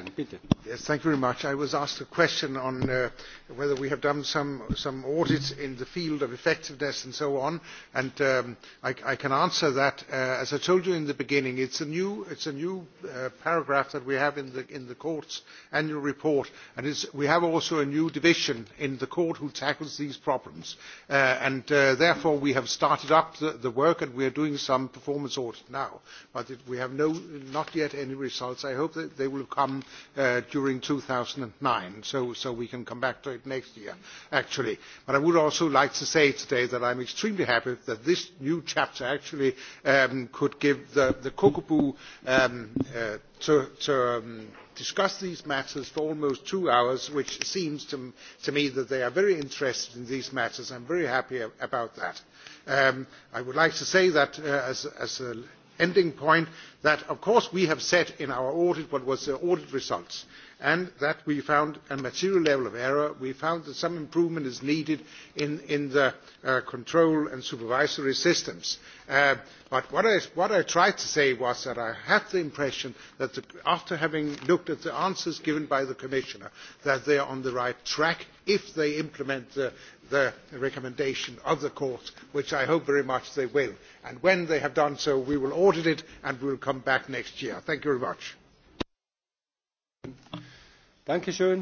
thank you very much. I was asked a question on uh, whether we have done some, some audits in the field of effectiveness and so on, and um, I, I can answer that. Uh, as I told you in the beginning, it's a new, it's a new uh, paragraph that we have in the, in the court's annual report, and it's, we have also a new division in the court who tackles these problems, uh, and uh, therefore we have started up the, the work and we are doing some performance audit now, but it, we have no, not yet any results. I hope that they will come uh, during 2009, so, so we can come back to it next year, actually. But I would also like to say today that I'm extremely happy that this new chapter actually um, could give the, the Kokobu um, uh, to, to um, discuss these matters for almost two hours, which seems to, to me that they are very interested in these matters. I'm very happy about that. Um, I would like to say that uh, as, as a ending point that of course we have set in our audit what was the audit results and that we found a material level of error. We found that some improvement is needed in, in the uh, control and supervisory systems. Uh, but what I, what I tried to say was that I had the impression that the, after having looked at the answers given by the Commissioner, that they are on the right track if they implement the the recommendation of the court, which I hope very much they will. And when they have done so, we will audit it and we will come back next year. Thank you very much.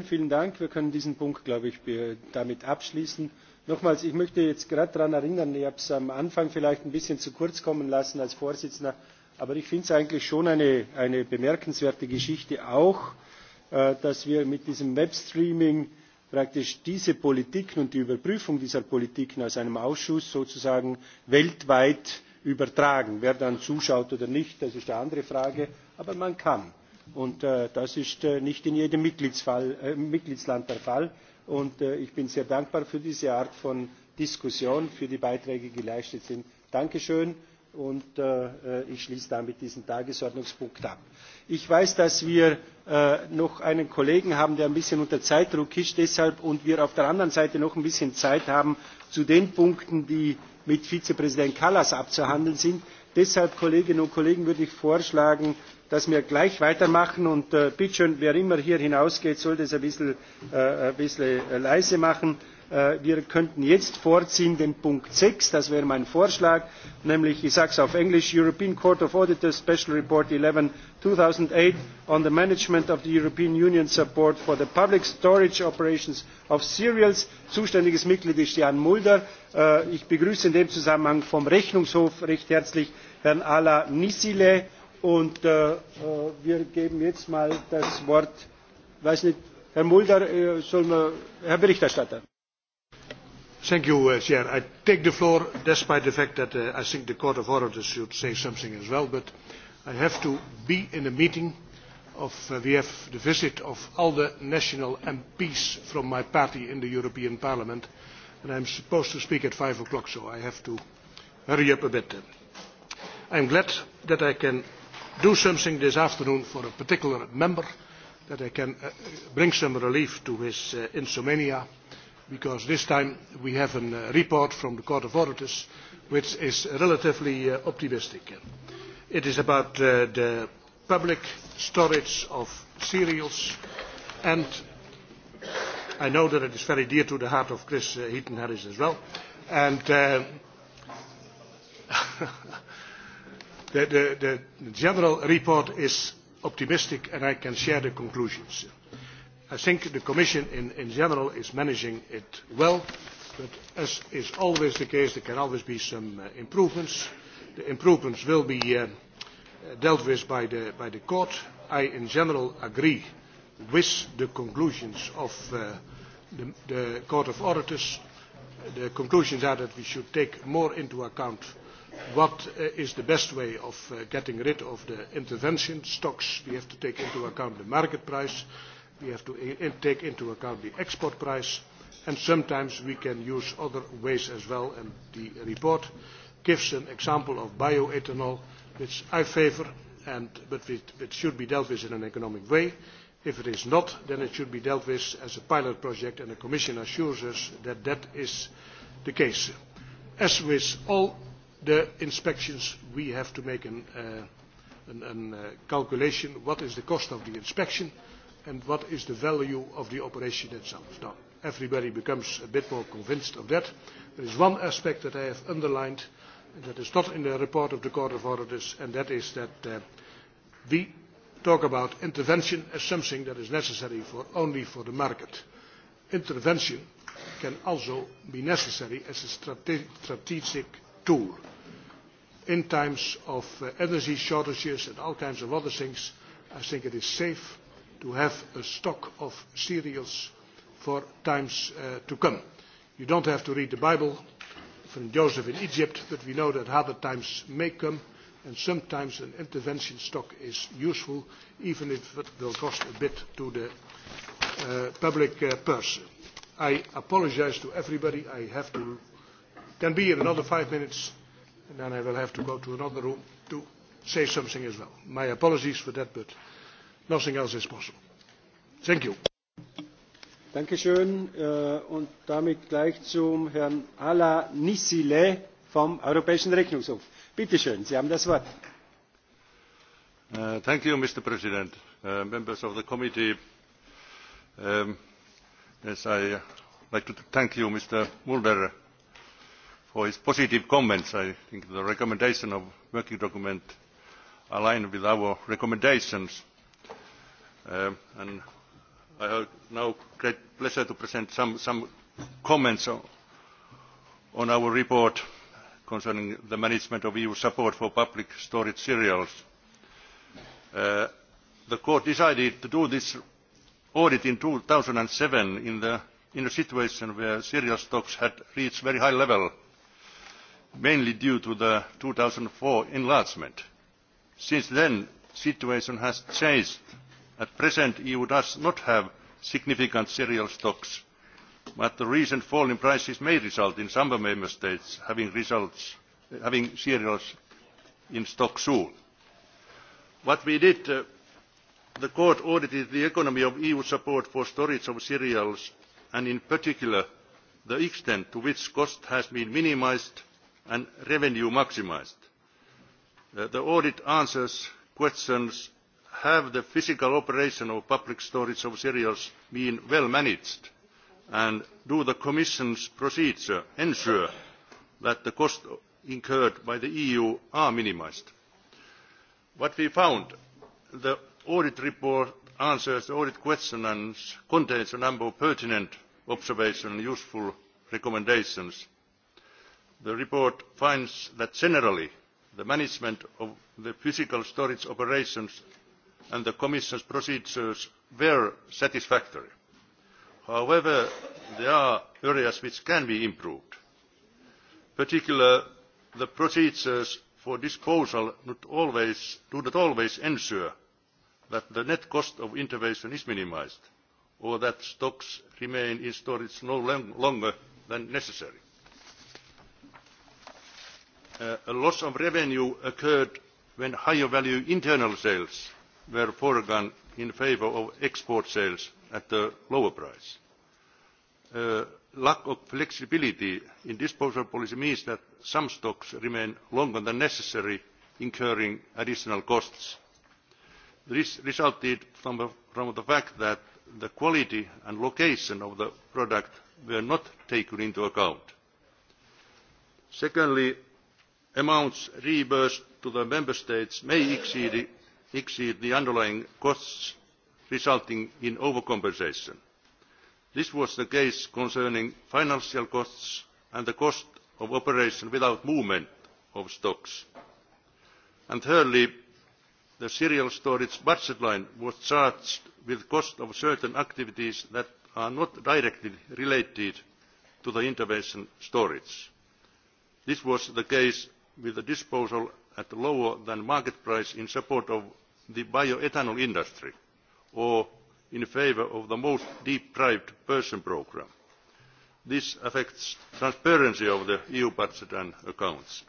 vielen Dank. Wir können diesen Punkt, glaube ich, damit abschließen. Nochmals, ich möchte jetzt gerade daran erinnern, ich habe es am Anfang vielleicht ein bisschen zu kurz kommen lassen als Vorsitzender, aber ich finde es eigentlich schon eine, eine bemerkenswerte Geschichte auch, äh, dass wir mit diesem Webstreaming praktisch diese Politiken und die Überprüfung dieser Politiken aus einem Ausschuss sozusagen weltweit übertragen. Wer dann zuschaut oder nicht, das ist eine andere Frage, aber man kann. Und äh, das ist äh, nicht in jedem Mitgliedsfall, äh, Mitgliedsland der Fall. Und äh, ich bin sehr dankbar für diese Art von Diskussion, für die Beiträge, die geleistet sind. Dankeschön und äh, äh, ich schließe damit diesen Tagesordnungspunkt ab. Ich weiß, dass wir äh, noch einen Kollegen haben, der ein bisschen unter Zeitdruck ist deshalb und wir auf der anderen Seite noch ein bisschen Zeit haben zu den Punkten, die mit Vizepräsident Kallas abzuhandeln sind. Deshalb, Kolleginnen und Kollegen, würde ich vorschlagen, dass wir gleich weitermachen und äh, bitte schön, wer immer hier hinausgeht, sollte es ein bisschen, äh, ein bisschen leise machen. Äh, wir könnten jetzt vorziehen den Punkt 6, das wäre mein Vorschlag, nämlich, ich sage es auf Englisch, European Court of Auditors Special Report 11 2008 on the management of the European Union support for the public storage operations of cereals. Zuständiges Mitglied ist Jan Mulder. Äh, ich begrüße in dem Zusammenhang vom Rechnungshof recht herzlich Herrn Ala Nisile und äh, wir geben jetzt mal das Wort, weiß nicht, Herr Mulder, soll man, Herr Berichterstatter. Thank you, uh, Chair. I take the floor despite the fact that uh, I think the Court of Auditors should say something as well, but I have to be in a meeting of, uh, we have the visit of all the national MPs from my party in the European Parliament, and I'm supposed to speak at 5 o'clock, so I have to hurry up a bit. I'm glad that I can do something this afternoon for a particular member, that I can uh, bring some relief to his uh, insomnia because this time we have a uh, report from the Court of Auditors which is relatively uh, optimistic. It is about uh, the public storage of cereals and I know that it is very dear to the heart of Chris uh, Heaton Harris as well. And uh, the, the, the general report is optimistic and I can share the conclusions. I think the Commission in, in general is managing it well, but as is always the case, there can always be some uh, improvements. The improvements will be uh, dealt with by the, by the Court. I, in general, agree with the conclusions of uh, the, the Court of Auditors. The conclusions are that we should take more into account what uh, is the best way of uh, getting rid of the intervention stocks. We have to take into account the market price. We have to take into account the export price and sometimes we can use other ways as well and the report gives an example of bioethanol which I favour and, but it, it should be dealt with in an economic way. If it is not, then it should be dealt with as a pilot project and the Commission assures us that that is the case. As with all the inspections, we have to make an, uh, an, an uh, calculation what is the cost of the inspection and what is the value of the operation itself. Now, everybody becomes a bit more convinced of that. There is one aspect that I have underlined, and that is not in the report of the Court of Auditors, and that is that uh, we talk about intervention as something that is necessary for only for the market. Intervention can also be necessary as a strate strategic tool. In times of uh, energy shortages and all kinds of other things, I think it is safe to have a stock of cereals for times uh, to come. You don't have to read the Bible from Joseph in Egypt, but we know that harder times may come, and sometimes an intervention stock is useful, even if it will cost a bit to the uh, public uh, purse. I apologize to everybody. I have to can be here another five minutes, and then I will have to go to another room to say something as well. My apologies for that, but nothing else is possible. Thank you. Dankeschön. Äh, und damit gleich zum Herrn Ala Nisile vom Europäischen Rechnungshof. Bitte schön, Sie haben das Wort. Uh, thank you, Mr. President, uh, members of the committee. Um, yes, I uh, like to thank you, Mr. Mulder, for his positive comments. I think the recommendation of working document aligned with our recommendations Um, and I have now great pleasure to present some, some comments on, on our report concerning the management of EU support for public storage cereals. Uh, the court decided to do this audit in 2007 in, the, in a situation where cereal stocks had reached very high level, mainly due to the 2004 enlargement. Since then, situation has changed At present, the EU does not have significant cereal stocks, but the recent fall in prices may result in some member states having, results, having cereals in stock soon. What we did, uh, the court audited the economy of EU support for storage of cereals and in particular the extent to which cost has been minimised and revenue maximised. Uh, the audit answers questions have the physical operation of public storage of cereals been well managed and do the Commission's procedure ensure that the costs incurred by the EU are minimised? What we found, the audit report answers the audit question and contains a number of pertinent observations and useful recommendations. The report finds that generally the management of the physical storage operations and the Commission's procedures were satisfactory. However, there are areas which can be improved. Particularly, the procedures for disposal not always, do not always ensure that the net cost of intervention is minimized or that stocks remain in storage no longer than necessary. Uh, a loss of revenue occurred when higher value internal sales were foregone in favour of export sales at a lower price. Uh, lack of flexibility in disposal policy means that some stocks remain longer than necessary, incurring additional costs. This resulted from the, from the fact that the quality and location of the product were not taken into account. Secondly, amounts reimbursed to the member states may exceed exceed the underlying costs, resulting in overcompensation. This was the case concerning financial costs and the cost of operation without movement of stocks. And thirdly, the serial storage budget line was charged with cost of certain activities that are not directly related to the intervention storage. This was the case with the disposal at lower than market price in support of the bioethanol industry or in favour of the most deprived person programme. This affects transparency of the EU budget and accounts.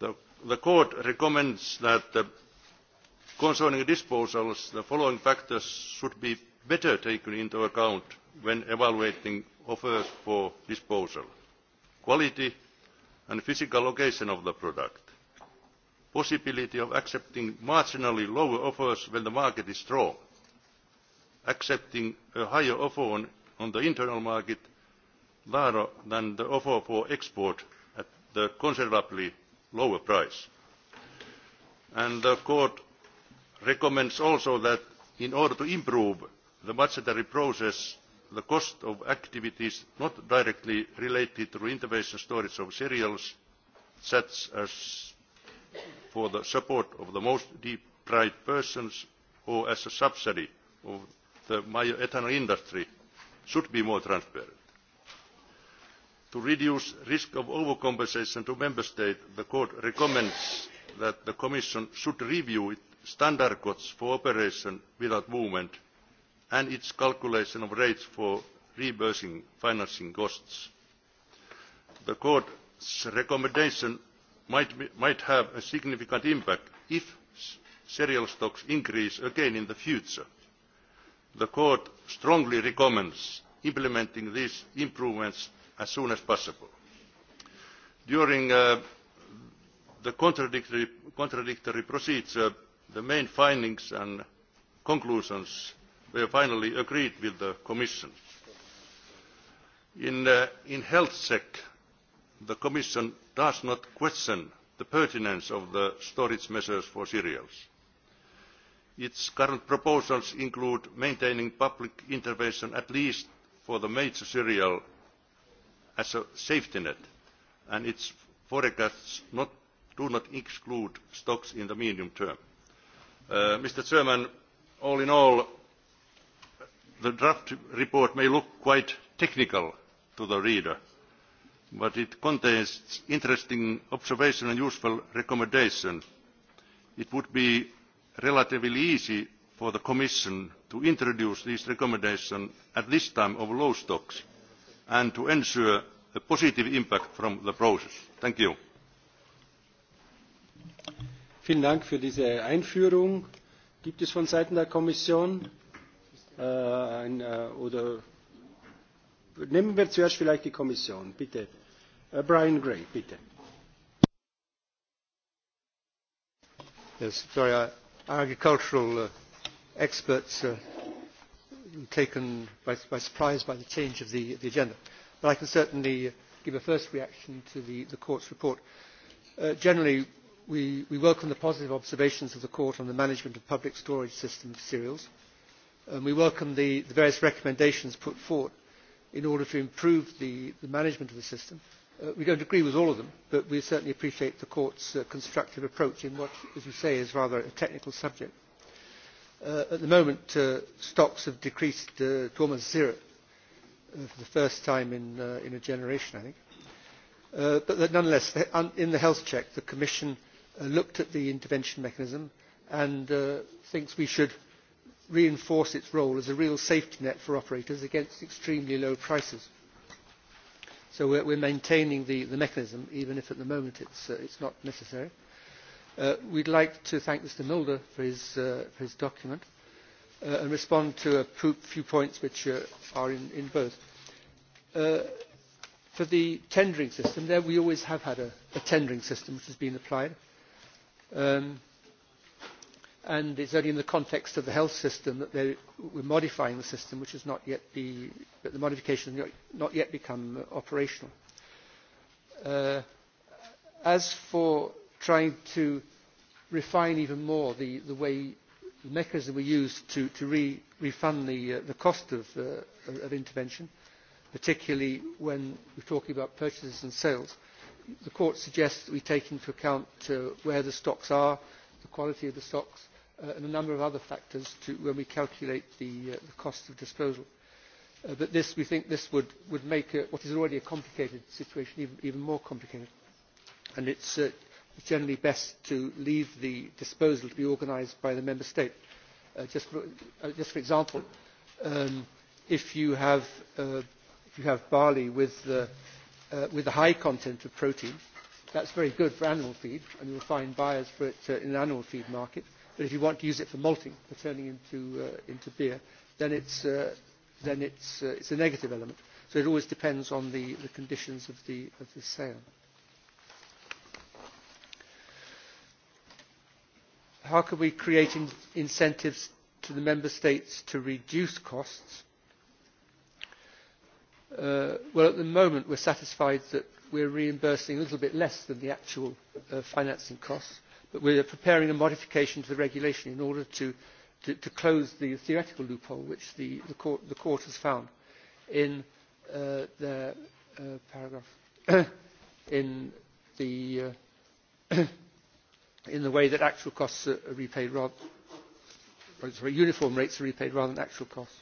The, the Court recommends that uh, concerning disposals, the following factors should be better taken into account when evaluating offers for disposal. Quality and physical location of the product possibility of accepting marginally lower offers when the market is strong, accepting a higher offer on, on the internal market rather than the offer for export at the considerably lower price. And the court recommends also that in order to improve the budgetary process, the cost of activities not directly related to intervention storage of cereals, such as for the support of the most deprived persons or as a subsidy of the bioethanol industry should be more transparent. To reduce risk of overcompensation to Member States, the Court recommends that the Commission should review its standard costs for operation without movement and its calculation of rates for reimbursing financing costs. The Court's recommendation might, have a significant impact if cereal stocks increase again in the future. The Court strongly recommends implementing these improvements as soon as possible. During uh, the contradictory, contradictory procedure, the main findings and conclusions were finally agreed with the Commission. In, uh, in HealthSec, the Commission does not question the pertinence of the storage measures for cereals. Its current proposals include maintaining public intervention at least for the major cereal as a safety net, and its forecasts not, do not exclude stocks in the medium term. Uh, Mr. Chairman, all in all, the draft report may look quite technical to the reader, but it contains interesting observation and useful recommendation. It would be relatively easy for the Commission to introduce these recommendations at this time of low stocks and to ensure a positive impact from the process. Thank you. Vielen Dank für diese Einführung. Gibt es von Seiten der Kommission äh, ein, äh, oder nehmen wir zuerst vielleicht die Kommission, Uh, Brian Gray, bitte. Yes, sorry, uh, agricultural uh, experts uh, taken by, by surprise by the change of the, the agenda. But I can certainly give a first reaction to the, the court's report. Uh, generally, we, we welcome the positive observations of the court on the management of public storage system of cereals. And we welcome the, the various recommendations put forward in order to improve the, the management of the system. Uh, we don't agree with all of them, but we certainly appreciate the Court's uh, constructive approach in what, as you say, is rather a technical subject. Uh, at the moment, uh, stocks have decreased uh, to almost zero uh, for the first time in, uh, in a generation, I think. Uh, but that nonetheless, in the health check, the Commission uh, looked at the intervention mechanism and uh, thinks we should reinforce its role as a real safety net for operators against extremely low prices. So we're, we're maintaining the, the mechanism, even if at the moment it's, uh, it's not necessary. Uh, we'd like to thank Mr Mulder for his, uh, for his document uh, and respond to a few points which uh, are in, in both. Uh, for the tendering system, there we always have had a, a tendering system which has been applied. Um, and it is only in the context of the health system that they are modifying the system, which has not yet be, but the modification has not yet become operational. Uh, as for trying to refine even more the, the way the mechanism we use to, to re, refund the, uh, the cost of, uh, of intervention, particularly when we're talking about purchases and sales, the court suggests that we take into account uh, where the stocks are, the quality of the stocks, uh, and a number of other factors to, when we calculate the, uh, the cost of disposal. Uh, but this, we think this would, would make a, what is already a complicated situation even, even more complicated. And it's uh, generally best to leave the disposal to be organised by the member state. Uh, just, for, uh, just for example, um, if, you have, uh, if you have barley with, the uh, with a high content of protein, that's very good for animal feed, and you'll find buyers for it uh, in the animal feed market. But if you want to use it for malting, for turning into, uh, into beer, then, it's, uh, then it's, uh, it's a negative element. So it always depends on the, the conditions of the, of the sale. How can we create in incentives to the member states to reduce costs? Uh, well, at the moment, we're satisfied that we're reimbursing a little bit less than the actual uh, financing costs but we are preparing a modification to the regulation in order to, to, to close the theoretical loophole which the, the, court, the court has found in uh, the uh, paragraph in the uh, in the way that actual costs are repaid rather oh, sorry, uniform rates are repaid rather than actual costs.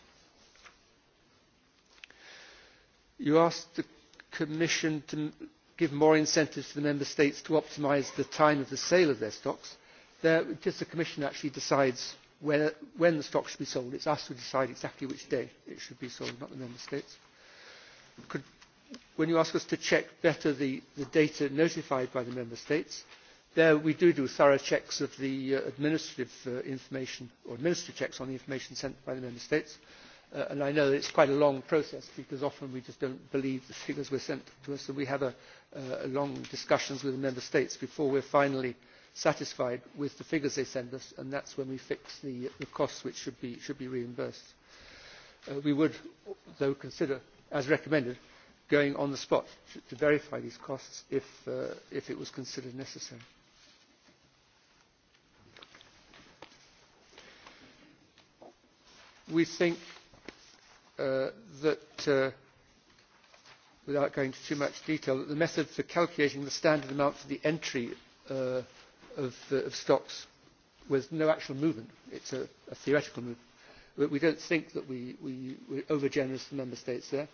You asked the Commission to give more incentives to the member states to optimise the time of the sale of their stocks. There, just the Commission actually decides where, when the stock should be sold. It's us who decide exactly which day it should be sold, not the member states. Could, when you ask us to check better the, the data notified by the member states, there we do do thorough checks of the uh, administrative uh, information or administrative checks on the information sent by the member states. Uh, and I know that it's quite a long process because often we just don't believe the figures were sent to us and we have a, uh, long discussions with the member states before we're finally satisfied with the figures they send us and that's when we fix the, the costs which should be, should be reimbursed. Uh, we would, though, consider, as recommended, going on the spot to, verify these costs if, uh, if it was considered necessary. We think uh, that, uh, without going into too much detail, that the method for calculating the standard amount for the entry uh, of, uh, of stocks with no actual movement, it's a, a theoretical move. But we don't think that we, we, we're over-generous to member states there.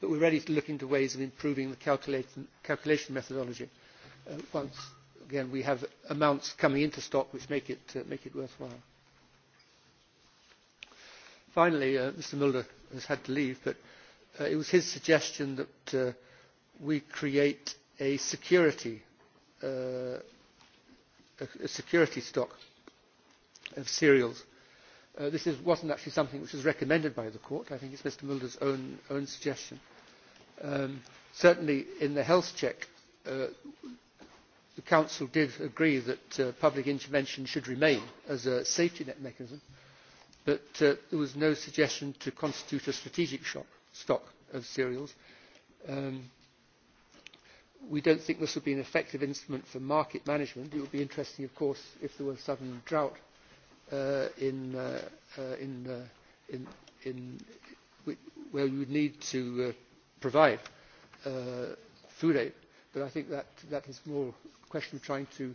But we're ready to look into ways of improving the calculation, calculation methodology uh, once, again, we have amounts coming into stock which make it, uh, make it worthwhile. Finally, uh, Mr Mulder has had to leave, but uh, it was his suggestion that uh, we create a security, uh, a, a security stock of cereals. Uh, this is, wasn't actually something which was recommended by the court. I think it's Mr Mulder's own, own suggestion. Um, certainly in the health check, uh, the Council did agree that uh, public intervention should remain as a safety net mechanism but uh, there was no suggestion to constitute a strategic shop, stock of cereals. Um, we don't think this would be an effective instrument for market management. It would be interesting, of course, if there were a sudden drought uh, in, uh, uh, in, uh, in, in, where you would need to uh, provide uh, food aid. But I think that, that is more a question of trying to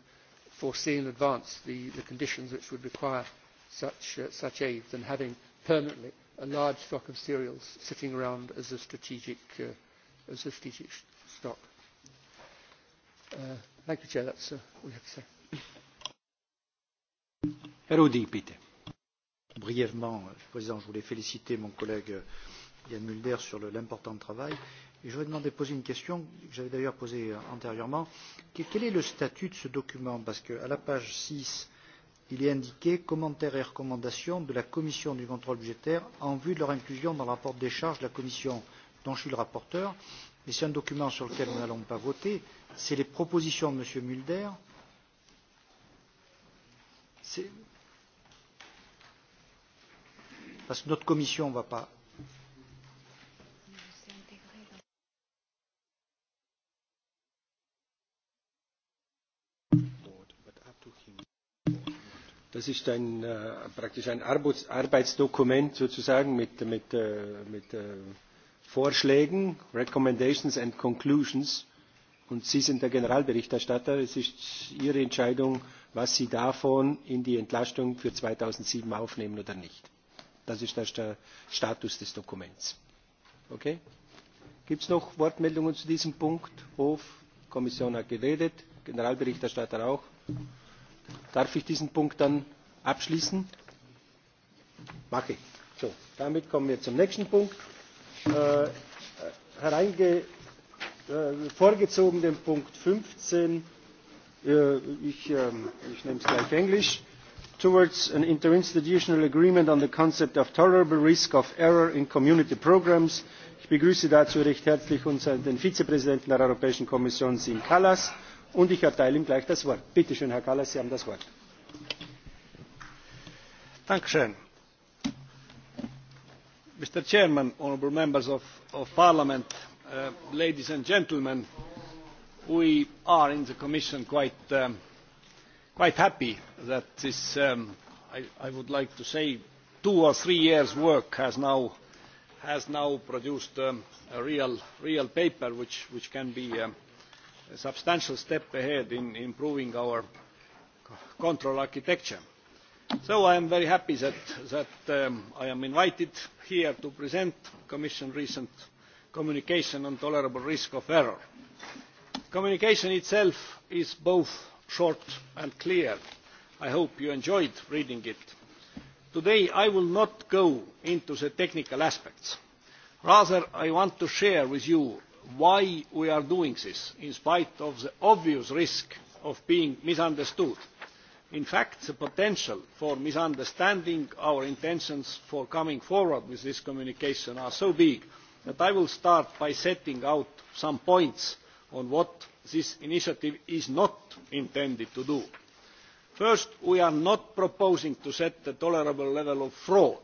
foresee in advance the, the conditions which would require such, uh, such aid than having permanently a large stock of cereals sitting around as a strategic, uh, as a strategic stock. Uh, thank you, Chair. That's uh, all have to say. Brièvement, euh, Président, je voulais féliciter mon collègue euh, Yann Mulder sur l'important travail. Et je voudrais demander poser une question que j'avais d'ailleurs posée euh, antérieurement. Quel est le statut de ce document Parce qu'à la page 6, il est indiqué commentaires et recommandations de la commission du contrôle budgétaire en vue de leur inclusion dans le rapport des charges de la commission dont je suis le rapporteur. Mais c'est un document sur lequel nous n'allons pas voter. C'est les propositions de M. Mulder. Parce que notre commission ne va pas Das ist ein, äh, praktisch ein Arbeits Arbeitsdokument sozusagen mit, mit, äh, mit äh, Vorschlägen, Recommendations and Conclusions. Und Sie sind der Generalberichterstatter. Es ist Ihre Entscheidung, was Sie davon in die Entlastung für 2007 aufnehmen oder nicht. Das ist der Status des Dokuments. Okay? Gibt es noch Wortmeldungen zu diesem Punkt? Hof, Kommission hat geredet, Generalberichterstatter auch. Darf ich diesen Punkt dann abschließen? Mache ich. So, damit kommen wir zum nächsten Punkt. Äh, hereinge, äh, vorgezogen den Punkt 15. Äh, ich, äh, ich nehme es gleich Englisch. Towards an interinstitutional agreement on the concept of tolerable risk of error in community programs. Ich begrüße dazu recht herzlich unseren, den Vizepräsidenten der Europäischen Kommission, Sim Kallas Und ich erteile ihm gleich das Wort. Bitte schön, Herr Kallas, Sie haben das Wort. Dankeschön. Mr. Chairman, honorable members of, of Parliament, uh, ladies and gentlemen, we are in the Commission quite, um, quite happy that this, um, I, I would like to say, two or three years' work has now, has now produced um, a real, real paper which, which can be um, a substantial step ahead in improving our control architecture. So I am very happy that, that um, I am invited here to present Commission recent communication on tolerable risk of error. Communication itself is both short and clear. I hope you enjoyed reading it. Today I will not go into the technical aspects. Rather, I want to share with you why we are doing this, in spite of the obvious risk of being misunderstood. In fact, the potential for misunderstanding our intentions for coming forward with this communication are so big that I will start by setting out some points on what this initiative is not intended to do. First, we are not proposing to set a tolerable level of fraud.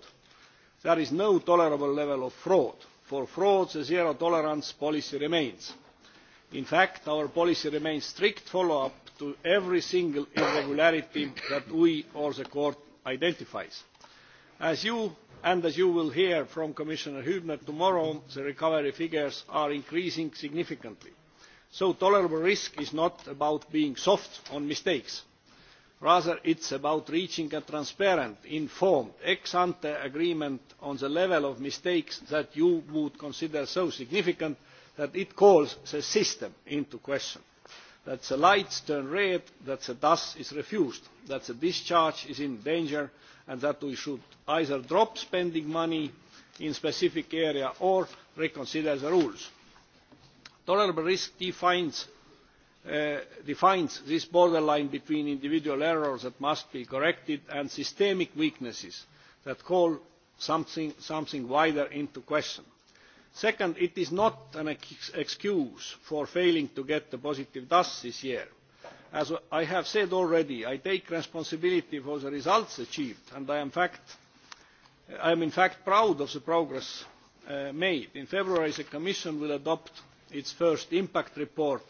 There is no tolerable level of fraud for fraud, the zero tolerance policy remains. In fact, our policy remains strict follow-up to every single irregularity that we or the court identifies. As you and as you will hear from Commissioner Hübner tomorrow, the recovery figures are increasing significantly. So tolerable risk is not about being soft on mistakes. Rather, it's about reaching a transparent, informed, ex-ante agreement on the level of mistakes that you would consider so significant that it calls the system into question, that the lights turn red, that the dust is refused, that the discharge is in danger, and that we should either drop spending money in specific area or reconsider the rules. Tolerable risk defines Uh, defines this borderline between individual errors that must be corrected and systemic weaknesses that call something, something wider into question. Second, it is not an ex excuse for failing to get the positive dust this year. As I have said already, I take responsibility for the results achieved and I am, fact, I am in fact proud of the progress uh, made. In February, the Commission will adopt its first impact report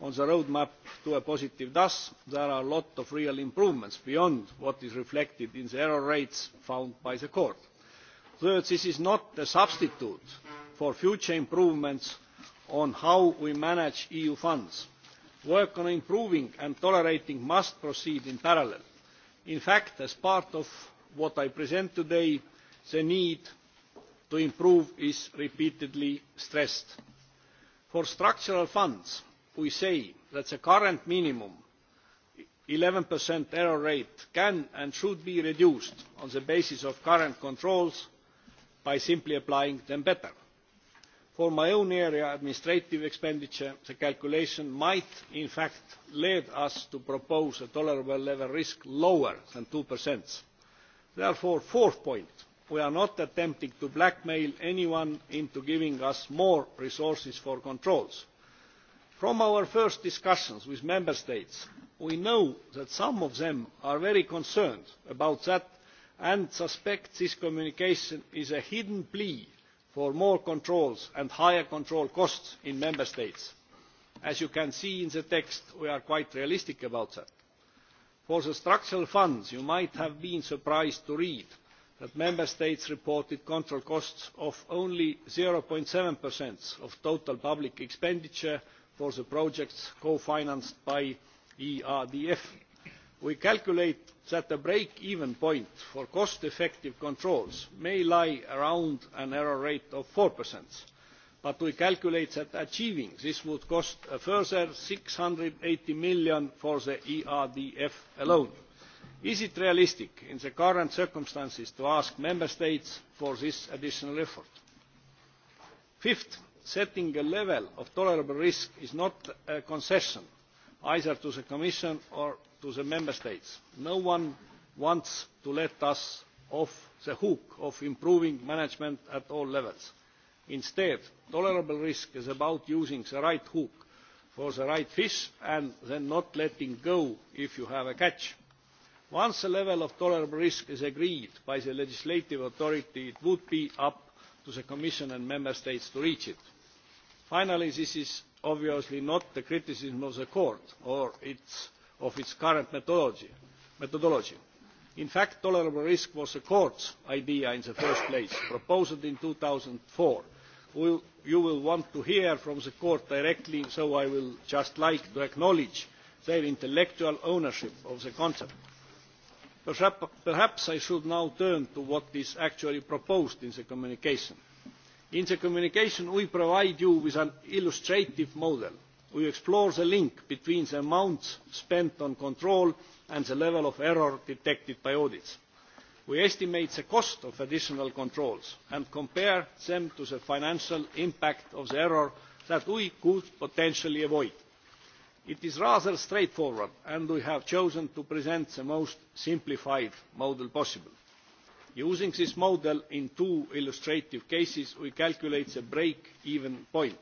on the roadmap to a positive. Thus, there are a lot of real improvements beyond what is reflected in the error rates found by the court. Third, this is not a substitute for future improvements on how we manage EU funds. Work on improving and tolerating must proceed in parallel. In fact, as part of what I present today, the need to improve is repeatedly stressed. For structural funds, we say that the current minimum 11% error rate can and should be reduced on the basis of current controls by simply applying them better. For my own area, administrative expenditure, the calculation might in fact lead us to propose a tolerable level risk lower than 2%. Therefore, fourth point, we are not attempting to blackmail anyone into giving us more resources for controls. From our first discussions with member states, we know that some of them are very concerned about that and suspect this communication is a hidden plea for more controls and higher control costs in member states. As you can see in the text, we are quite realistic about that. For the structural funds, you might have been surprised to read that member states reported control costs of only 0.7% of total public expenditure for the projects co-financed by ERDF. We calculate that the break-even point for cost-effective controls may lie around an error rate of 4%, but we calculate that achieving this would cost a further 680 million for the ERDF alone. Is it realistic in the current circumstances to ask Member States for this additional effort? Fifth, setting a level of tolerable risk is not a concession either to the Commission or to the Member States. No one wants to let us off the hook of improving management at all levels. Instead, tolerable risk is about using the right hook for the right fish and then not letting go if you have a catch. Once the level of tolerable risk is agreed by the legislative authority, it would be up to the Commission and Member States to reach it. Finally, this is obviously not the criticism of the court or its, of its current methodology. methodology. In fact, tolerable risk was the court's idea in the first place, proposed in 2004. We'll, you will want to hear from the court directly, so I will just like to acknowledge their intellectual ownership of the concept. Perhaps I should now turn to what is actually proposed in the communication. In the communication, we provide you with an illustrative model. We explore the link between the amounts spent on control and the level of error detected by audits. We estimate the cost of additional controls and compare them to the financial impact of the error that we could potentially avoid. It is rather straightforward and we have chosen to present the most simplified model possible. Using this model in two illustrative cases, we calculate the break-even point.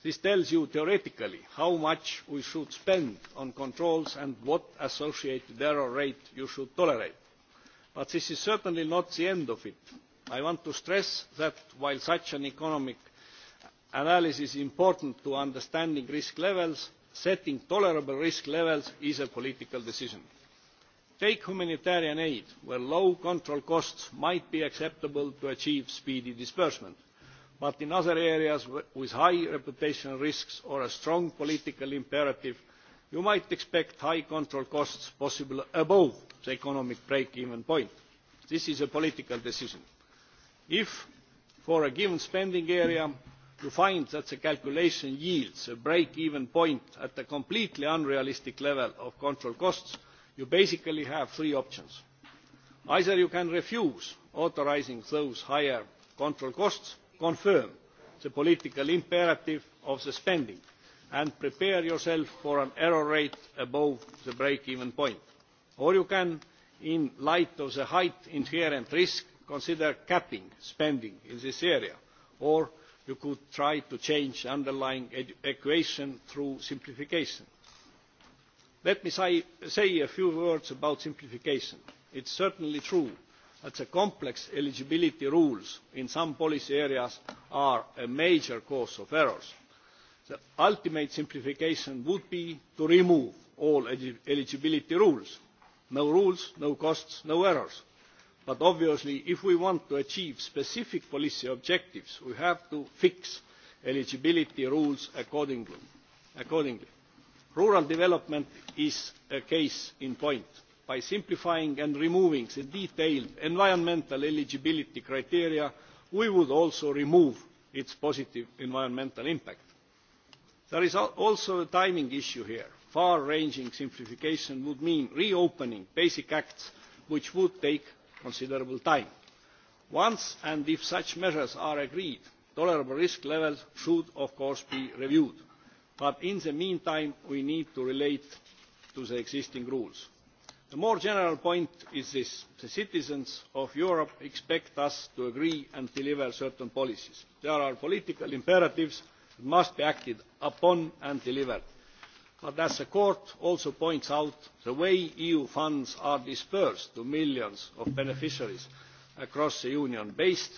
This tells you theoretically how much we should spend on controls and what associated error rate you should tolerate. But this is certainly not the end of it. I want to stress that while such an economic analysis is important to understanding risk levels, setting tolerable risk levels is a political decision. Take humanitarian aid, where low control costs might be acceptable to achieve speedy disbursement, but in other areas with high reputation risks or a strong political imperative, you might expect high control costs possible above the economic break-even point. This is a political decision. If, for a given spending area, you find that the calculation yields a break-even point at a completely unrealistic level of control costs, you basically have three options. Either you can refuse authorizing those higher control costs, confirm the political imperative of the spending, and prepare yourself for an error rate above the break-even point. Or you can, in light of the height inherent risk, consider capping spending in this area, or you could try to change the underlying equation through simplification. Let me say, say a few words about simplification. It is certainly true that the complex eligibility rules in some policy areas are a major cause of errors. The ultimate simplification would be to remove all eligibility rules. No rules, no costs, no errors. But obviously, if we want to achieve specific policy objectives, we have to fix eligibility rules accordingly. accordingly. Rural development is a case in point. By simplifying and removing the detailed environmental eligibility criteria, we would also remove its positive environmental impact. There is also a timing issue here. Far-ranging simplification would mean reopening basic acts which would take considerable time. Once and if such measures are agreed, tolerable risk levels should of course be reviewed but in the meantime we need to relate to the existing rules. The more general point is this. The citizens of Europe expect us to agree and deliver certain policies. There are political imperatives that must be acted upon and delivered. But as the court also points out, the way EU funds are dispersed to millions of beneficiaries across the Union based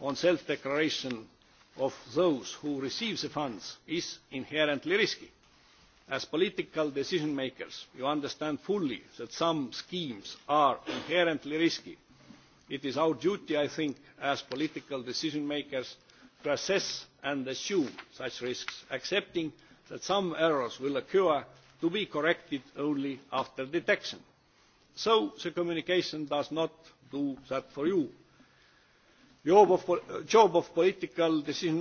on self-declaration of those who receive the funds is inherently risky. As political decision makers, you understand fully that some schemes are inherently risky. It is our duty, I think, as political decision makers to assess and assume such risks, accepting that some errors will occur to be corrected only after detection. So the communication does not do that for you, job of, job of political decision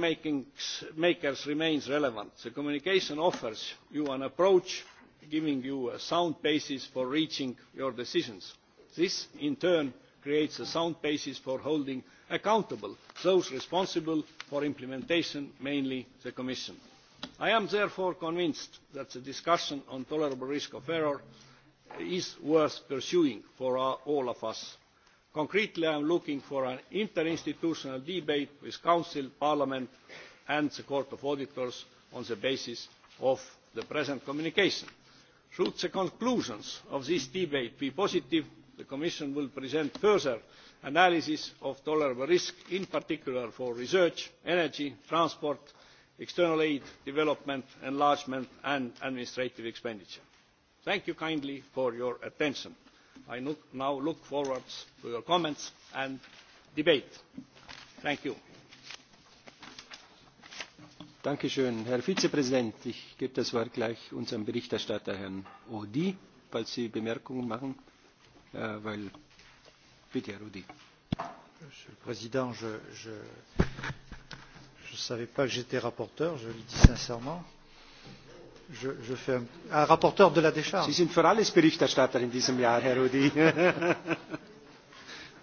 makers remains relevant. The communication offers you an approach giving you a sound basis for reaching your decisions. This, in turn, creates a sound basis for holding accountable those responsible for implementation, mainly the Commission. I am therefore convinced that the discussion on tolerable risk of error is worth pursuing for all of us Concretely, I am looking for an interinstitutional debate with Council, Parliament and the Court of Auditors on the basis of the present communication. Should the conclusions of this debate be positive, the Commission will present further analysis of tolerable risk, in particular for research, energy, transport, external aid, development, enlargement and administrative expenditure. Thank you kindly for your attention. I look, now look forward to your comments and debate. Thank you. Dankeschön, Herr Vizepräsident. Ich gebe das Wort gleich unserem Berichterstatter, Herrn Odi, falls Sie Bemerkungen machen, äh, weil bitte, Herr Odi. Monsieur le Président, je ne savais pas que j'étais rapporteur, je le dis sincèrement je, je fais un, un rapporteur de la décharge. Sie sind vor alles Berichterstatter in diesem Jahr, Herr Rudi.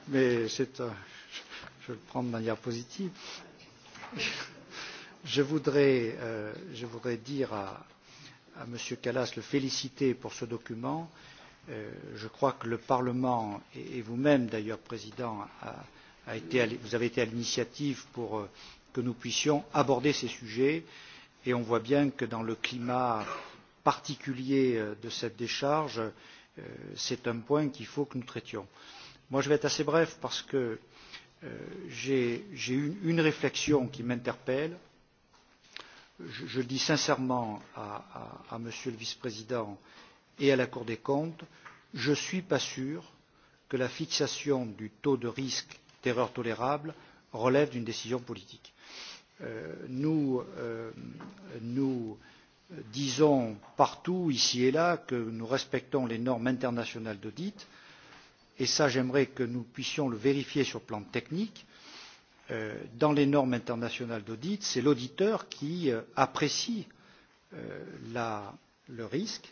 Mais c'est, euh, je le prends de manière positive. Je voudrais, euh, je voudrais dire à, à M. Callas le féliciter pour ce document. Euh, je crois que le Parlement et, et vous-même, d'ailleurs, Président, a, a été, vous avez été à l'initiative pour euh, que nous puissions aborder ces sujets. Et on voit bien que dans le climat particulier euh, de cette décharge, euh, c'est un point qu'il faut que nous traitions. Moi, je vais être assez bref parce que euh, j'ai une, une réflexion qui m'interpelle. Je, je le dis sincèrement à, à, à Monsieur le Vice-président et à la Cour des comptes, je ne suis pas sûr que la fixation du taux de risque d'erreur tolérable relève d'une décision politique. Euh, nous, euh, nous disons partout, ici et là, que nous respectons les normes internationales d'audit, et ça j'aimerais que nous puissions le vérifier sur le plan technique, euh, dans les normes internationales d'audit, c'est l'auditeur qui apprécie la, le risque,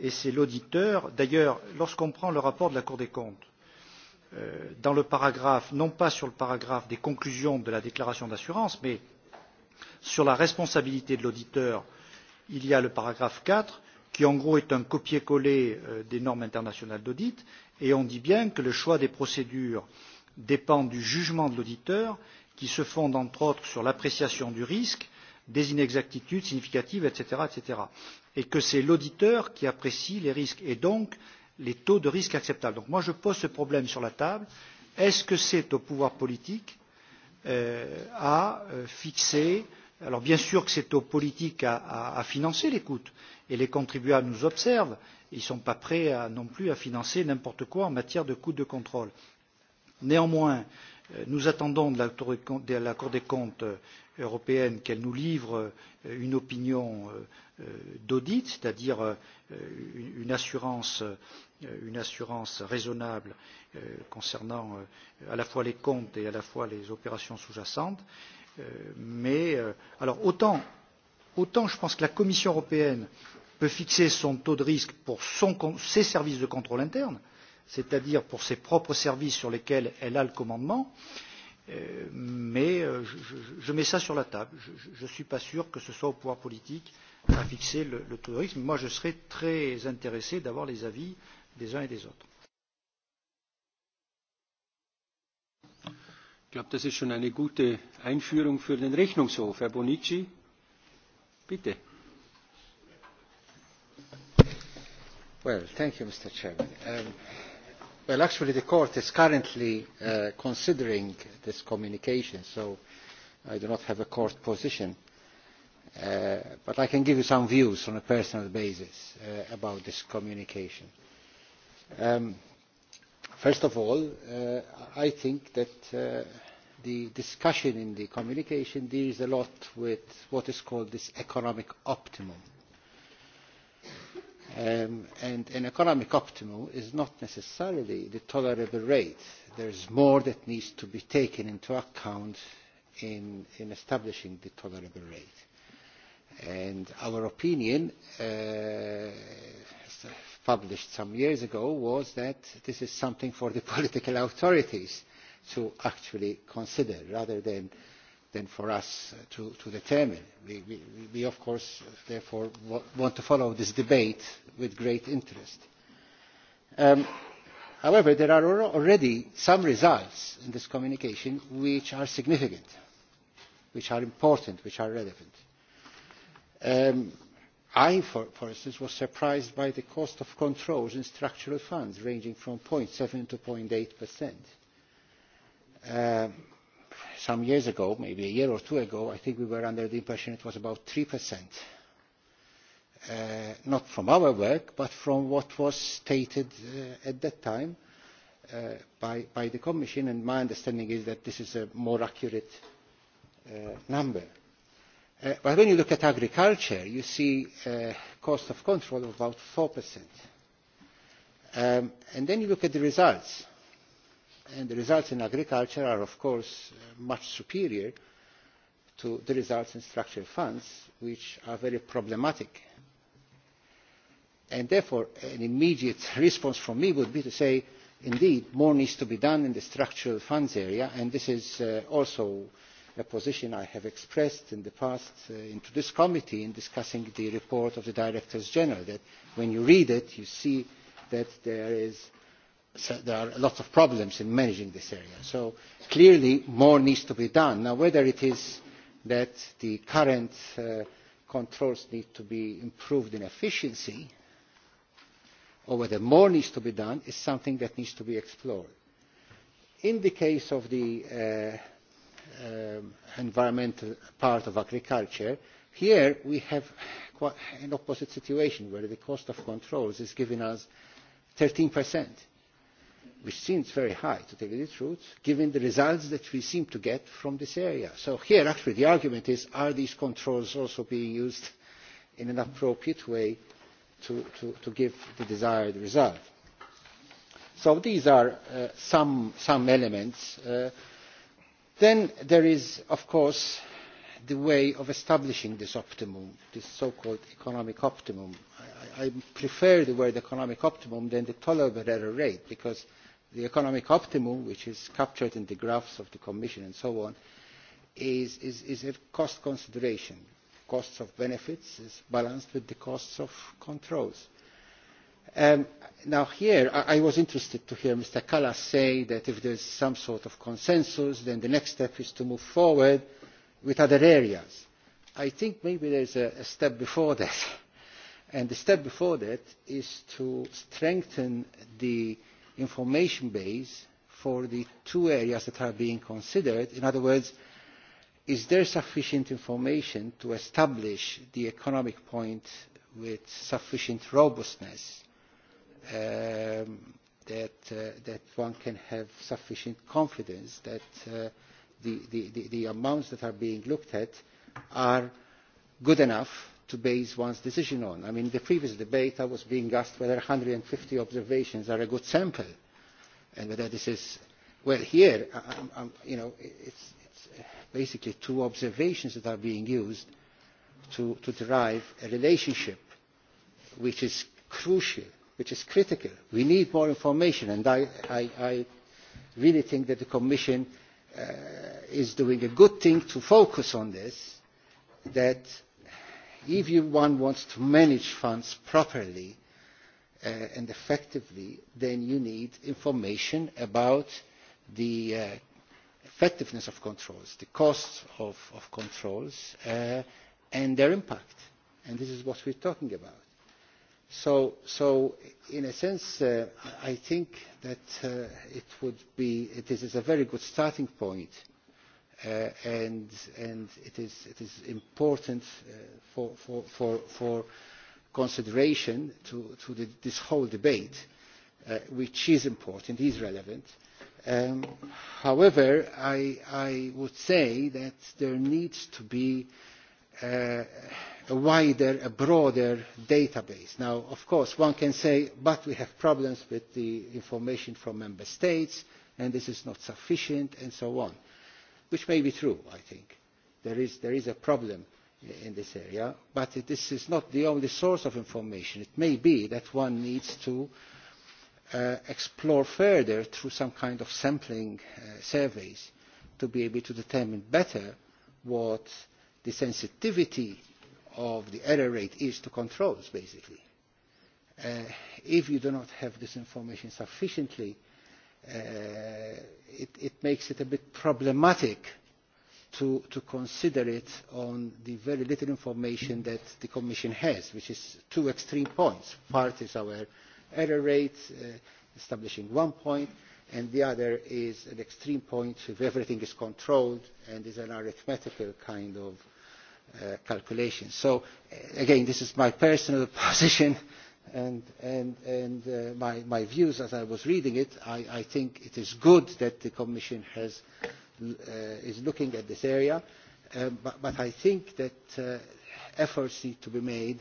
et c'est l'auditeur, d'ailleurs, lorsqu'on prend le rapport de la Cour des comptes, Euh, dans le paragraphe, non pas sur le paragraphe des conclusions de la déclaration d'assurance, mais sur la responsabilité de l'auditeur, il y a le paragraphe 4, qui en gros est un copier-coller euh, des normes internationales d'audit, et on dit bien que le choix des procédures dépend du jugement de l'auditeur, qui se fonde entre autres sur l'appréciation du risque, des inexactitudes significatives, etc., etc. et que c'est l'auditeur qui apprécie les risques et donc les taux de risque acceptables. Donc moi je pose ce problème sur la table. Est-ce que c'est au pouvoir politique euh, à euh, fixer alors bien sûr que c'est aux politiques à, à, à financer l'écoute et les contribuables nous observent, ils ne sont pas prêts à, non plus à financer n'importe quoi en matière de coûts de contrôle. Néanmoins, euh, Euh, nous attendons de la, Cour des comptes euh, européenne qu'elle nous livre euh, une opinion d'audit, c'est-à-dire une assurance, une assurance raisonnable concernant à la fois les comptes et à la fois les opérations sous-jacentes. Mais alors autant, autant je pense que la Commission européenne peut fixer son taux de risque pour son, ses services de contrôle interne, c'est-à-dire pour ses propres services sur lesquels elle a le commandement. Euh, mais euh, je, mets ça sur la table. Je ne suis pas sûr que ce soit au pouvoir politique à fixer le, le terrorisme. Moi, je serais très intéressé d'avoir les avis des uns et des autres. Ich glaube, das ist schon eine gute Einführung für den Rechnungshof. Herr Bonici, bitte. Well, thank you, Mr. Chairman. Um, Well, actually, the court is currently uh, considering this communication, so I do not have a court position. Uh, but I can give you some views on a personal basis uh, about this communication. Um, first of all, uh, I think that uh, the discussion in the communication deals a lot with what is called this economic optimum. Um, and an economic optimum is not necessarily the tolerable rate. There is more that needs to be taken into account in, in establishing the tolerable rate. And our opinion, uh, published some years ago, was that this is something for the political authorities to actually consider rather than than for us uh, to, to determine. We, we, we, of course, therefore, want to follow this debate with great interest. Um, however, there are already some results in this communication which are significant, which are important, which are relevant. Um, I, for, for instance, was surprised by the cost of controls in structural funds ranging from 0.7 to 0.8 percent. Um, some years ago, maybe a year or two ago, I think we were under the impression it was about 3%. Uh, not from our work, but from what was stated uh, at that time uh, by, by the Commission, and my understanding is that this is a more accurate uh, number. Uh, but when you look at agriculture, you see a uh, cost of control of about 4%. Um, and then you look at the results and the results in agriculture are of course uh, much superior to the results in structural funds which are very problematic and therefore an immediate response from me would be to say indeed more needs to be done in the structural funds area and this is uh, also a position I have expressed in the past uh, into this committee in discussing the report of the Directors General that when you read it you see that there is so there are lots of problems in managing this area. So clearly more needs to be done. Now whether it is that the current uh, controls need to be improved in efficiency or whether more needs to be done is something that needs to be explored. In the case of the uh, um, environmental part of agriculture, here we have quite an opposite situation where the cost of controls is giving us 13 percent which seems very high, to tell you the truth, given the results that we seem to get from this area. So here, actually, the argument is, are these controls also being used in an appropriate way to, to, to give the desired result? So these are uh, some, some elements. Uh, then there is, of course, the way of establishing this optimum, this so-called economic optimum. I, I prefer the word economic optimum than the tolerable error rate because – the economic optimum, which is captured in the graphs of the Commission and so on, is, is, is a cost consideration. Costs of benefits is balanced with the costs of controls. Um, now here, I, I was interested to hear Mr. Callas say that if there is some sort of consensus, then the next step is to move forward with other areas. I think maybe there is a, a step before that. And the step before that is to strengthen the uh, information base for the two areas that are being considered? In other words, is there sufficient information to establish the economic point with sufficient robustness um, that, uh, that one can have sufficient confidence that uh, the, the, the, the amounts that are being looked at are good enough to base one's decision on. I mean, in the previous debate, I was being asked whether 150 observations are a good sample, and whether this is, well, here, I'm, I'm, you know, it's, it's basically two observations that are being used to, to derive a relationship which is crucial, which is critical. We need more information, and I, I, I really think that the Commission uh, is doing a good thing to focus on this, that if you, one wants to manage funds properly uh, and effectively, then you need information about the uh, effectiveness of controls, the costs of, of controls, uh, and their impact. And this is what we're talking about. So, so in a sense, uh, I think that uh, it would be, it is a very good starting point uh, uh, and, and it, is, it is important uh, for, for, for, for consideration to, to the, this whole debate, uh, which is important, is relevant. Um, however, I, I would say that there needs to be uh, a wider, a broader database. Now, of course, one can say, but we have problems with the information from member states, and this is not sufficient, and so on which may be true, I think. There is, there is a problem in this area, but it, this is not the only source of information. It may be that one needs to uh, explore further through some kind of sampling uh, surveys to be able to determine better what the sensitivity of the error rate is to controls, basically. Uh, if you do not have this information sufficiently, uh, uh, it, it makes it a bit problematic to, to consider it on the very little information that the Commission has, which is two extreme points. Part is our error rate, uh, establishing one point, and the other is an extreme point if everything is controlled and is an arithmetical kind of uh, calculation. So, uh, again, this is my personal position and, and, and uh, my, my views as I was reading it, I, I think it is good that the Commission has, uh, is looking at this area, um, but, but I think that uh, efforts need to be made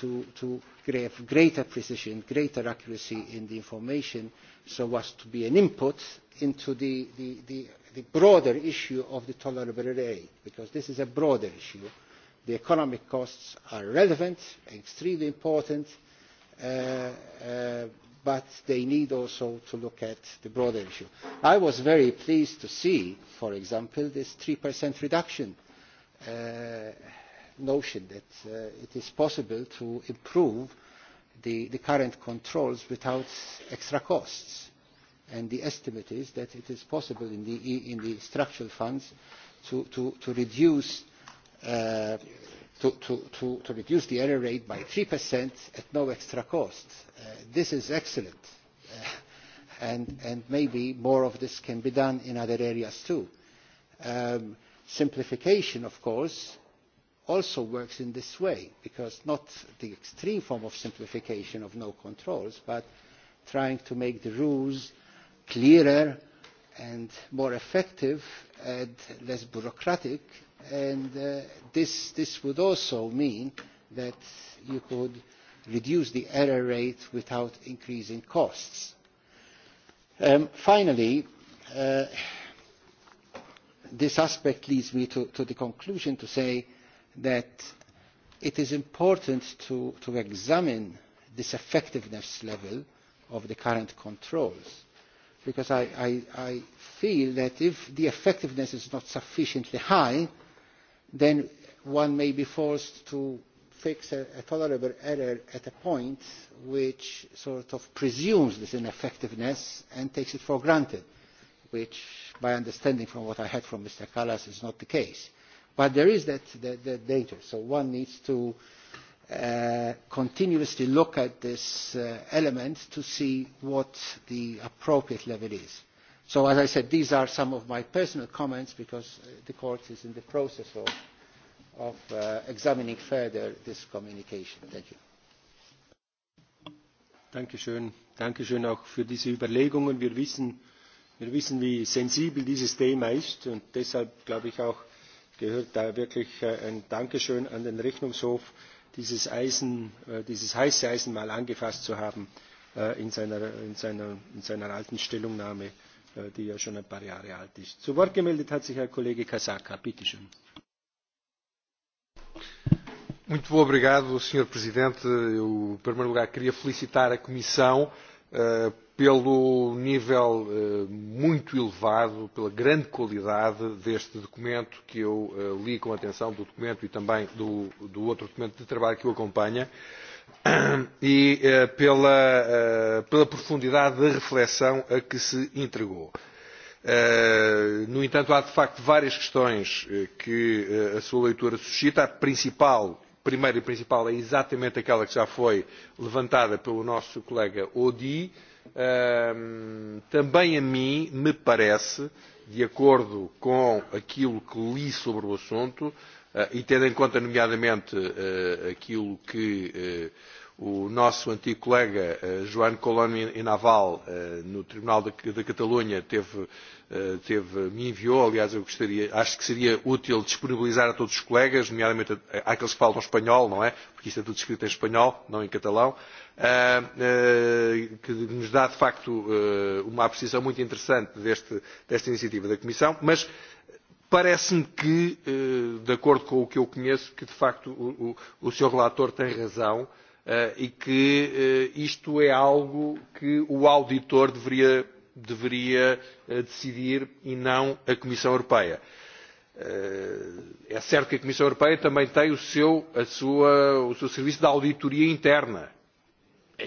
to, to have greater precision, greater accuracy in the information so as to be an input into the, the, the, the broader issue of the tolerable array, because this is a broader issue. The economic costs are relevant, extremely important, Uh, uh, but they need also to look at the broader issue. I was very pleased to see, for example, this 3% reduction uh, notion that uh, it is possible to improve the, the current controls without extra costs. And the estimate is that it is possible in the, in the structural funds to, to, to reduce uh, to, to, to, to reduce the error rate by 3% at no extra cost. Uh, this is excellent. Uh, and, and maybe more of this can be done in other areas too. Um, simplification, of course, also works in this way, because not the extreme form of simplification of no controls, but trying to make the rules clearer and more effective and less bureaucratic and uh, this, this would also mean that you could reduce the error rate without increasing costs. Um, finally, uh, this aspect leads me to, to the conclusion to say that it is important to, to examine this effectiveness level of the current controls because I, I, I feel that if the effectiveness is not sufficiently high, then one may be forced to fix a, a tolerable error at a point which sort of presumes this ineffectiveness and takes it for granted, which, by understanding from what I had from Mr. Callas, is not the case. But there is that, that, that danger, so one needs to uh, continuously look at this uh, element to see what the appropriate level is. So as I said, these are some of my personal comments because uh, the court is in the process of, of uh, examining further this communication. Thank you. Dankeschön. Dankeschön auch für diese Überlegungen. Wir wissen, wir wissen, wie sensibel dieses Thema ist und deshalb glaube ich auch gehört da wirklich äh, ein Dankeschön an den Rechnungshof, dieses Eisen, äh, dieses heiße Eisen mal angefasst zu haben äh, in seiner, in seiner, in seiner alten Stellungnahme. Äh, die ja schon ein paar Jahre alt ist. Zu Wort gemeldet hat sich Herr Kollege Kasaka. Bitte schön. Muito obrigado, Sr. Presidente. Eu, em primeiro lugar, queria felicitar a Comissão uh, pelo nível uh, muito elevado, pela grande qualidade deste documento que eu uh, li com atenção, do documento e também do, do outro documento de trabalho que o acompanha. Uh, e eh, pela, eh, pela profundidade da reflexão a que se entregou. Eh, no entanto, há de facto várias questões que a sua leitura suscita. A principal, primeira e principal, é exatamente aquela que já foi levantada pelo nosso colega Odi. Também a mim me parece, de acordo com aquilo que li sobre o assunto, Eh, e tendo em conta, nomeadamente, eh, aquilo que eh, o nosso antigo colega João Colón e Naval, no Tribunal da Catalunha, teve, teve, me enviou, aliás, eu gostaria, acho que seria útil disponibilizar a todos os colegas, nomeadamente àqueles que falam espanhol, não é? Porque isto é tudo escrito em espanhol, não em catalão, que nos dá, de facto, uma apreciação muito interessante deste, desta iniciativa da Comissão, mas Parece-me que, eh, de acordo com o que eu conheço, que de facto o, o, o Sr. Relator tem razão eh, e que eh, isto é algo que o auditor deveria, deveria decidir e não a Comissão Europeia. É certo que a Comissão Europeia também tem o seu, a sua, o seu serviço de auditoria interna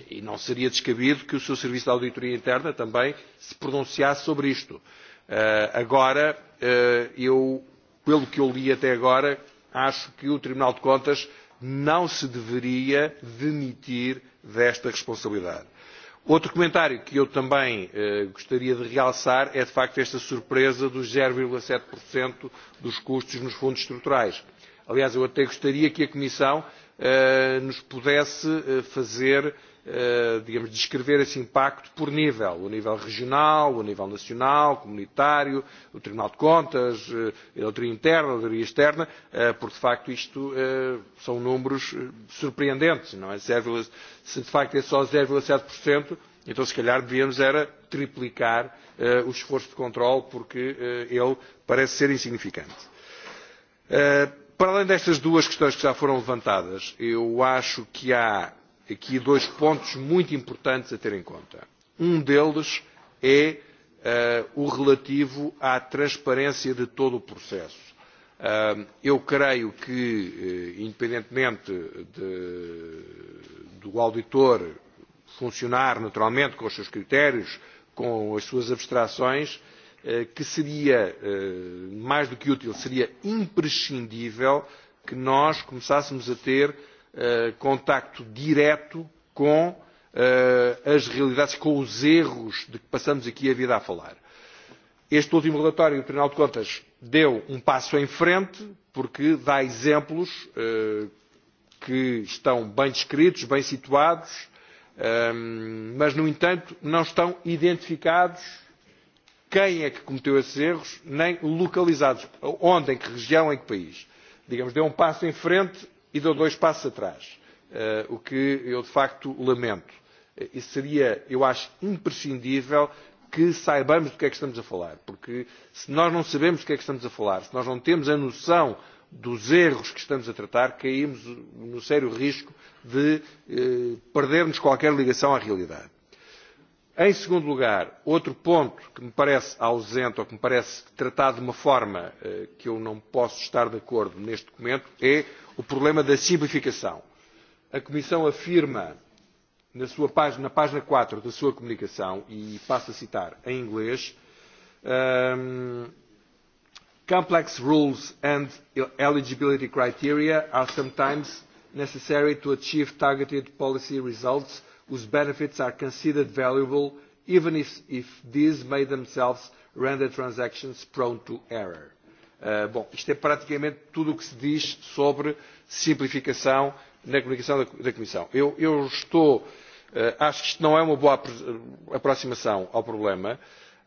e não seria descabido que o seu serviço de auditoria interna também se pronunciasse sobre isto. Agora, Eh, eu, pelo que eu li até agora, acho que o Tribunal de Contas não se deveria demitir desta responsabilidade. Outro comentário que eu também eh, gostaria de realçar é, de facto, esta surpresa dos 0,7% dos custos nos fundos estruturais. Aliás, eu até gostaria que a Comissão eh, nos pudesse eh, fazer Eh, digamos, descrever esse impacto por nível, o nível regional, o nível nacional, comunitário, o Tribunal de Contas, eh, a auditoria interna, a auditoria externa, eh, porque de facto isto são números surpreendentes, não é? se de facto é só 0,7%, então se calhar devíamos era triplicar o esforço de controle, porque ele parece ser insignificante. Para além destas duas questões que já foram levantadas, eu acho que há aqui dois pontos muito importantes a ter em conta. Um deles é uh, o relativo à transparência de todo o processo. Uh, eu creio que, uh, independentemente de, do auditor funcionar naturalmente com os seus critérios, com as suas abstrações, uh, que seria, uh, mais do que útil, seria imprescindível que nós começássemos a ter uh, Eh, contacto direto com uh, as realidades, com os erros de que passamos aqui a vida a falar. Este último relatório do Tribunal de Contas deu um passo em frente, porque dá exemplos uh, que estão bem descritos, bem situados, um, mas, no entanto, não estão identificados quem é que cometeu esses erros, nem localizados, onde, em que região, em que país. Digamos, deu um passo em frente e deu dois passos atrás, uh, o que eu de facto lamento. e seria, eu acho, imprescindível que saibamos do que é que estamos a falar, porque se nós não sabemos do que é que estamos a falar, se nós não temos a noção dos erros que estamos a tratar, caímos no sério risco de eh, perdermos qualquer ligação à realidade. Em segundo lugar, outro ponto que me parece ausente ou que me parece tratado de uma forma eh, que eu não posso estar de acordo neste documento é o problema da simplificação. A Comissão afirma na, sua página, na página 4 da sua comunicação, e passo a citar em inglês, um, complex rules and eligibility criteria are sometimes necessary to achieve targeted policy results whose benefits are considered valuable even if, if these may themselves render transactions prone to error. Uh, bom, isto é praticamente tudo o que se diz sobre simplificação na comunicação da, da Comissão. Eu, eu estou, uh, acho que isto não é uma boa eh, aproximação ao problema.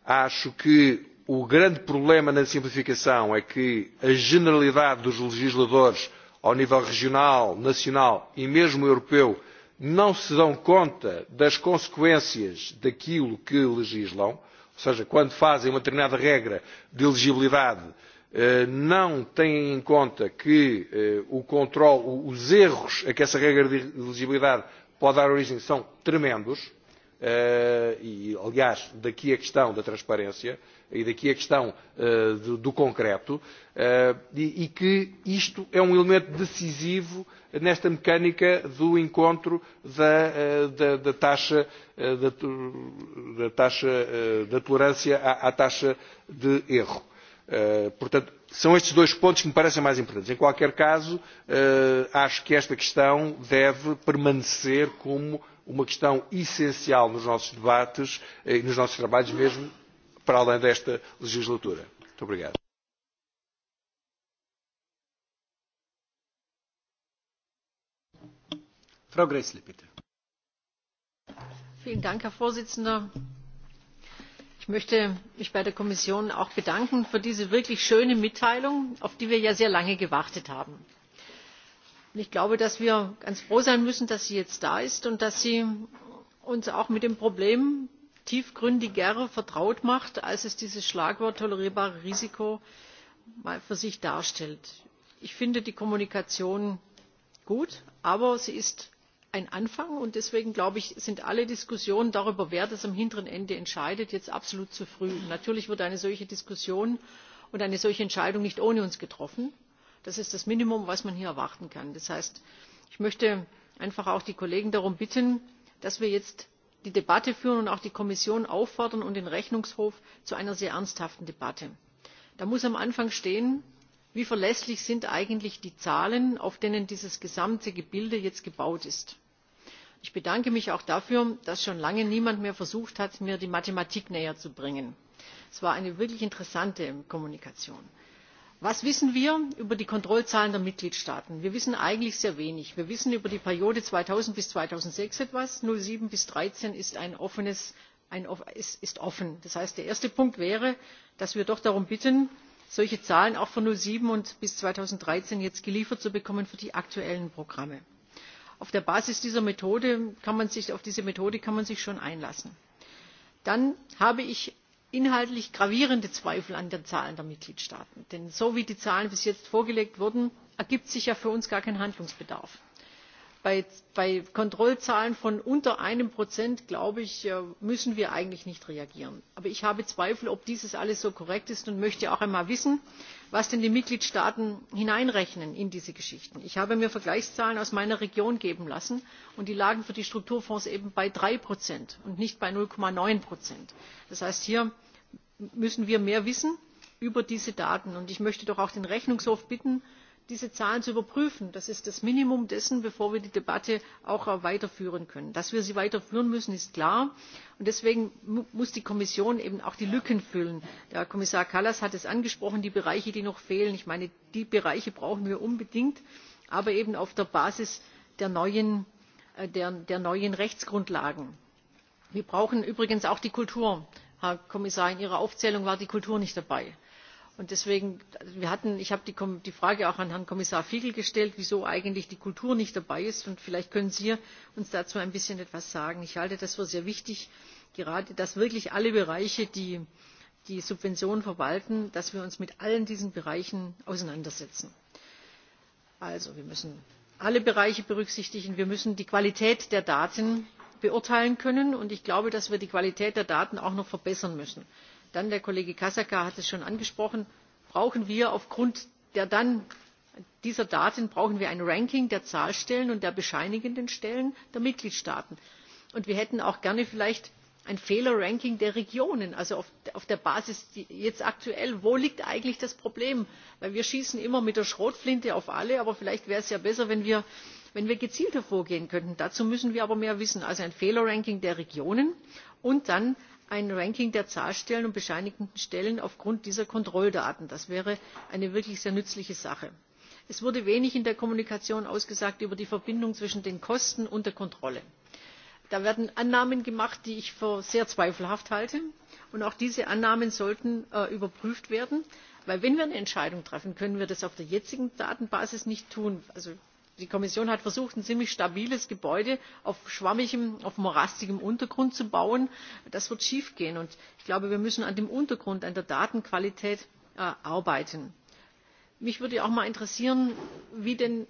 Acho que o grande problema na simplificação é que a generalidade dos legisladores ao nível regional, nacional e mesmo europeu não se dão conta das consequências daquilo que legislam, ou seja, quando fazem uma determinada regra de elegibilidade, eh, não têm em conta que eh, o controle, os erros a que essa regra de elegibilidade pode dar origem são tremendos, Eh, e, aliás, daqui a questão da transparência e daqui a questão eh, do, do concreto, eh, e, e que isto é um elemento decisivo nesta mecânica do encontro da, da, da taxa, da, da, taxa da tolerância à, à taxa de erro. Portanto, são estes dois pontos que me parecem mais importantes. Em qualquer caso, acho que esta questão deve permanecer como uma questão essencial nos nossos debates e nos nossos trabalhos, mesmo para além desta legislatura. Muito obrigado. Frau Gressle, bitte. Vielen Dank, Herr Vorsitzender. Ich möchte mich bei der Kommission auch bedanken für diese wirklich schöne Mitteilung, auf die wir ja sehr lange gewartet haben ich glaube, dass wir ganz froh sein müssen, dass sie jetzt da ist und dass sie uns auch mit dem Problem tiefgründiger vertraut macht, als es dieses Schlagwort tolerierbare Risiko mal für sich darstellt. Ich finde die Kommunikation gut, aber sie ist ein Anfang und deswegen glaube ich, sind alle Diskussionen darüber, wer das am hinteren Ende entscheidet, jetzt absolut zu früh. Natürlich wird eine solche Diskussion und eine solche Entscheidung nicht ohne uns getroffen. Das ist das Minimum, was man hier erwarten kann. Das heißt, ich möchte einfach auch die Kollegen darum bitten, dass wir jetzt die Debatte führen und auch die Kommission auffordern und den Rechnungshof zu einer sehr ernsthaften Debatte. Da muss am Anfang stehen, wie verlässlich sind eigentlich die Zahlen, auf denen dieses gesamte Gebilde jetzt gebaut ist. Ich bedanke mich auch dafür, dass schon lange niemand mehr versucht hat, mir die Mathematik näher zu bringen. Es war eine wirklich interessante Kommunikation. Was wissen wir über die Kontrollzahlen der Mitgliedstaaten? Wir wissen eigentlich sehr wenig. Wir wissen über die Periode 2000 bis 2006 etwas. 07 bis 13 ist ein offenes, ein, ist, ist offen. Das heißt, der erste Punkt wäre, dass wir doch darum bitten, solche Zahlen auch von 07 und bis 2013 jetzt geliefert zu bekommen für die aktuellen Programme. Auf der Basis dieser Methode kann man sich, auf diese Methode kann man sich schon einlassen. Dann habe ich inhaltlich gravierende Zweifel an den Zahlen der Mitgliedstaaten. Denn so wie die Zahlen bis jetzt vorgelegt wurden, ergibt sich ja für uns gar kein Handlungsbedarf. Bei, bei Kontrollzahlen von unter einem Prozent, glaube ich, äh, müssen wir eigentlich nicht reagieren. Aber ich habe Zweifel, ob dieses alles so korrekt ist und möchte auch einmal wissen, was denn die Mitgliedstaaten hineinrechnen in diese Geschichten. Ich habe mir Vergleichszahlen aus meiner Region geben lassen und die lagen für die Strukturfonds eben bei drei Prozent und nicht bei null neun Das heißt, hier müssen wir mehr wissen über diese Daten. Und ich möchte doch auch den Rechnungshof bitten, diese Zahlen zu überprüfen. Das ist das Minimum dessen, bevor wir die Debatte auch weiterführen können. Dass wir sie weiterführen müssen, ist klar. Und deswegen muss die Kommission eben auch die Lücken füllen. Der Kommissar Kallas hat es angesprochen, die Bereiche, die noch fehlen. Ich meine, die Bereiche brauchen wir unbedingt, aber eben auf der Basis der neuen, äh, der, der neuen Rechtsgrundlagen. Wir brauchen übrigens auch die Kultur. Herr Kommissar, in Ihrer Aufzählung war die Kultur nicht dabei Und deswegen, wir hatten, ich habe die, die Frage auch an Herrn Kommissar Fiegel gestellt, wieso eigentlich die Kultur nicht dabei ist. Und vielleicht können Sie uns dazu ein bisschen etwas sagen. Ich halte das für sehr wichtig, gerade, dass wirklich alle Bereiche, die die Subventionen verwalten, dass wir uns mit allen diesen Bereichen auseinandersetzen. Also, wir müssen alle Bereiche berücksichtigen. Wir müssen die Qualität der Daten beurteilen können. Und ich glaube, dass wir die Qualität der Daten auch noch verbessern müssen dann der kollege casaca hat es schon angesprochen brauchen wir aufgrund der dann dieser daten brauchen wir ein ranking der zahlstellen und der bescheinigenden stellen der mitgliedstaaten. und wir hätten auch gerne vielleicht ein fehlerranking der regionen also auf, auf der basis jetzt aktuell wo liegt eigentlich das problem? denn wir schießen immer mit der schrotflinte auf alle aber vielleicht wäre es ja besser wenn wir, wenn wir gezielter vorgehen könnten. dazu müssen wir aber mehr wissen also ein fehlerranking der regionen und dann ein Ranking der Zahlstellen und bescheinigten Stellen aufgrund dieser Kontrolldaten. Das wäre eine wirklich sehr nützliche Sache. Es wurde wenig in der Kommunikation ausgesagt über die Verbindung zwischen den Kosten und der Kontrolle. Da werden Annahmen gemacht, die ich für sehr zweifelhaft halte. Und auch diese Annahmen sollten äh, überprüft werden. Weil wenn wir eine Entscheidung treffen, können wir das auf der jetzigen Datenbasis nicht tun. Also die kommission hat versucht ein ziemlich stabiles gebäude auf schwammigem auf morastigem untergrund zu bauen. das wird schiefgehen und ich glaube wir müssen an dem untergrund an der datenqualität äh, arbeiten. mich würde auch mal interessieren wie denn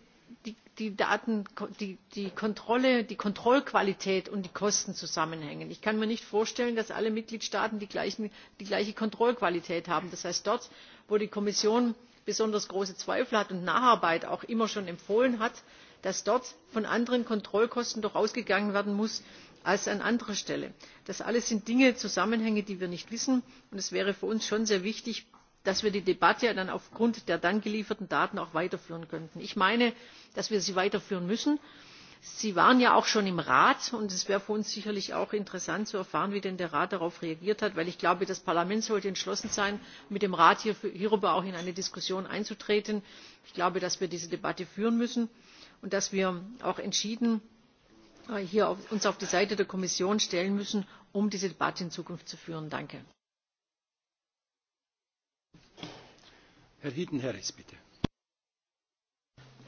die, die daten die, die kontrolle die kontrollqualität und die kosten zusammenhängen. ich kann mir nicht vorstellen dass alle mitgliedstaaten die, gleichen, die gleiche kontrollqualität haben. das heißt dort wo die kommission besonders große Zweifel hat und Nacharbeit auch immer schon empfohlen hat, dass dort von anderen Kontrollkosten doch ausgegangen werden muss als an anderer Stelle. Das alles sind Dinge, Zusammenhänge, die wir nicht wissen. Und es wäre für uns schon sehr wichtig, dass wir die Debatte dann aufgrund der dann gelieferten Daten auch weiterführen könnten. Ich meine, dass wir sie weiterführen müssen Sie waren ja auch schon im Rat und es wäre für uns sicherlich auch interessant zu erfahren, wie denn der Rat darauf reagiert hat, weil ich glaube, das Parlament sollte entschlossen sein, mit dem Rat hier, hierüber auch in eine Diskussion einzutreten. Ich glaube, dass wir diese Debatte führen müssen und dass wir auch entschieden äh, hier auf, uns auf die Seite der Kommission stellen müssen, um diese Debatte in Zukunft zu führen. Danke. Herr Hieden-Harris, bitte.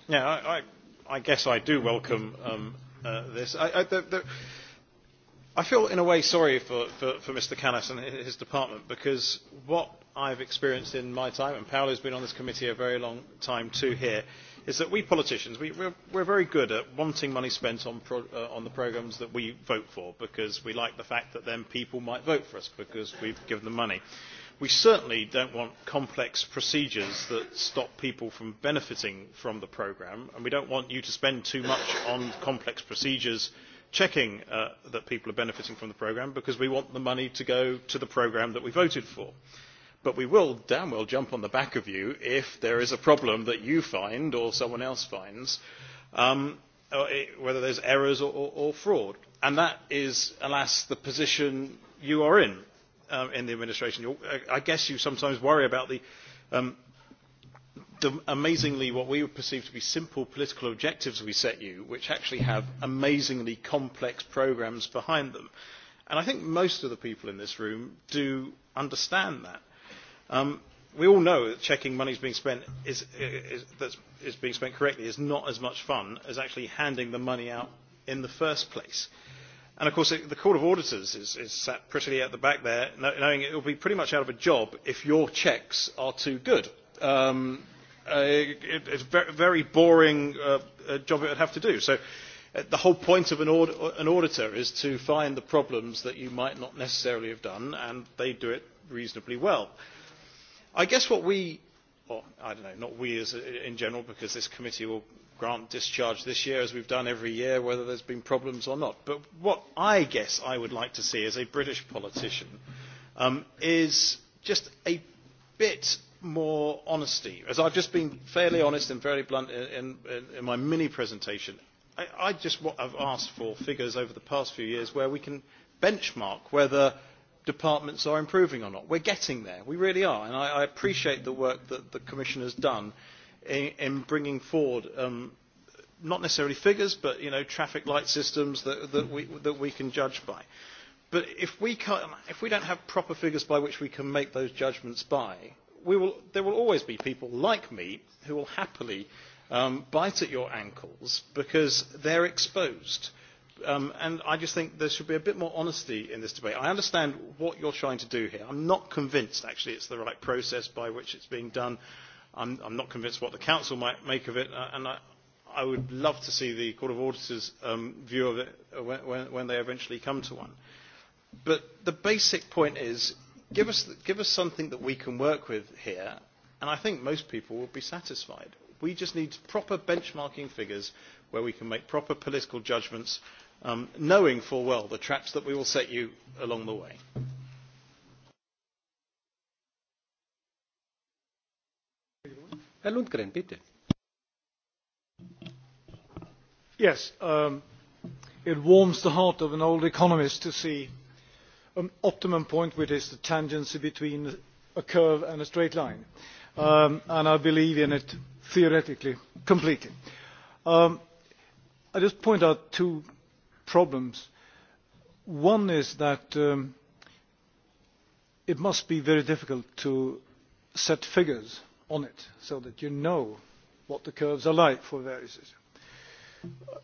Yeah, I, I I guess I do welcome um, uh, this. I, I, the, the, I feel in a way sorry for, for, for Mr. Canis and his department because what I've experienced in my time, and Paolo's been on this committee a very long time too here, is that we politicians, we, we're, we're very good at wanting money spent on, pro, uh, on the programmes that we vote for because we like the fact that then people might vote for us because we've given them money. We certainly don't want complex procedures that stop people from benefiting from the programme, and we don't want you to spend too much on complex procedures checking uh, that people are benefiting from the programme because we want the money to go to the programme that we voted for. But we will damn well jump on the back of you if there is a problem that you find or someone else finds, um, uh, whether there's errors or, or, or fraud. And that is, alas, the position you are in um, in the administration. You're, uh, I guess you sometimes worry about the, um, the amazingly what we would perceive to be simple political objectives we set you, which actually have amazingly complex programs behind them. And I think most of the people in this room do understand that. Um, we all know that checking money is being spent is, is, that's, is being spent correctly is not as much fun as actually handing the money out in the first place. And of course, it, the Court of Auditors is, is sat prettily at the back there, knowing it will be pretty much out of a job if your checks are too good. Um, uh, it, it's a very boring uh, uh, job it would have to do. So uh, the whole point of an, aud an auditor is to find the problems that you might not necessarily have done, and they do it reasonably well. I guess what we, or I don't know, not we as in general, because this committee will grant discharge this year, as we've done every year, whether there's been problems or not. But what I guess I would like to see as a British politician um, is just a bit more honesty. As I've just been fairly honest and fairly blunt in, in, in my mini presentation, I, I just what I've asked for figures over the past few years where we can benchmark whether departments are improving or not. We're getting there. We really are. And I, I appreciate the work that the Commission has done in, in bringing forward um, not necessarily figures, but you know, traffic light systems that, that, we, that we can judge by. But if we, can't, if we don't have proper figures by which we can make those judgments by, we will, there will always be people like me who will happily um, bite at your ankles because they're exposed. Um, and I just think there should be a bit more honesty in this debate. I understand what you're trying to do here. I'm not convinced, actually, it's the right process by which it's being done. I'm, I'm not convinced what the Council might make of it, uh, and I, I would love to see the Court of Auditors' um, view of it uh, when, when, when they eventually come to one. But the basic point is, give us, give us something that we can work with here, and I think most people will be satisfied. We just need proper benchmarking figures where we can make proper political judgments, um, knowing full well the traps that we will set you along the way. Herr Lundgren, bitte. Yes, um, it warms the heart of an old economist to see an optimum point, which is the tangency between a curve and a straight line. Um, and I believe in it theoretically completely. Um, I just point out two problems. One is that um, it must be very difficult to set figures on it so that you know what the curves are like for various issues. Uh,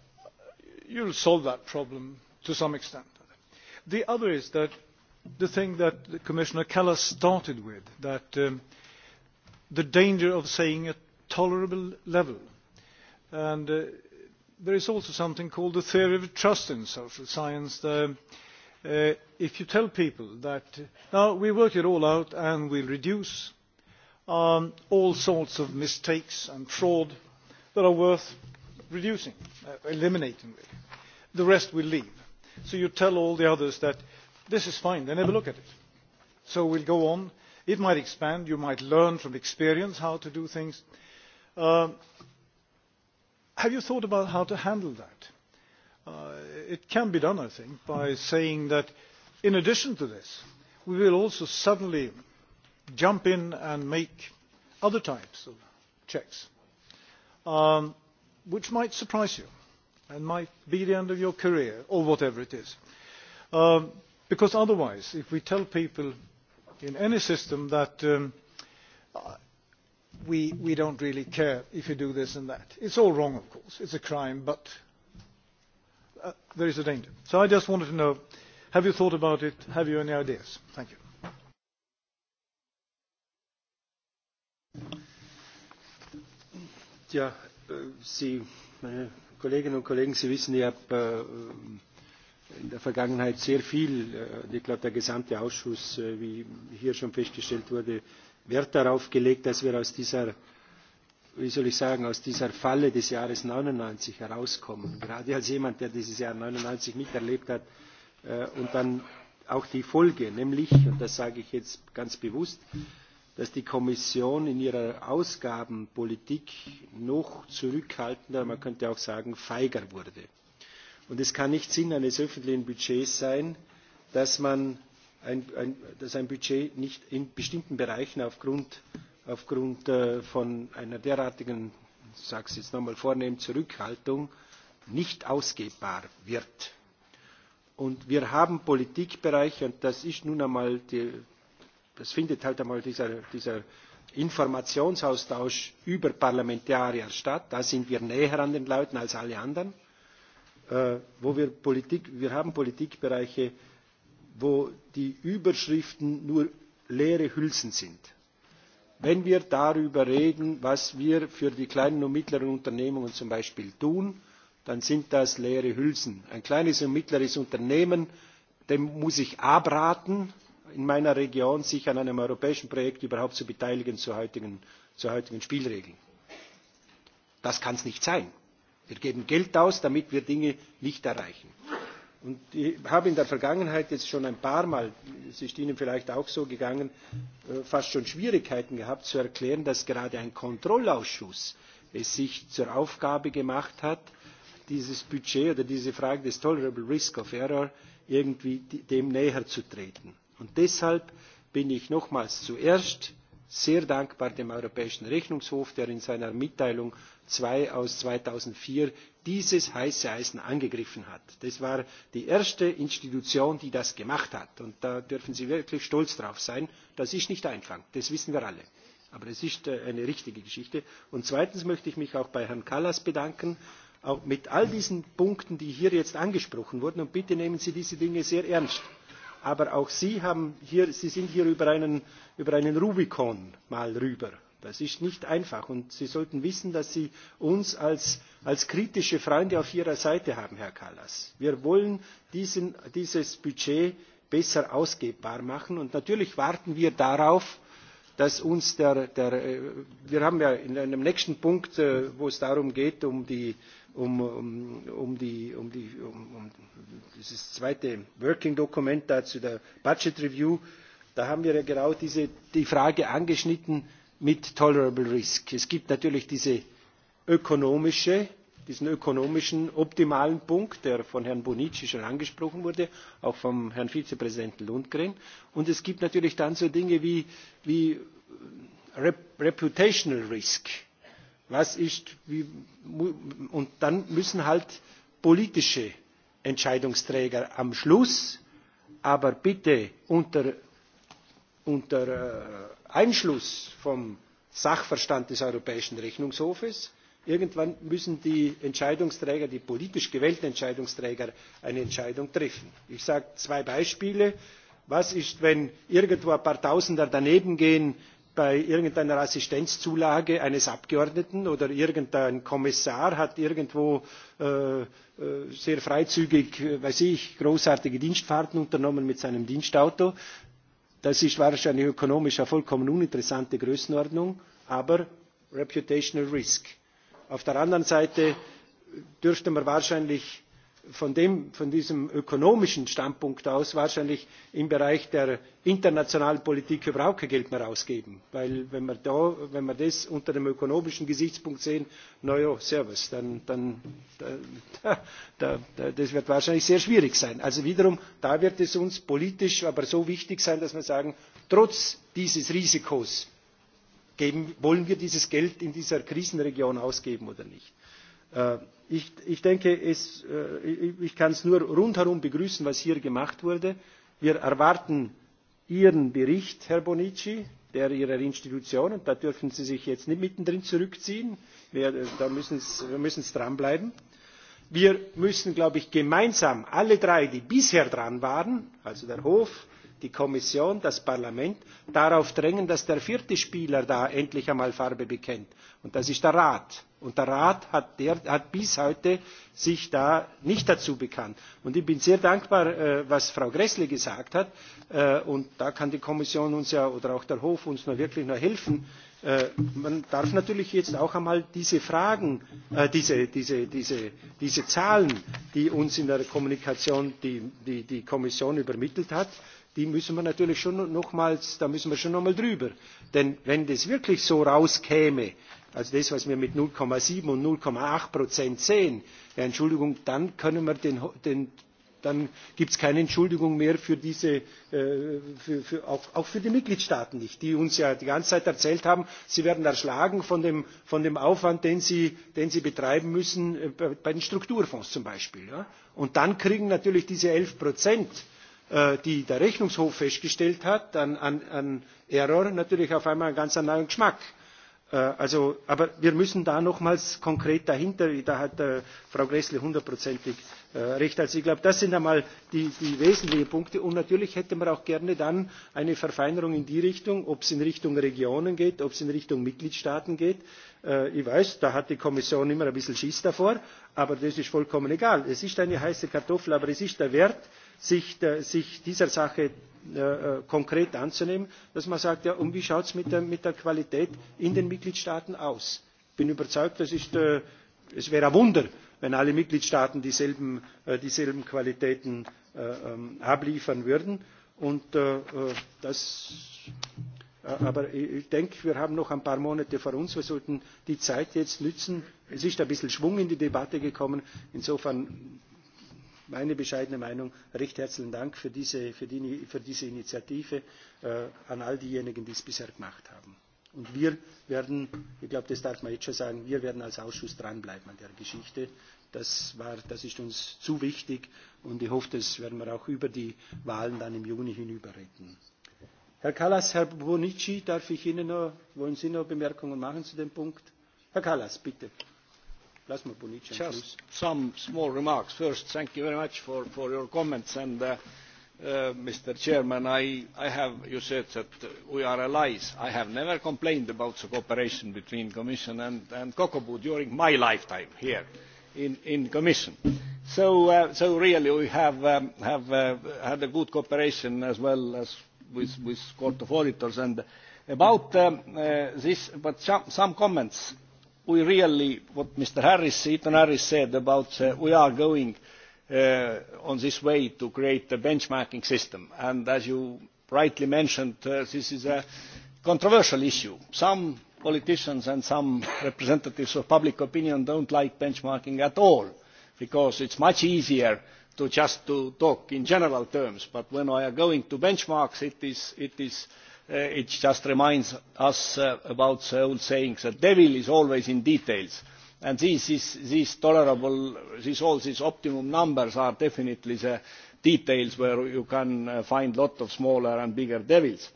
you'll solve that problem to some extent. The other is that the thing that Commissioner Keller started with, that um, the danger of saying a tolerable level. And uh, there is also something called the theory of trust in social science. The, uh, if you tell people that, uh, now we work it all out and we'll reduce um, all sorts of mistakes and fraud that are worth reducing, uh, eliminating. The rest will leave. So you tell all the others that this is fine, they never look at it. So we'll go on. It might expand, you might learn from experience how to do things. Uh, have you thought about how to handle that? Uh, it can be done, I think, by saying that in addition to this, we will also suddenly jump in and make other types of checks, um, which might surprise you and might be the end of your career or whatever it is. Um, because otherwise, if we tell people in any system that um, we, we don't really care if you do this and that, it's all wrong, of course. It's a crime, but uh, there is a danger. So I just wanted to know, have you thought about it? Have you any ideas? Thank you. Ja, äh, Sie, meine Kolleginnen und Kollegen, Sie wissen, ich habe äh, in der Vergangenheit sehr viel, äh, ich glaube, der gesamte Ausschuss, wie hier schon festgestellt wurde, Wert darauf gelegt, dass wir aus dieser, wie soll ich sagen, aus dieser Falle des Jahres 99 herauskommen. Gerade als jemand, der dieses Jahr 99 miterlebt hat und dann auch die Folge, nämlich, und das sage ich jetzt ganz bewusst, dass die Kommission in ihrer Ausgabenpolitik noch zurückhaltender, man könnte auch sagen, feiger wurde. Und es kann nicht Sinn eines öffentlichen Budgets sein, dass, man ein, ein, dass ein Budget nicht in bestimmten Bereichen aufgrund, aufgrund äh, von einer derartigen, ich sage es jetzt nochmal vornehm, Zurückhaltung nicht ausgebbar wird. Und wir haben Politikbereiche, und das ist nun einmal die, das findet halt einmal dieser, dieser Informationsaustausch über Parlamentarier statt. Da sind wir näher an den Leuten als alle anderen. Äh, wo wir, Politik, wir haben Politikbereiche, wo die Überschriften nur leere Hülsen sind. Wenn wir darüber reden, was wir für die kleinen und mittleren Unternehmungen zum Beispiel tun, dann sind das leere Hülsen. Ein kleines und mittleres Unternehmen, dem muss ich abraten, in meiner Region, sich an einem europäischen Projekt überhaupt zu beteiligen zu heutigen, zu heutigen Spielregeln. Das kann es nicht sein. Wir geben Geld aus, damit wir Dinge nicht erreichen. Und ich habe in der Vergangenheit jetzt schon ein paar Mal, es ist Ihnen vielleicht auch so gegangen, äh, fast schon Schwierigkeiten gehabt zu erklären, dass gerade ein Kontrollausschuss es sich zur Aufgabe gemacht hat, dieses Budget oder diese Frage des Tolerable Risk of Error irgendwie dem näher zu treten. Und deshalb bin ich nochmals zuerst sehr dankbar dem Europäischen Rechnungshof, der in seiner Mitteilung 2 aus 2004 dieses heiße Eisen angegriffen hat. Das war die erste Institution, die das gemacht hat. Und da dürfen Sie wirklich stolz drauf sein. Das ist nicht einfach, das wissen wir alle. Aber es ist äh, eine richtige Geschichte. Und zweitens möchte ich mich auch bei Herrn Kallas bedanken, auch mit all diesen Punkten, die hier jetzt angesprochen wurden. Und bitte nehmen Sie diese Dinge sehr ernst. Aber auch Sie, haben hier, Sie sind hier über einen, über einen Rubikon mal rüber. Das ist nicht einfach. Und Sie sollten wissen, dass Sie uns als, als kritische Freunde auf Ihrer Seite haben, Herr Kallas. Wir wollen diesen, dieses Budget besser ausgebbar machen. Und natürlich warten wir darauf, dass uns der, der äh, wir haben ja in einem nächsten Punkt, äh, wo es darum geht, um die um, um, um, die, um, die, um, um dieses zweite Working Dokument da zu der Budget Review. Da haben wir ja genau diese, die Frage angeschnitten mit Tolerable Risk. Es gibt natürlich diese ökonomische, diesen ökonomischen optimalen Punkt, der von Herrn Bonici schon angesprochen wurde, auch vom Herrn Vizepräsidenten Lundgren. Und es gibt natürlich dann so Dinge wie, wie Rep Reputational Risk was ist, wie, und dann müssen halt politische Entscheidungsträger am Schluss, aber bitte unter, unter äh, Einschluss vom Sachverstand des Europäischen Rechnungshofes, irgendwann müssen die Entscheidungsträger, die politisch gewählten Entscheidungsträger, eine Entscheidung treffen. Ich sage zwei Beispiele. Was ist, wenn irgendwo ein paar Tausender daneben gehen, bei irgendeiner Assistenzzulage eines Abgeordneten oder irgendein Kommissar hat irgendwo äh, äh sehr freizügig, äh, weiß ich, großartige Dienstfahrten unternommen mit seinem Dienstauto. Das ist wahrscheinlich ökonomisch eine vollkommen uninteressante Größenordnung, aber reputational risk. Auf der anderen Seite dürfte man wahrscheinlich von, dem, von diesem ökonomischen Standpunkt aus wahrscheinlich im Bereich der internationalen Politik überhaupt kein Geld mehr ausgeben. Weil wenn wir, da, wenn wir das unter dem ökonomischen Gesichtspunkt sehen, naja, Servus, dann, dann da, da, da, das wird wahrscheinlich sehr schwierig sein. Also wiederum, da wird es uns politisch aber so wichtig sein, dass wir sagen, trotz dieses Risikos geben, wollen wir dieses Geld in dieser Krisenregion ausgeben oder nicht. Äh, ich, ich denke, es, äh, ich kann es nur rundherum begrüßen, was hier gemacht wurde. Wir erwarten Ihren Bericht, Herr Bonici, der Ihrer Institution, und da dürfen Sie sich jetzt nicht mittendrin zurückziehen. Wir, äh, da müssen wir müssen dranbleiben. Wir müssen, glaube ich, gemeinsam alle drei, die bisher dran waren, also der Hof, die Kommission, das Parlament, darauf drängen, dass der vierte Spieler da endlich einmal Farbe bekennt. Und das ist der Rat. Und der Rat hat, der, hat bis heute sich da nicht dazu bekannt. Und ich bin sehr dankbar, äh, was Frau Gressle gesagt hat. Äh, und da kann die Kommission uns ja oder auch der Hof uns nur wirklich nur helfen. Äh, man darf natürlich jetzt auch einmal diese Fragen, äh, diese, diese, diese, diese Zahlen, die uns in der Kommunikation die, die, die Kommission übermittelt hat, die müssen wir natürlich schon nochmals, da müssen wir schon nochmal drüber. Denn wenn das wirklich so rauskäme, also das, was wir mit 0,7 und 0,8 Prozent sehen, ja, Entschuldigung, dann können wir den, den dann gibt es keine Entschuldigung mehr für diese, äh, für, für, auch, auch für die Mitgliedstaaten nicht, die uns ja die ganze Zeit erzählt haben, sie werden erschlagen von dem, von dem Aufwand, den sie, den sie betreiben müssen, äh, bei den Strukturfonds zum Beispiel. Ja? Und dann kriegen natürlich diese 11 Prozent, äh, die der Rechnungshof festgestellt hat, an, an, an Error natürlich auf einmal einen ganz anderen Geschmack. Äh, also, aber wir müssen da nochmals konkret dahinter, da hat äh, Frau Gressle hundertprozentig äh, recht. Also ich glaube, das sind einmal die, die wesentlichen Punkte. Und natürlich hätte man auch gerne dann eine Verfeinerung in die Richtung, ob es in Richtung Regionen geht, ob es in Richtung Mitgliedstaaten geht. Äh, ich weiß, da hat die Kommission immer ein bisschen Schiss davor, aber das ist vollkommen egal. Es ist eine heiße Kartoffel, aber es ist der Wert, sich, der, sich dieser Sache äh, äh, konkret anzunehmen, dass man sagt, ja, und wie schaut es mit der, mit der Qualität in den Mitgliedstaaten aus? Ich bin überzeugt, das ist, äh, es wäre ein Wunder, wenn alle Mitgliedstaaten dieselben, äh, dieselben Qualitäten äh, ähm, abliefern würden. Und äh, äh das, äh, aber ich denke, wir haben noch ein paar Monate vor uns. Wir sollten die Zeit jetzt nützen. Es ist ein bisschen Schwung in die Debatte gekommen. Insofern meine bescheidene Meinung. Recht herzlichen Dank für diese, für die, für diese Initiative äh, an all diejenigen, die es bisher gemacht haben. Und wir werden, ich glaube, das darf man jetzt schon sagen, wir werden als Ausschuss dranbleiben an der Geschichte. Das, war, das ist uns zu wichtig und ich hoffe, das werden wir auch über die Wahlen dann im Juni hinüber retten. Herr Kallas, Herr Bonici, darf ich Ihnen noch, wollen Sie noch Bemerkungen machen zu dem Punkt? Herr Kallas, bitte plasma Just some small remarks. First, thank you very much for, for your comments. And, uh, uh, Mr. Chairman, I, I have, you said that we are allies. I have never complained about the cooperation between Commission and, and Kokobu during my lifetime here in, in Commission. So, uh, so really we have, um, have uh, had a good cooperation as well as with, with Court of Auditors. And about um, uh, this, but some, some comments we really, what Mr. Harris, Ethan Harris said about uh, we are going uh, on this way to create a benchmarking system. And as you rightly mentioned, uh, this is a controversial issue. Some politicians and some representatives of public opinion don't like benchmarking at all because it's much easier to just to talk in general terms. But when we are going to benchmarks, it is, it is uh, uh, it just reminds us uh, about the old saying, the devil is always in details. And these, these, these tolerable, these, all these optimum numbers are definitely the details where you can uh, find a lot of smaller and bigger devils.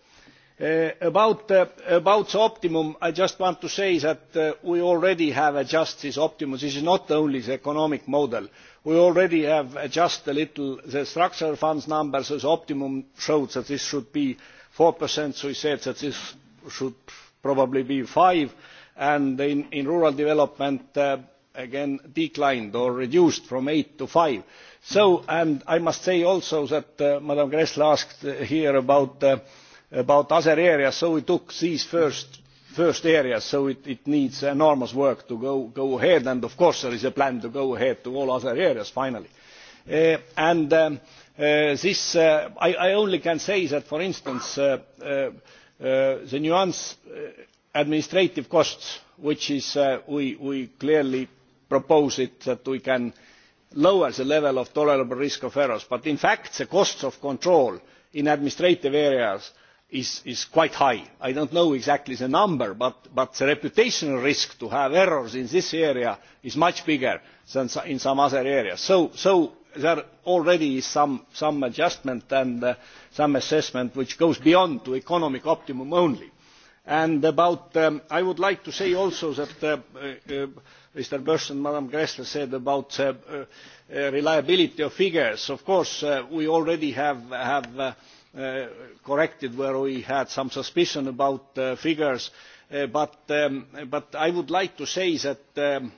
Uh, about, uh, about the optimum, I just want to say that uh, we already have adjusted this optimum. This is not only the economic model. We already have adjusted a little the structural funds numbers as optimum shows that this should be 4%, so he said that this should probably be 5%, and in, in rural development, uh, again, declined or reduced from 8 to 5. So, and I must say also that uh, Madame Gressler asked uh, here about, uh, about other areas, so we took these first first area, so it, it needs enormous work to go, go ahead, and of course there is a plan to go ahead to all other areas finally. Uh, and um, Uh, this, uh, I, I only can say that, for instance, uh, uh, uh, the nuance uh, administrative costs, which is, uh, we, we clearly propose it that we can lower the level of tolerable risk of errors. But in fact, the costs of control in administrative areas is, is quite high. I don't know exactly the number, but, but the reputational risk to have errors in this area is much bigger than in some other areas. So, so there already is some, some adjustment and uh, some assessment which goes beyond to economic optimum only. And about, um, I would like to say also that uh, uh, uh Mr. Burst and Madam Gressler said about uh, uh, reliability of figures. Of course, uh, we already have, have uh, uh, corrected where we had some suspicion about uh, figures, uh, but, um, but I would like to say that um,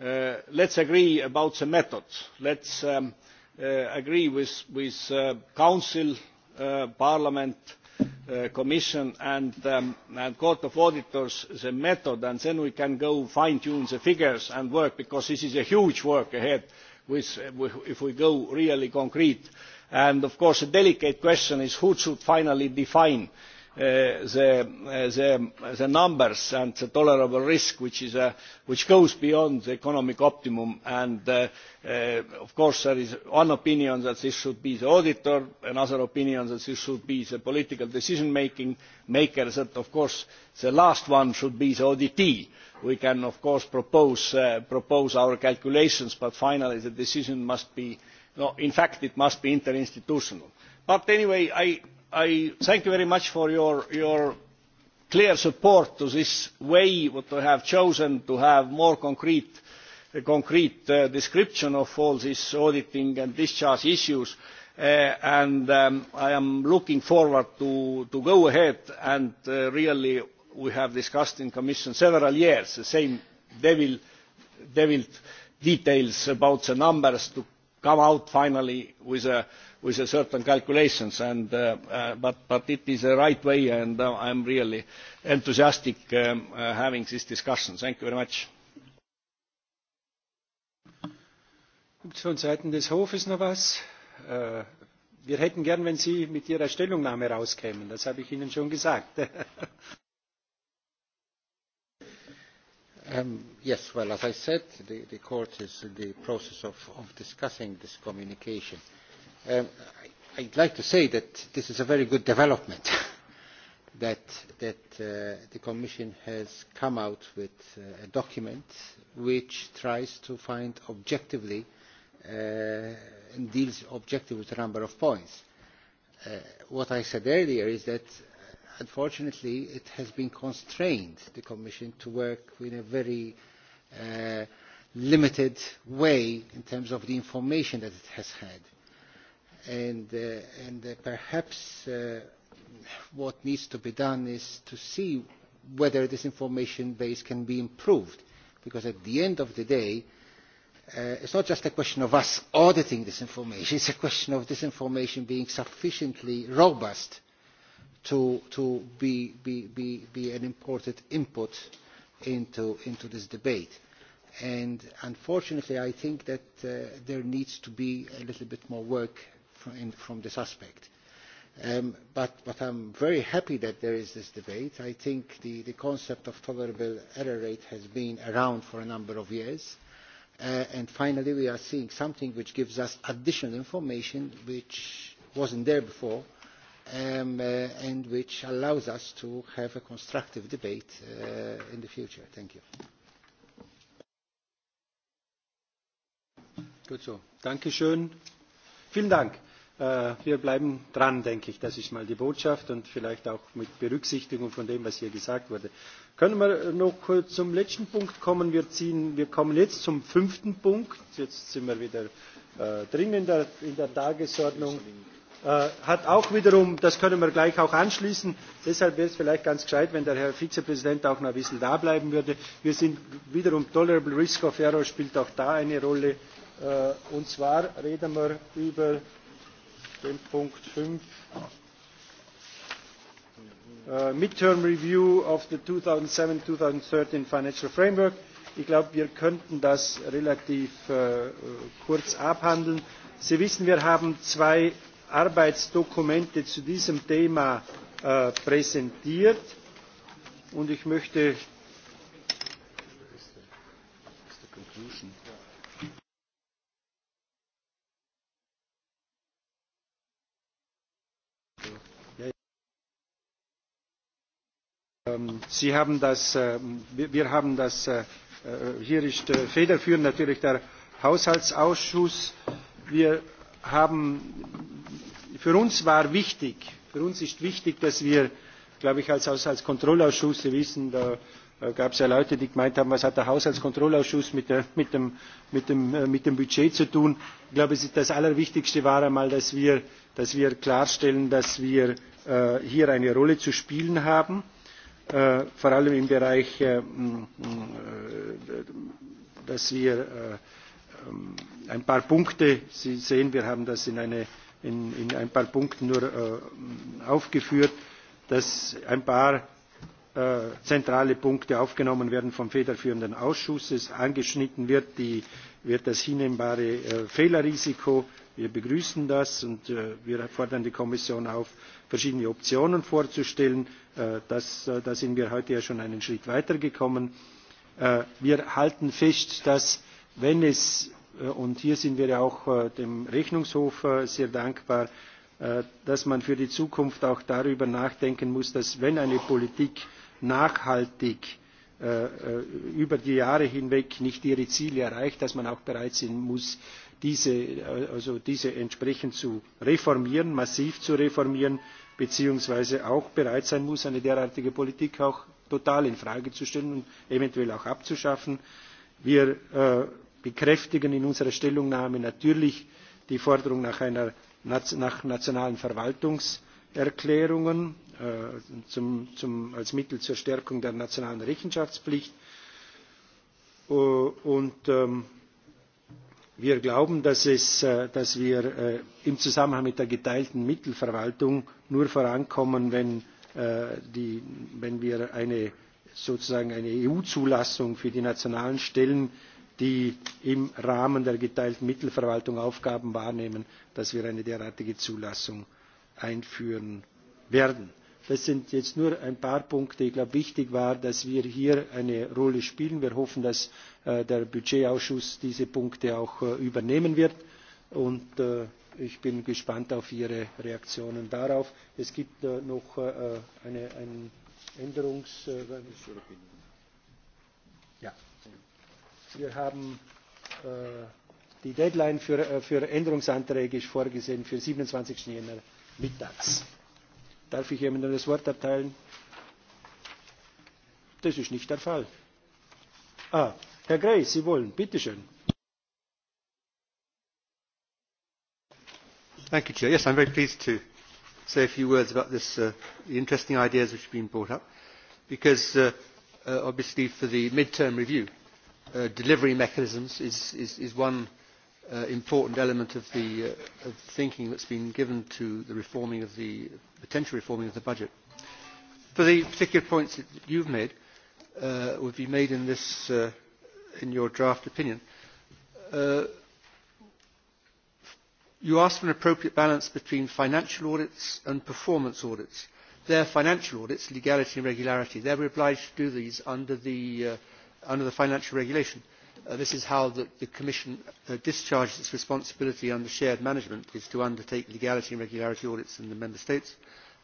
Uh, let's agree about the method. Let's um, uh, agree with, with uh, Council, uh, Parliament, uh, Commission and, um, and Court of Auditors the method and then we can go fine-tune the figures and work because this is a huge work ahead with, if we go really concrete. And of course a delicate question is who should finally define uh, Uh, the, uh, the, the numbers and the tolerable risk which, is, uh, which goes beyond the economic optimum. And uh, uh, of course there is one opinion that this should be the auditor, another opinion that this should be the political decision making makers, that of course the last one should be the ODT. We can of course propose, uh, propose our calculations, but finally the decision must be, no, in fact it must be interinstitutional. But anyway, I I thank you very much for your, your clear support to this way what I have chosen to have more concrete, a concrete uh, description of all these auditing and discharge issues. Uh, and um, I am looking forward to, to go ahead and uh, really we have discussed in Commission several years the same devil, devil details about the numbers to come out finally with a with a certain calculations, and, uh, uh, but, but it is the right way, and uh, I'm really enthusiastic um, uh, having this discussion. Thank you very much. Gibt von Seiten des Hofes noch was? Äh, wir hätten gern, wenn Sie mit Ihrer Stellungnahme rauskämen. Das habe ich Ihnen schon gesagt. Um, yes, well, as I said, the, the court is in the process of, of discussing this communication. Uh, Um, I'd like to say that this is a very good development that, that uh, the Commission has come out with uh, a document which tries to find objectively uh, and deals objectively with a number of points. Uh, what I said earlier is that uh, unfortunately it has been constrained, the Commission, to work in a very uh, limited way in terms of the information that it has had and, uh, and uh, perhaps uh, what needs to be done is to see whether this information base can be improved because at the end of the day uh, it's not just a question of us auditing this information it's a question of this information being sufficiently robust to, to be, be, be, be an important input into, into this debate and unfortunately I think that uh, there needs to be a little bit more work from, in, from this aspect. Um, but, but I'm very happy that there is this debate. I think the, the concept of tolerable error rate has been around for a number of years. Uh, and finally, we are seeing something which gives us additional information which wasn't there before um, uh, and which allows us to have a constructive debate uh, in the future. Thank you. Gut so. Dankeschön. Vielen Dank. Äh, wir bleiben dran, denke ich. Das ist mal die Botschaft und vielleicht auch mit Berücksichtigung von dem, was hier gesagt wurde. Können wir noch zum letzten Punkt kommen? Wir, ziehen, wir kommen jetzt zum fünften Punkt. Jetzt sind wir wieder äh, drin in der, in der Tagesordnung. Äh, hat auch wiederum, das können wir gleich auch anschließen, deshalb wäre es vielleicht ganz gescheit, wenn der Herr Vizepräsident auch noch ein bisschen da bleiben würde. Wir sind wiederum, Tolerable Risk of Error spielt auch da eine Rolle. Äh, und zwar reden wir über den Punkt 5. Uh, äh, Midterm Review of the 2007-2013 Financial Framework. Ich glaube, wir könnten das relativ uh, kurz abhandeln. Sie wissen, wir haben zwei Arbeitsdokumente zu diesem Thema uh, präsentiert und ich möchte Ähm, Sie haben das, äh, wir haben das, äh, äh, hier ist federführend natürlich der Haushaltsausschuss. Wir haben, für uns war wichtig, für uns ist wichtig, dass wir, glaube ich, als Haushaltskontrollausschuss, Sie wissen, da gab es ja Leute, die gemeint haben, was hat der Haushaltskontrollausschuss mit, der, mit, dem, mit, dem, mit dem Budget zu tun. Ich glaube, das Allerwichtigste war einmal, dass wir, dass wir klarstellen, dass wir hier eine Rolle zu spielen haben. Eh, vor allem im Bereich, äh, äh, dass wir äh, ähm, ein paar Punkte, Sie sehen, wir haben das in, eine, in, in ein paar Punkten nur aufgeführt, dass ein paar zentrale Punkte aufgenommen werden vom federführenden Ausschuss. Angeschnitten wird, die, wird das hinnehmbare Fehlerrisiko Wir begrüßen das und äh, wir fordern die Kommission auf, verschiedene Optionen vorzustellen. Äh, das, äh, da sind wir heute ja schon einen Schritt weitergekommen. Äh, wir halten fest, dass wenn es, äh, und hier sind wir ja auch äh, dem Rechnungshof äh, sehr dankbar, äh, dass man für die Zukunft auch darüber nachdenken muss, dass wenn eine Politik nachhaltig äh, äh über die Jahre hinweg nicht ihre Ziele erreicht, dass man auch bereit sein muss, diese, äh, also diese entsprechend zu reformieren, massiv zu reformieren, beziehungsweise auch bereit sein muss, eine derartige Politik auch total in Frage zu stellen und eventuell auch abzuschaffen. Wir äh, bekräftigen in unserer Stellungnahme natürlich die Forderung nach, einer, nach nationalen Verwaltungserklärungen äh, zum, zum, als Mittel zur Stärkung der nationalen Rechenschaftspflicht. Uh, und ähm, Wir glauben, dass, es, äh, dass wir äh, im Zusammenhang mit der geteilten Mittelverwaltung nur vorankommen, wenn, äh, die, wenn wir eine, sozusagen eine EU-Zulassung für die nationalen Stellen, die im Rahmen der geteilten Mittelverwaltung Aufgaben wahrnehmen, dass wir eine derartige Zulassung einführen werden. Das sind jetzt nur ein paar Punkte. Ich glaube, wichtig war, dass wir hier eine Rolle spielen. Wir hoffen, dass äh, der Budgetausschuss diese Punkte auch äh, übernehmen wird. Und äh, ich bin gespannt auf Ihre Reaktionen darauf. Es gibt äh, noch äh, äh eine, einen Änderungs... Äh, ja. Wir haben... Äh, die Deadline für, äh, für Änderungsanträge ist vorgesehen für 27. Jänner mittags. Darf ich jemandem das Wort erteilen? Das ist nicht der Fall. Ah, Herr Grey, Sie wollen, bitteschön. Thank you, Chair. Yes, I'm very pleased to say a few words about this, uh, the interesting ideas which have been brought up, because uh, uh, obviously for the mid-term review, uh, delivery mechanisms is, is, is one uh, important element of the uh, of thinking that's been given to the reforming of the potential reforming of the budget. For the particular points that you've made, uh, would be made in this uh, in your draft opinion. Uh, you asked for an appropriate balance between financial audits and performance audits. Their financial audits, legality and regularity, they're obliged to do these under the, uh, under the financial regulation. Uh, Uh, this is how the, the Commission uh, discharges its responsibility under shared management is to undertake legality and regularity audits in the Member States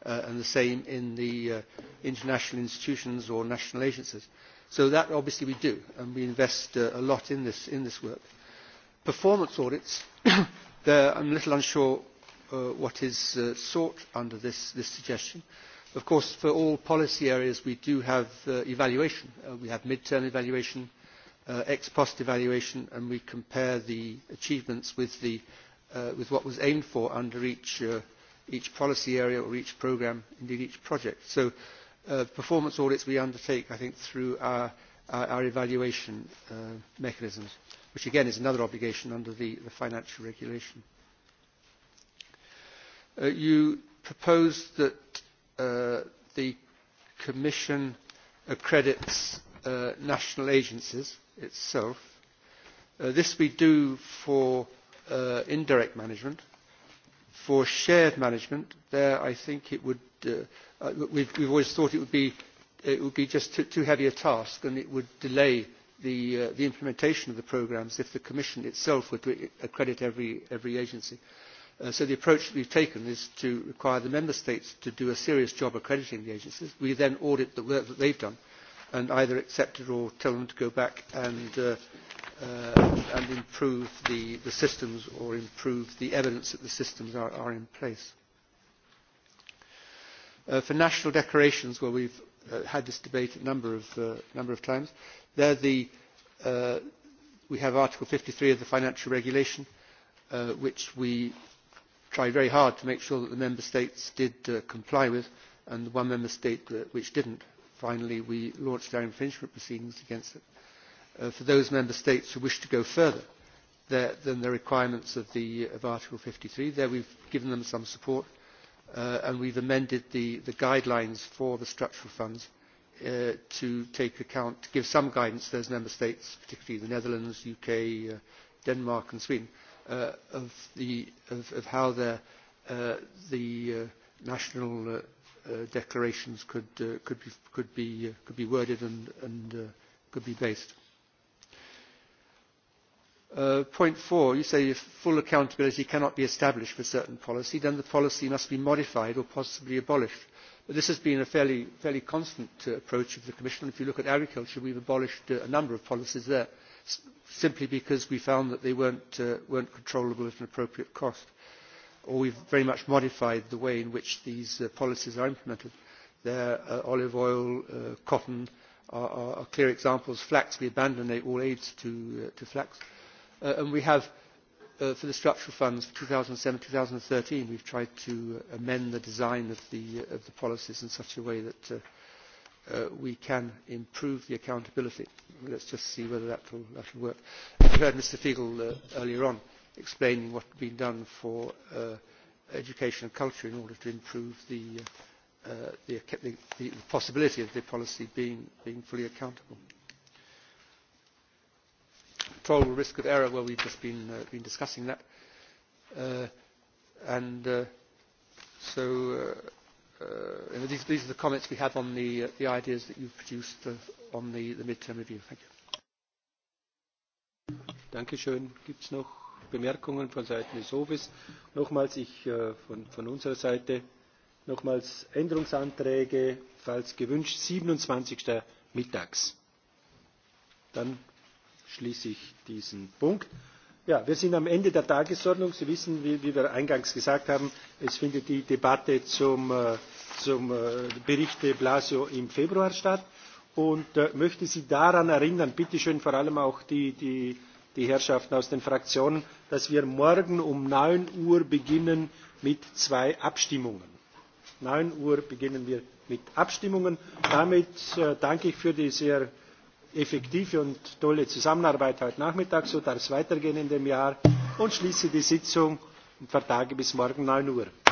uh, and the same in the uh, international institutions or national agencies. So that obviously we do and we invest uh, a lot in this, in this work. Performance audits, I'm a little unsure uh, what is uh, sought under this, this suggestion. Of course, for all policy areas, we do have uh, evaluation. Uh, we have mid-term evaluation, uh, uh, ex post evaluation and we compare the achievements with, the, uh, with what was aimed for under each, uh, each policy area or each programme, indeed each project. So uh, performance audits we undertake, I think, through our, our, our evaluation uh, mechanisms, which again is another obligation under the, the financial regulation. Uh, you proposed that uh, the Commission accredits uh, national agencies itself. Uh, this we do for uh, indirect management. For shared management, there I think it would, uh, uh, we've, we've always thought it would be, it would be just too, too heavy a task and it would delay the, uh, the implementation of the programmes if the Commission itself were to accredit every, every agency. Uh, so the approach we've taken is to require the Member States to do a serious job accrediting the agencies. We then audit the work that they've done and either it or tell them to go back and, uh, uh, and improve the, the systems or improve the evidence that the systems are, are in place. Uh, for national decorations, where well, we've uh, had this debate a number of, uh, number of times, there the, uh, we have Article 53 of the Financial Regulation, uh, which we tried very hard to make sure that the member states did uh, comply with, and the one member state uh, which didn't finally, we launched our infringement proceedings against it uh, for those member states who wish to go further there, than the requirements of, the, of Article 53. There we've given them some support uh, and we've amended the, the guidelines for the structural funds uh, to take account, to give some guidance to those member states, particularly the Netherlands, UK, uh, Denmark and Sweden, uh, of, the, of, of how their, uh, the uh, national uh, uh, declarations could, uh, could, be, could, be, uh, could be worded and, and uh, could be based. Uh, point four, you say if full accountability cannot be established for certain policy, then the policy must be modified or possibly abolished. But this has been a fairly, fairly constant uh, approach of the Commission. If you look at agriculture, we've abolished uh, a number of policies there, s simply because we found that they weren't, uh, weren't controllable at an appropriate cost. Uh, or we've very much modified the way in which these uh, policies are implemented. There, uh, olive oil, uh, cotton are, are, are clear examples. Flax, we abandon all aids to, uh, to flax. Uh, and we have, uh, for the structural funds for 2007-2013, we've tried to amend the design of the, uh, of the policies in such a way that uh, uh, we can improve the accountability. Let's just see whether that will work. you heard Mr. Fiegel uh, earlier on. Uh, explaining what has been done for uh, education and culture in order to improve the, uh, the, the, the possibility of the policy being, being fully accountable. Tolerable risk of error, well, we've just been, uh, been discussing that. Uh, and uh, so uh, uh, these, these are the comments we have on the, uh, the ideas that you've produced uh, on the, the midterm review. Thank you. Dankeschön. Gibt es noch Bemerkungen von Seiten des Hofes. Nochmals, ich äh, von, von unserer Seite, nochmals Änderungsanträge, falls gewünscht, 27. mittags. Dann schließe ich diesen Punkt. Ja, wir sind am Ende der Tagesordnung. Sie wissen, wie, wie wir eingangs gesagt haben, es findet die Debatte zum, äh, zum äh, Bericht de Blasio im Februar statt und äh, möchte Sie daran erinnern, bitteschön vor allem auch die, die die Herrschaften aus den Fraktionen, dass wir morgen um 9 Uhr beginnen mit zwei Abstimmungen. 9 Uhr beginnen wir mit Abstimmungen. Damit äh, danke ich für die sehr effektive und tolle Zusammenarbeit heute Nachmittag. So darf es weitergehen in dem Jahr und schließe die Sitzung und vertage bis morgen 9 Uhr.